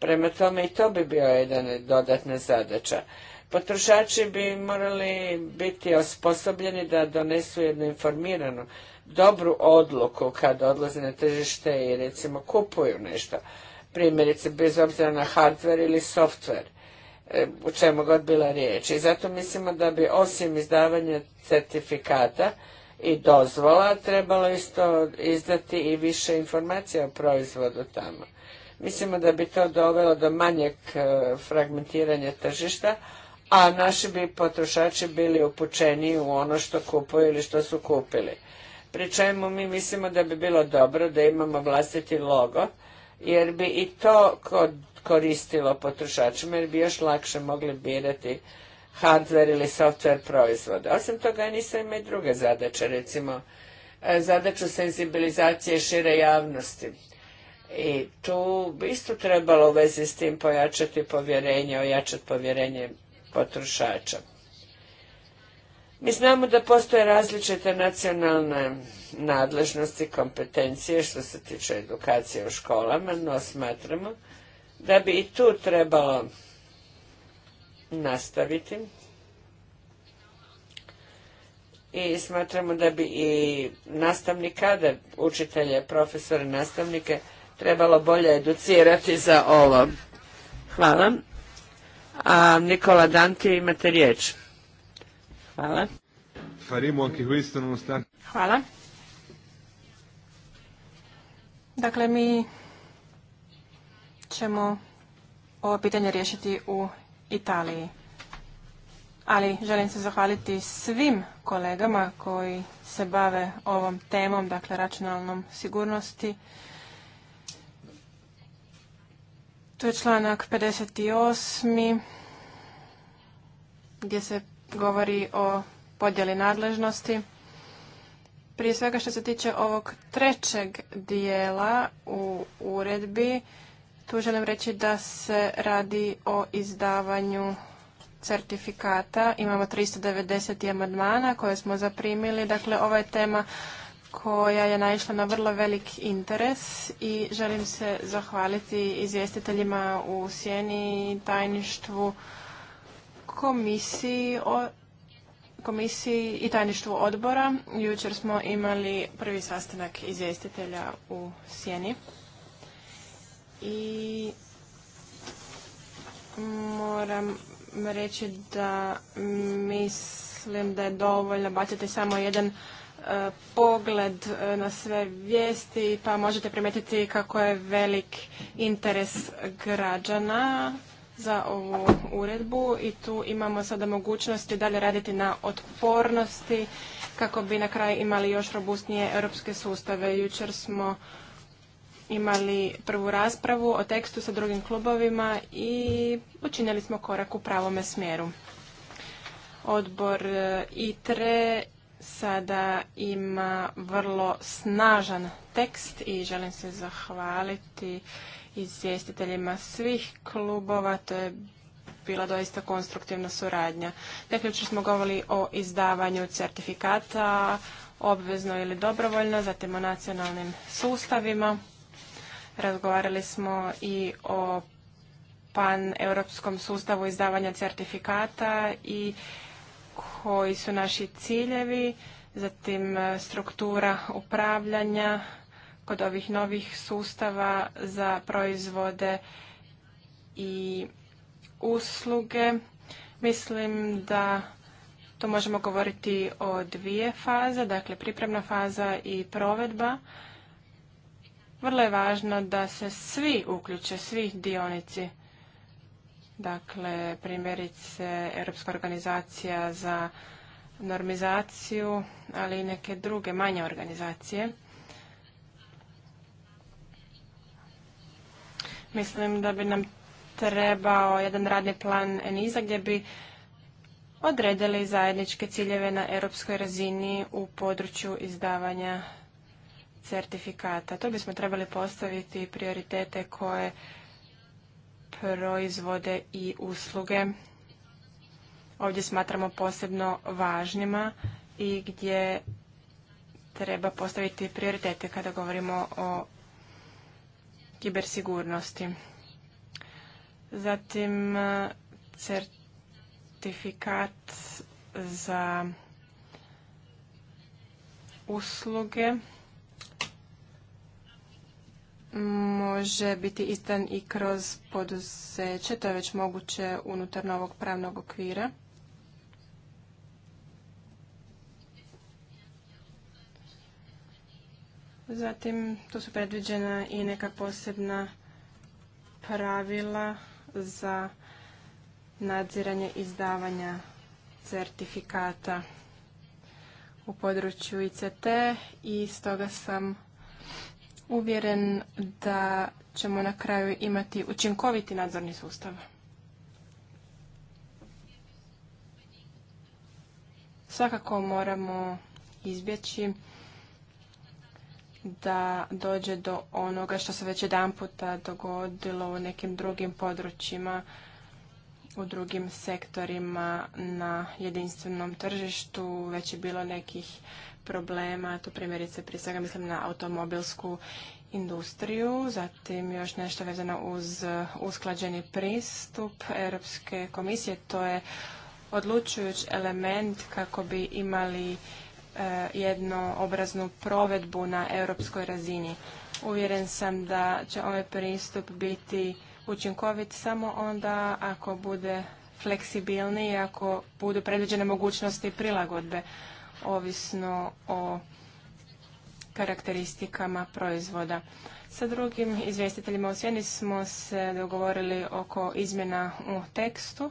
Prema tome i to bi bio jedan dodatna zadaća. Potrošači bi morali biti osposobljeni da donesu jednu informiranu, dobru odluku kad odlaze na tržište i recimo kupuju nešto. Primjerice, bez obzira na hardware ili software, e, u čemu god bila riječ. I zato mislimo da bi osim izdavanja certifikata i dozvola, trebalo isto izdati i više informacija o proizvodu tamo. Mislimo da bi to dovelo do manjeg e, fragmentiranja tržišta, a naši bi potrošači bili upućeni u ono što kupuju ili što su kupili. Pri čemu mi mislimo da bi bilo dobro da imamo vlastiti logo, jer bi i to koristilo potrošačima, jer bi još lakše mogli birati hardware ili software proizvoda. Osim toga, nisam imao i druge zadaće, recimo e, zadaću senzibilizacije šire javnosti. I tu bi isto trebalo u vezi s tim pojačati povjerenje, ojačati povjerenje potrošača. Mi znamo da postoje različite nacionalne nadležnosti, kompetencije što se tiče edukacije u školama, no smatramo da bi i tu trebalo nastaviti. I smatramo da bi i nastavni kadar, učitelje, profesore, nastavnike, trebalo bolje educirati za ovo. Hvala. A Nikola Danti, imate riječ. Hvala. Hvala. Dakle, mi ćemo ovo pitanje riješiti u Italiji. Ali želim se zahvaliti svim kolegama koji se bave ovom temom, dakle računalnom sigurnosti. Tu je članak 58. gdje se govori o podjeli nadležnosti. Prije svega što se tiče ovog trećeg dijela u uredbi, tu želim reći da se radi o izdavanju certifikata. Imamo 390 amandmana koje smo zaprimili. Dakle, ova je tema koja je naišla na vrlo velik interes i želim se zahvaliti izvjestiteljima u Sjeni, tajništvu, komisiji, komisiji i tajništvu odbora. Jučer smo imali prvi sastanak izvjestitelja u Sjeni i moram reći da mislim da je dovoljno baciti samo jedan e, pogled e, na sve vijesti pa možete primetiti kako je velik interes građana za ovu uredbu i tu imamo sada mogućnosti dalje raditi na otpornosti kako bi na kraju imali još robustnije europske sustave. Jučer smo imali prvu raspravu o tekstu sa drugim klubovima i učinili smo korak u pravome smjeru. Odbor e, ITRE sada ima vrlo snažan tekst i želim se zahvaliti izvjestiteljima svih klubova. To je bila doista konstruktivna suradnja. Dakle, smo govorili o izdavanju certifikata, obvezno ili dobrovoljno, zatim o nacionalnim sustavima. Razgovarali smo i o pan-europskom sustavu izdavanja certifikata i koji su naši ciljevi, zatim e, struktura upravljanja kod ovih novih sustava za proizvode i usluge. Mislim da tu možemo govoriti o dvije faze, dakle pripremna faza i provedba. Vrlo je važno da se svi uključe, svi dionici. Dakle, primjerice Europska organizacija za normizaciju, ali i neke druge manje organizacije. Mislim da bi nam trebao jedan radni plan ENISA gdje bi odredili zajedničke ciljeve na europskoj razini u području izdavanja certifikata. To bismo trebali postaviti prioritete koje proizvode i usluge ovdje smatramo posebno važnima i gdje treba postaviti prioritete kada govorimo o kibersigurnosti. Zatim certifikat za usluge može biti istan i kroz poduzeće, to je već moguće unutar novog pravnog okvira. Zatim, tu su predviđena i neka posebna pravila za nadziranje izdavanja certifikata u području ICT i stoga sam uvjeren da ćemo na kraju imati učinkoviti nadzorni sustav. Svakako moramo izbjeći da dođe do onoga što se već jedan puta dogodilo u nekim drugim područjima, u drugim sektorima na jedinstvenom tržištu. Već je bilo nekih problema, tu primjerice prije svega mislim na automobilsku industriju, zatim još nešto vezano uz usklađeni pristup Europske komisije, to je odlučujući element kako bi imali e, jednoobraznu provedbu na europskoj razini. Uvjeren sam da će ovaj pristup biti učinkovit samo onda ako bude fleksibilniji, ako budu predviđene mogućnosti prilagodbe ovisno o karakteristikama proizvoda. Sa drugim izvjestiteljima u sjeni smo se dogovorili oko izmjena u tekstu.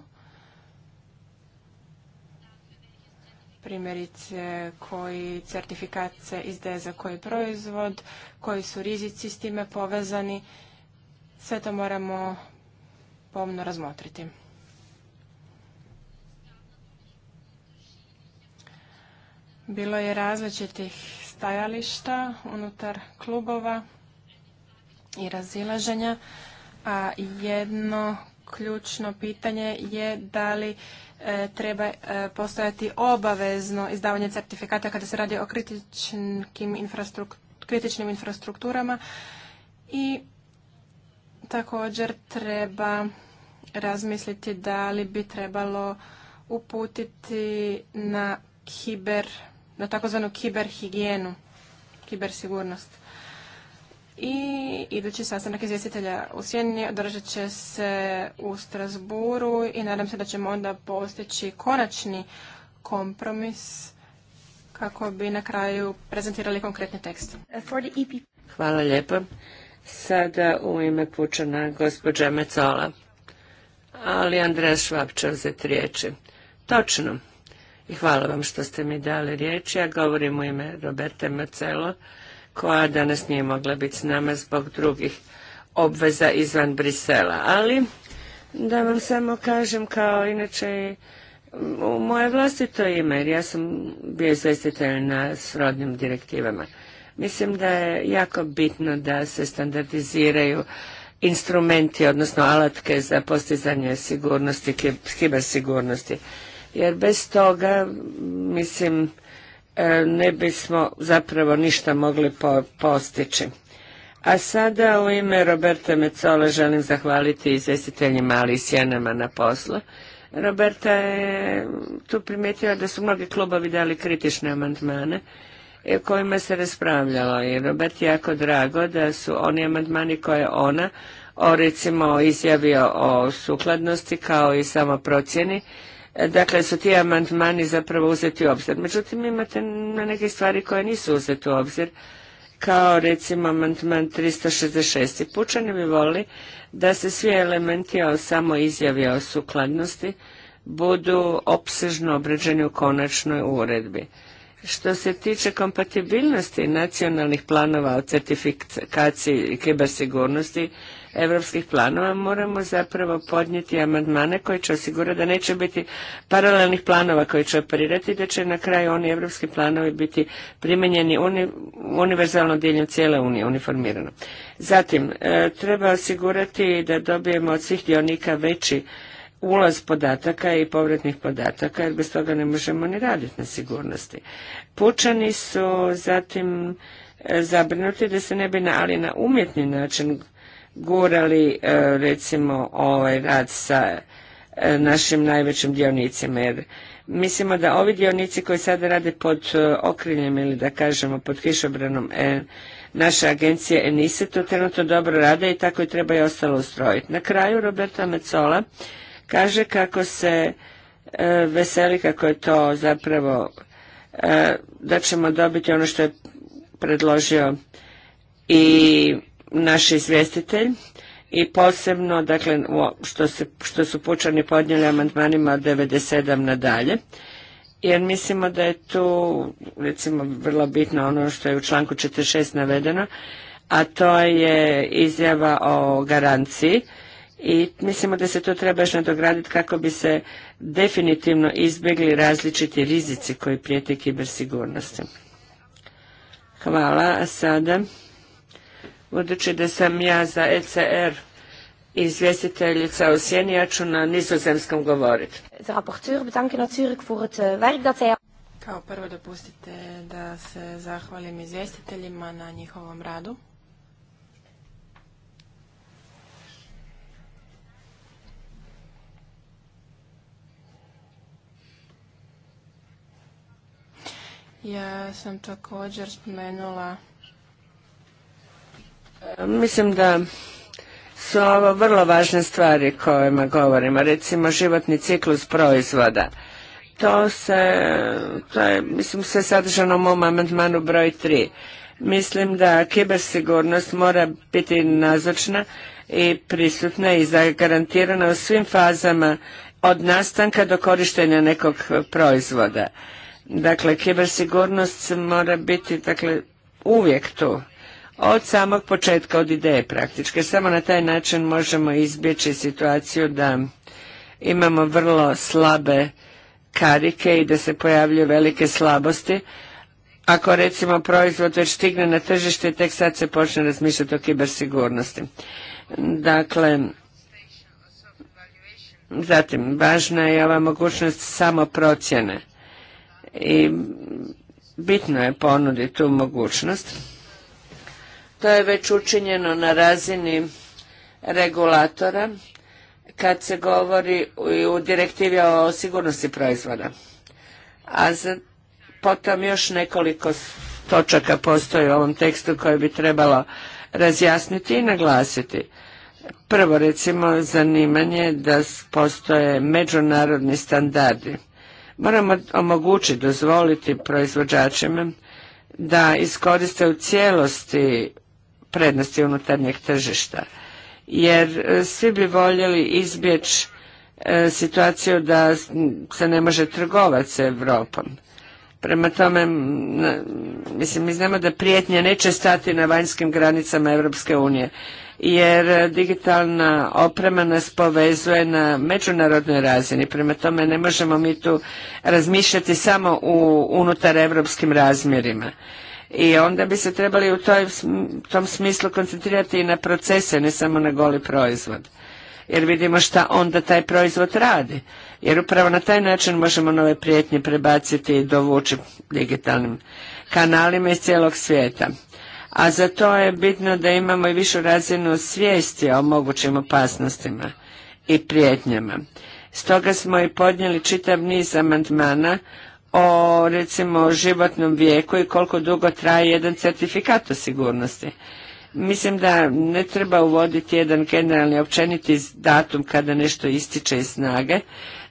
primjerice koji certifikat se izdaje za koji proizvod, koji su rizici s time povezani. Sve to moramo pomno razmotriti. Bilo je različitih stajališta unutar klubova i razilaženja, a jedno ključno pitanje je da li e, treba e, postojati obavezno izdavanje certifikata kada se radi o kritičnim infrastrukturama i također treba razmisliti da li bi trebalo uputiti na kiber na takozvanu kiberhigijenu, kibersigurnost. I idući sastanak izvjestitelja u Sjeni održat će se u Strasburu i nadam se da ćemo onda postići konačni kompromis kako bi na kraju prezentirali konkretni tekst. E Hvala lijepo. Sada u ime pučana gospođa Mecola. Ali Andreja Švab će uzeti riječi. Točno i hvala vam što ste mi dali riječ. Ja govorim u ime Roberta marcelo koja danas nije mogla biti s nama zbog drugih obveza izvan Brisela. Ali da vam samo kažem kao inače u moje vlastito ime, jer ja sam bio izvestitelj na srodnim direktivama. Mislim da je jako bitno da se standardiziraju instrumenti, odnosno alatke za postizanje sigurnosti, kibersigurnosti jer bez toga, mislim, e, ne bismo zapravo ništa mogli postići. A sada u ime Roberta Mecola želim zahvaliti izvjestiteljima ali i sjenama na poslu. Roberta je tu primijetila da su mnogi klubovi dali kritične amandmane o e, kojima se raspravljalo i Robert je jako drago da su oni amandmani koje ona o recimo izjavio o sukladnosti kao i samoprocjeni dakle su ti amandmani zapravo uzeti u obzir. Međutim, imate na neke stvari koje nisu uzeti u obzir, kao recimo amandman 366. pučani bi voli da se svi elementi o samo izjavi o sukladnosti budu opsežno obrađeni u konačnoj uredbi. Što se tiče kompatibilnosti nacionalnih planova o certifikaciji kibersigurnosti europskih planova moramo zapravo podnijeti amandmane koji će osigurati da neće biti paralelnih planova koji će operirati, da će na kraju oni europski planovi biti primijenjeni univerzalno diljem cijele Unije, uniformirano. Zatim, e, treba osigurati da dobijemo od svih dionika veći ulaz podataka i povratnih podataka, jer bez toga ne možemo ni raditi na sigurnosti. Pučani su zatim e, zabrinuti da se ne bi na, ali na umjetni način gurali e, recimo ovaj rad sa e, našim najvećim dionicima jer mislimo da ovi dionici koji sada rade pod e, okriljem ili da kažemo pod kišobranom e, naše agencije ENISE to trenutno dobro rade i tako i treba i ostalo ustrojiti. Na kraju Roberta Mecola kaže kako se e, veseli kako je to zapravo da ćemo dobiti ono što je predložio i naš izvjestitelj i posebno dakle što, se, što su pučani podnijeli amandmanima od 97 nadalje jer mislimo da je tu recimo vrlo bitno ono što je u članku 46 navedeno a to je izjava o garanciji i mislimo da se to treba još nadograditi kako bi se definitivno izbjegli različiti rizici koji prijete kibersigurnosti. Hvala, a sada Budući da sam ja za ECR izvjestiteljica u Sjeni, ja ću na nizozemskom govoriti. Eh, Kao prvo dopustite da se zahvalim izvjestiteljima na njihovom radu. Ja sam također spomenula Mislim da su ovo vrlo važne stvari kojima govorimo. Recimo životni ciklus proizvoda. To se, to je, mislim, sve sadržano u mom amandmanu broj 3. Mislim da kibersigurnost mora biti nazočna i prisutna i zagarantirana u svim fazama od nastanka do korištenja nekog proizvoda. Dakle, kibersigurnost mora biti dakle, uvijek tu od samog početka, od ideje praktičke Samo na taj način možemo izbjeći situaciju da imamo vrlo slabe karike i da se pojavljuju velike slabosti. Ako recimo proizvod već stigne na tržište, tek sad se počne razmišljati o kibersigurnosti. Dakle, zatim, važna je ova mogućnost samoprocijene i bitno je ponuditi tu mogućnost to je već učinjeno na razini regulatora kad se govori u direktivi o sigurnosti proizvoda. A potom još nekoliko točaka postoji u ovom tekstu koje bi trebalo razjasniti i naglasiti. Prvo, recimo, zanimanje da postoje međunarodni standardi. Moramo omogućiti, dozvoliti proizvođačima da iskoriste u cijelosti prednosti unutarnjeg tržišta. Jer e, svi bi voljeli izbjeći e, situaciju da se ne može trgovati s Europom. Prema tome, mislim, mi znamo da prijetnje neće stati na vanjskim granicama Europske unije, jer e, digitalna oprema nas povezuje na međunarodnoj razini. Prema tome, ne možemo mi tu razmišljati samo u unutar europskim razmjerima i onda bi se trebali u toj, tom smislu koncentrirati i na procese, ne samo na goli proizvod. Jer vidimo šta onda taj proizvod radi. Jer upravo na taj način možemo nove prijetnje prebaciti i dovući digitalnim kanalima iz cijelog svijeta. A za to je bitno da imamo i višu razinu svijesti o mogućim opasnostima i prijetnjama. Stoga smo i podnijeli čitav niz amandmana o recimo životnom vijeku i koliko dugo traje jedan certifikat o sigurnosti. Mislim da ne treba uvoditi jedan generalni općeniti datum kada nešto ističe iz snage,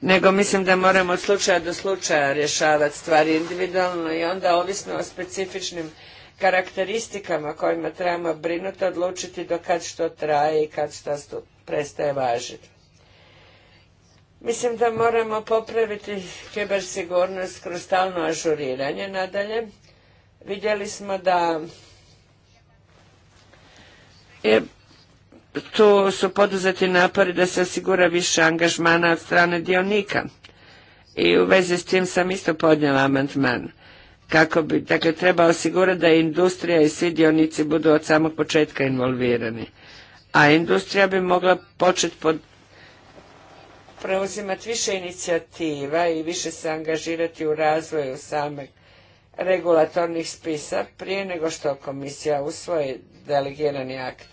nego mislim da moramo od slučaja do slučaja rješavati stvari individualno i onda ovisno o specifičnim karakteristikama kojima trebamo brinuti, odlučiti do kad što traje i kad što prestaje važiti. Mislim da moramo popraviti kibersigurnost kroz stalno ažuriranje nadalje. Vidjeli smo da je tu su poduzeti napori da se osigura više angažmana od strane dionika. I u vezi s tim sam isto podnijela amandman. Kako bi, dakle, treba osigurati da industrija i svi dionici budu od samog početka involvirani. A industrija bi mogla početi pod, preuzimati više inicijativa i više se angažirati u razvoju same regulatornih spisa prije nego što komisija usvoji delegirani akt.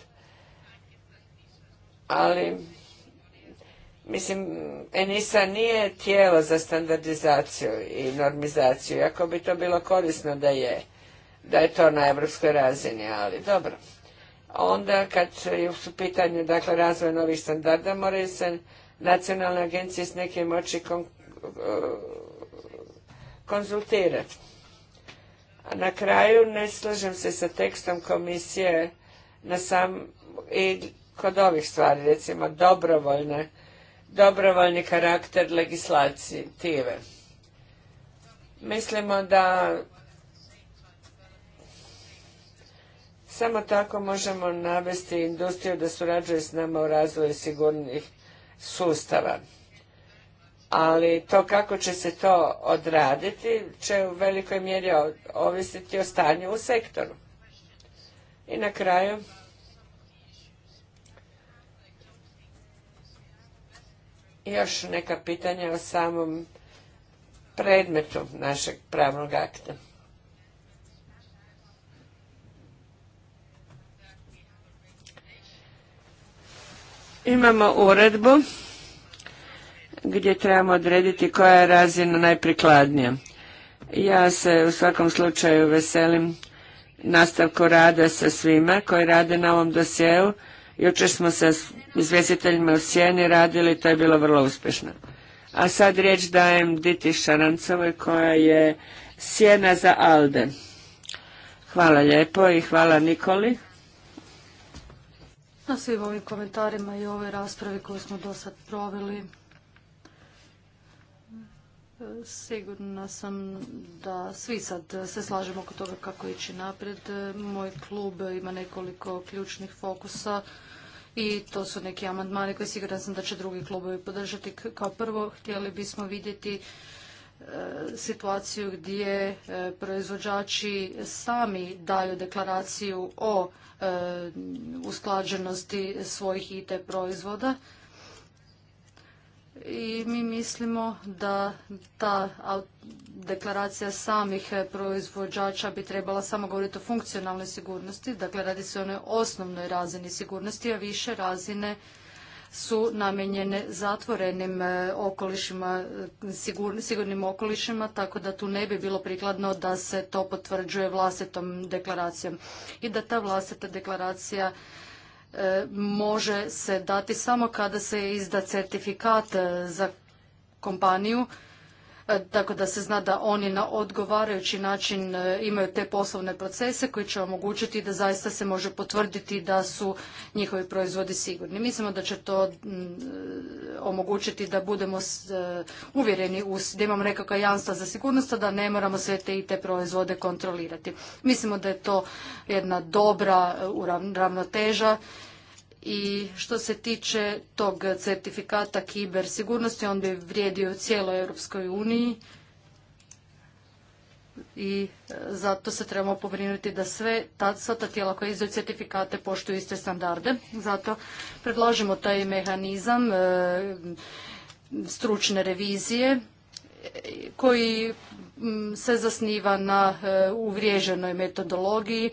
Ali, mislim, ENISA nije tijelo za standardizaciju i normizaciju, iako bi to bilo korisno da je, da je to na evropskoj razini, ali dobro. Onda kad su u pitanju, dakle, razvoj novih standarda, moraju se nacionalne agencije s nekim moći konzultira. Uh, konzultirati. A na kraju ne slažem se sa tekstom komisije na sam i kod ovih stvari, recimo dobrovoljne, dobrovoljni karakter legislative. Mislimo da samo tako možemo navesti industriju da surađuje s nama u razvoju sigurnih sustava. Ali to kako će se to odraditi će u velikoj mjeri ovisiti o stanju u sektoru. I na kraju, još neka pitanja o samom predmetu našeg pravnog akta. Imamo uredbu gdje trebamo odrediti koja je razina najprikladnija. Ja se u svakom slučaju veselim nastavku rada sa svima koji rade na ovom dosjeu. Jučer smo sa izvjestiteljima u Sjeni radili, to je bilo vrlo uspješno. A sad riječ dajem Diti Šarancovoj koja je sjena za Alde. Hvala lijepo i hvala Nikoli na svim ovim komentarima i ovoj raspravi koju smo do sad proveli. Sigurna sam da svi sad se slažemo oko toga kako ići naprijed. Moj klub ima nekoliko ključnih fokusa i to su neki amandmani koji siguran sam da će drugi klubovi podržati. Kao prvo htjeli bismo vidjeti situaciju gdje e, proizvođači sami daju deklaraciju o e, usklađenosti svojih IT proizvoda i mi mislimo da ta deklaracija samih proizvođača bi trebala samo govoriti o funkcionalnoj sigurnosti, dakle radi se o onoj osnovnoj razini sigurnosti, a više razine su namijenjene zatvorenim e, okolišima, sigurnim okolišima, tako da tu ne bi bilo prikladno da se to potvrđuje vlastitom deklaracijom i da ta vlastita deklaracija e, može se dati samo kada se izda certifikat e, za kompaniju E, tako da se zna da oni na odgovarajući način e, imaju te poslovne procese koji će omogućiti da zaista se može potvrditi da su njihovi proizvodi sigurni. Mislimo da će to e, omogućiti da budemo uvjereni da imamo nekakva jamstva za sigurnost, a da ne moramo sve te i te proizvode kontrolirati. Mislimo da je to jedna dobra ravnoteža i što se tiče tog certifikata kiber sigurnosti, on bi vrijedio cijeloj Europskoj uniji i e, zato se trebamo pobrinuti da sve ta, sva ta tijela koja izdaju certifikate poštuju iste standarde. Zato predlažemo taj mehanizam e, stručne revizije e, koji se zasniva na uvriježenoj metodologiji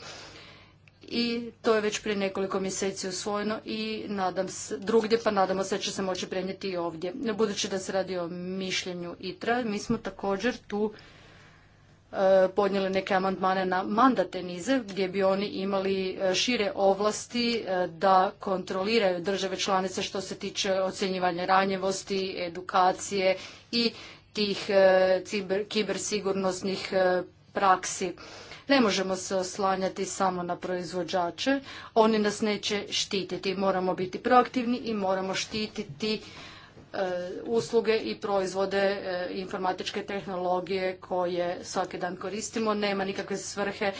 i to je već prije nekoliko mjeseci usvojeno i nadam se, drugdje pa nadamo se da će se moći prenijeti i ovdje. Budući da se radi o mišljenju ITRA, mi smo također tu e, podnijeli neke amandmane na mandate nize gdje bi oni imali e, šire ovlasti e, da kontroliraju države članice što se tiče ocjenjivanja ranjivosti, edukacije i tih kibersigurnosnih praksi ne možemo se oslanjati samo na proizvođače, oni nas neće štititi. Moramo biti proaktivni i moramo štititi e, usluge i proizvode e, informatičke tehnologije koje svaki dan koristimo. Nema nikakve svrhe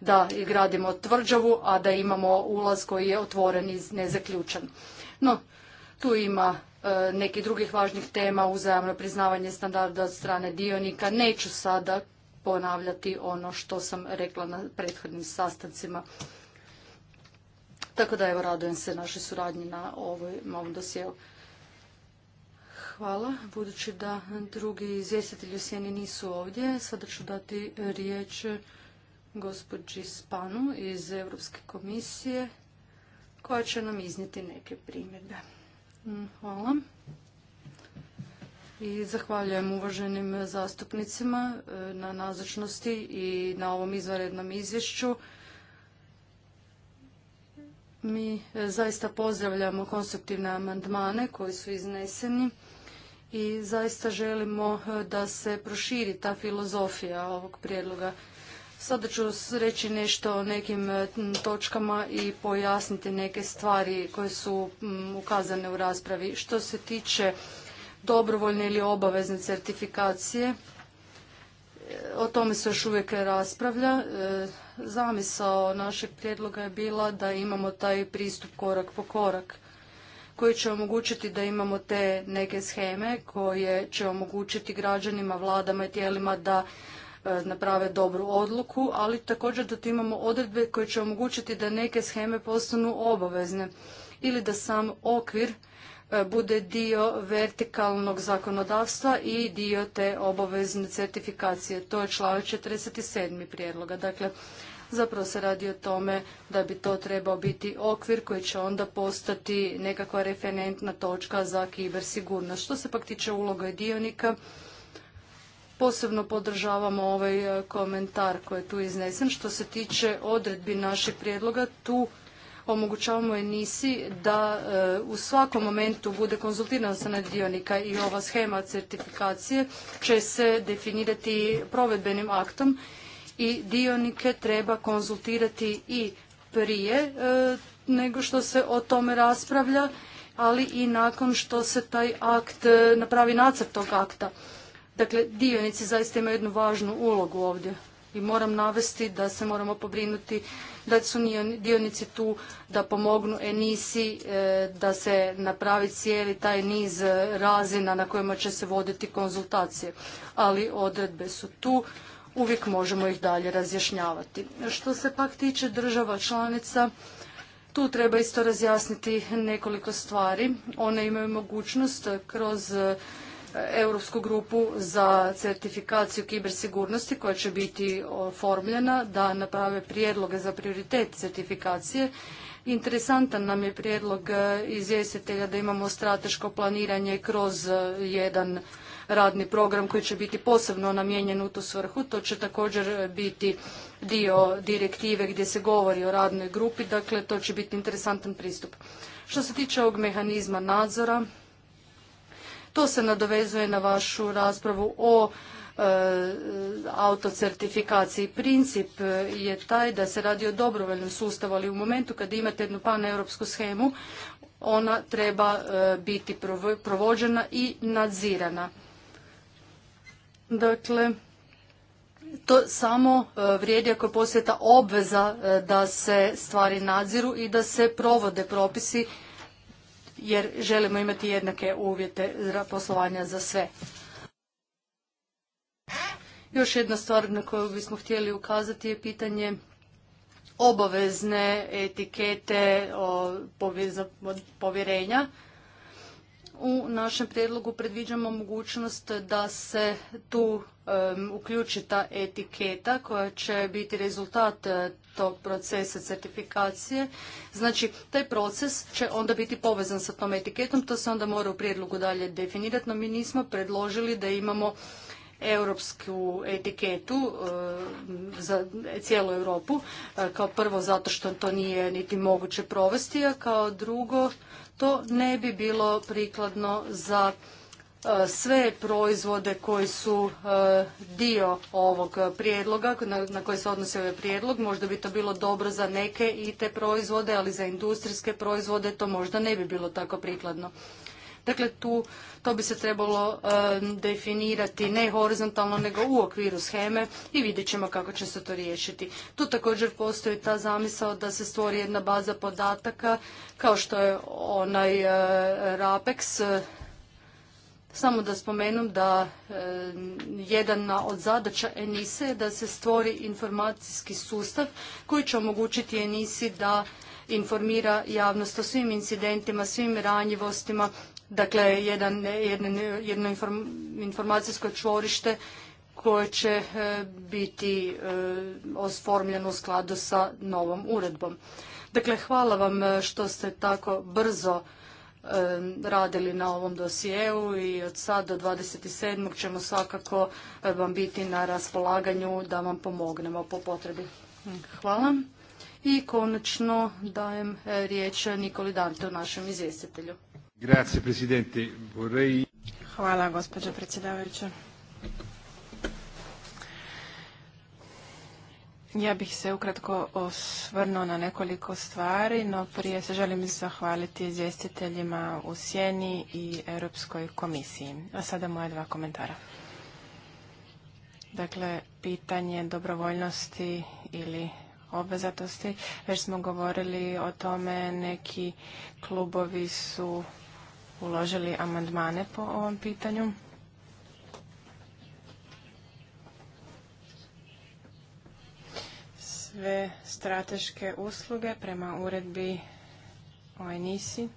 da gradimo tvrđavu, a da imamo ulaz koji je otvoren i nezaključan. No, tu ima e, nekih drugih važnih tema, uzajamno priznavanje standarda od strane dionika. Neću sada ponavljati ono što sam rekla na prethodnim sastancima. Tako da evo radujem se našoj suradnji na ovom, da dosjeu. Hvala. Budući da drugi izvjestitelji u sjeni nisu ovdje, sada ću dati riječ gospođi Spanu iz Europske komisije koja će nam iznijeti neke primjedbe. Hvala i zahvaljujem uvaženim zastupnicima e, na nazočnosti i na ovom izvanrednom izvješću. Mi e, zaista pozdravljamo konstruktivne amandmane koji su izneseni i zaista želimo e, da se proširi ta filozofija ovog prijedloga. Sada ću reći nešto o nekim točkama i pojasniti neke stvari koje su ukazane u raspravi. Što se tiče dobrovoljne ili obavezne certifikacije. E, o tome se još uvijek raspravlja. E, zamisao našeg prijedloga je bila da imamo taj pristup korak po korak koji će omogućiti da imamo te neke scheme koje će omogućiti građanima, vladama i tijelima da e, naprave dobru odluku, ali također da tu imamo odredbe koje će omogućiti da neke scheme postanu obavezne ili da sam okvir E, bude dio vertikalnog zakonodavstva i dio te obavezne certifikacije. To je članak 47. prijedloga. Dakle, zapravo se radi o tome da bi to trebao biti okvir koji će onda postati nekakva referentna točka za kibersigurnost. Što se pak tiče uloga dionika, Posebno podržavamo ovaj e, komentar koji je tu iznesen. Što se tiče odredbi naših prijedloga, tu omogućavamo nisi da e, u svakom momentu bude konzultiran sa dionika i ova schema certifikacije će se definirati provedbenim aktom i dionike treba konzultirati i prije e, nego što se o tome raspravlja, ali i nakon što se taj akt e, napravi nacrt tog akta. Dakle, dionici zaista imaju jednu važnu ulogu ovdje i moram navesti da se moramo pobrinuti da su dionici tu da pomognu Enisi, e, da se napravi cijeli taj niz e, razina na kojima će se voditi konzultacije. Ali odredbe su tu, uvijek možemo ih dalje razjašnjavati. Što se pak tiče država članica, tu treba isto razjasniti nekoliko stvari. One imaju mogućnost kroz europsku grupu za certifikaciju kibersigurnosti koja će biti oformljena da naprave prijedloge za prioritet certifikacije. Interesantan nam je prijedlog e, izvjestitelja da imamo strateško planiranje kroz e, jedan radni program koji će biti posebno namijenjen u tu svrhu. To će također e, biti dio direktive gdje se govori o radnoj grupi, dakle to će biti interesantan pristup. Što se tiče ovog mehanizma nadzora, to se nadovezuje na vašu raspravu o e, autocertifikaciji. Princip e, je taj da se radi o dobrovoljnom sustavu, ali u momentu kad imate jednu paneuropsku schemu, ona treba e, biti provođena i nadzirana. Dakle, to samo vrijedi ako postoji obveza da se stvari nadziru i da se provode propisi jer želimo imati jednake uvjete poslovanja za sve. Još jedna stvar na koju bismo htjeli ukazati je pitanje obavezne etikete povjerenja. U našem prijedlogu predviđamo mogućnost da se tu uključi ta etiketa koja će biti rezultat tog procesa certifikacije. Znači, taj proces će onda biti povezan sa tom etiketom, to se onda mora u prijedlogu dalje definirati, no mi nismo predložili da imamo europsku etiketu e, za cijelu Europu, e, kao prvo zato što to nije niti moguće provesti, a kao drugo to ne bi bilo prikladno za E, sve proizvode koji su e, dio ovog prijedloga, na koji se odnosi ovaj prijedlog. Možda bi to bilo dobro za neke i te proizvode, ali za industrijske proizvode to možda ne bi bilo tako prikladno. Dakle, tu to bi se trebalo e, definirati ne horizontalno, nego u okviru sheme i vidjet ćemo kako će se to riješiti. Tu također postoji ta zamisao da se stvori jedna baza podataka, kao što je onaj RAPEX, samo da spomenem da e, jedan od zadaća Enise je da se stvori informacijski sustav koji će omogućiti Enisi da informira javnost o svim incidentima, svim ranjivostima, dakle jedno informacijsko čvorište koje će e, biti e, osformljeno u skladu sa novom uredbom. Dakle, hvala vam što ste tako brzo radili na ovom dosijeu i od sad do 27. ćemo svakako vam biti na raspolaganju da vam pomognemo po potrebi. Hvala. I konačno dajem e, riječ Nikoli Dante, našem izvjestitelju. Grazie, Hvala, gospođo predsjedavajuća. Ja bih se ukratko osvrnuo na nekoliko stvari, no prije se želim zahvaliti izvjestiteljima u Sjeni i Europskoj komisiji. A sada moje dva komentara. Dakle, pitanje dobrovoljnosti ili obvezatosti. Već smo govorili o tome, neki klubovi su uložili amandmane po ovom pitanju. sve strateške usluge prema uredbi o enisi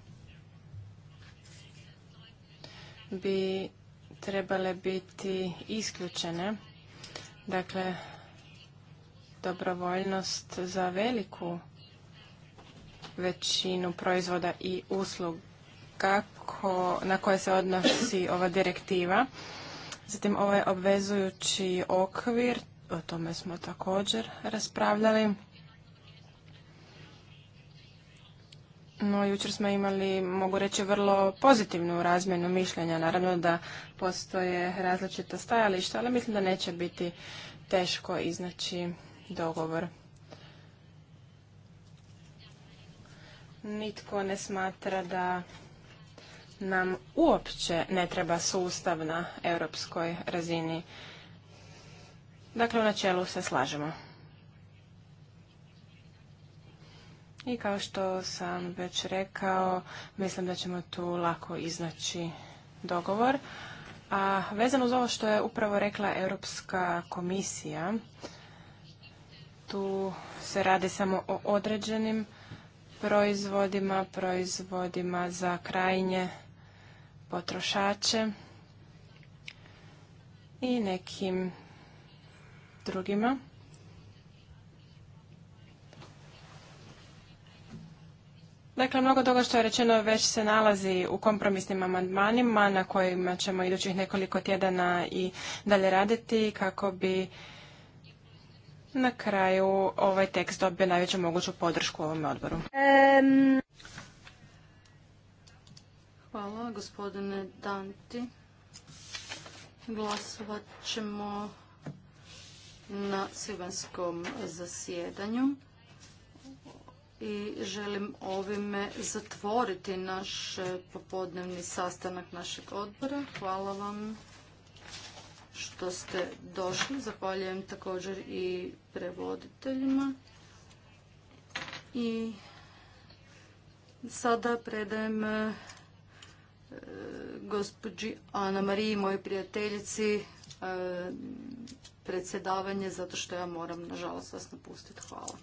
bi trebale biti isključene. Dakle, dobrovoljnost za veliku većinu proizvoda i usluga na koje se odnosi ova direktiva. Zatim ovaj obvezujući okvir, o tome smo također raspravljali. No, jučer smo imali, mogu reći, vrlo pozitivnu razmjenu mišljenja. Naravno da postoje različita stajališta, ali mislim da neće biti teško iznaći dogovor. Nitko ne smatra da nam uopće ne treba sustav na europskoj razini. Dakle, u načelu se slažemo. I kao što sam već rekao, mislim da ćemo tu lako iznaći dogovor. A vezano uz ovo što je upravo rekla Europska komisija, tu se radi samo o određenim proizvodima, proizvodima za krajnje potrošače i nekim drugima. Dakle, mnogo toga što je rečeno već se nalazi u kompromisnim amandmanima na kojima ćemo idućih nekoliko tjedana i dalje raditi kako bi na kraju ovaj tekst dobio najveću moguću podršku u ovome odboru. Hvala, gospodine Danti. Glasovat ćemo na sivanskom zasjedanju i želim ovime zatvoriti naš popodnevni sastanak našeg odbora. Hvala vam što ste došli. Zahvaljujem također i prevoditeljima. I sada predajem e, gospođi Ana Mariji, mojoj prijateljici, e, predsjedavanje zato što ja moram nažalost vas napustiti. Hvala.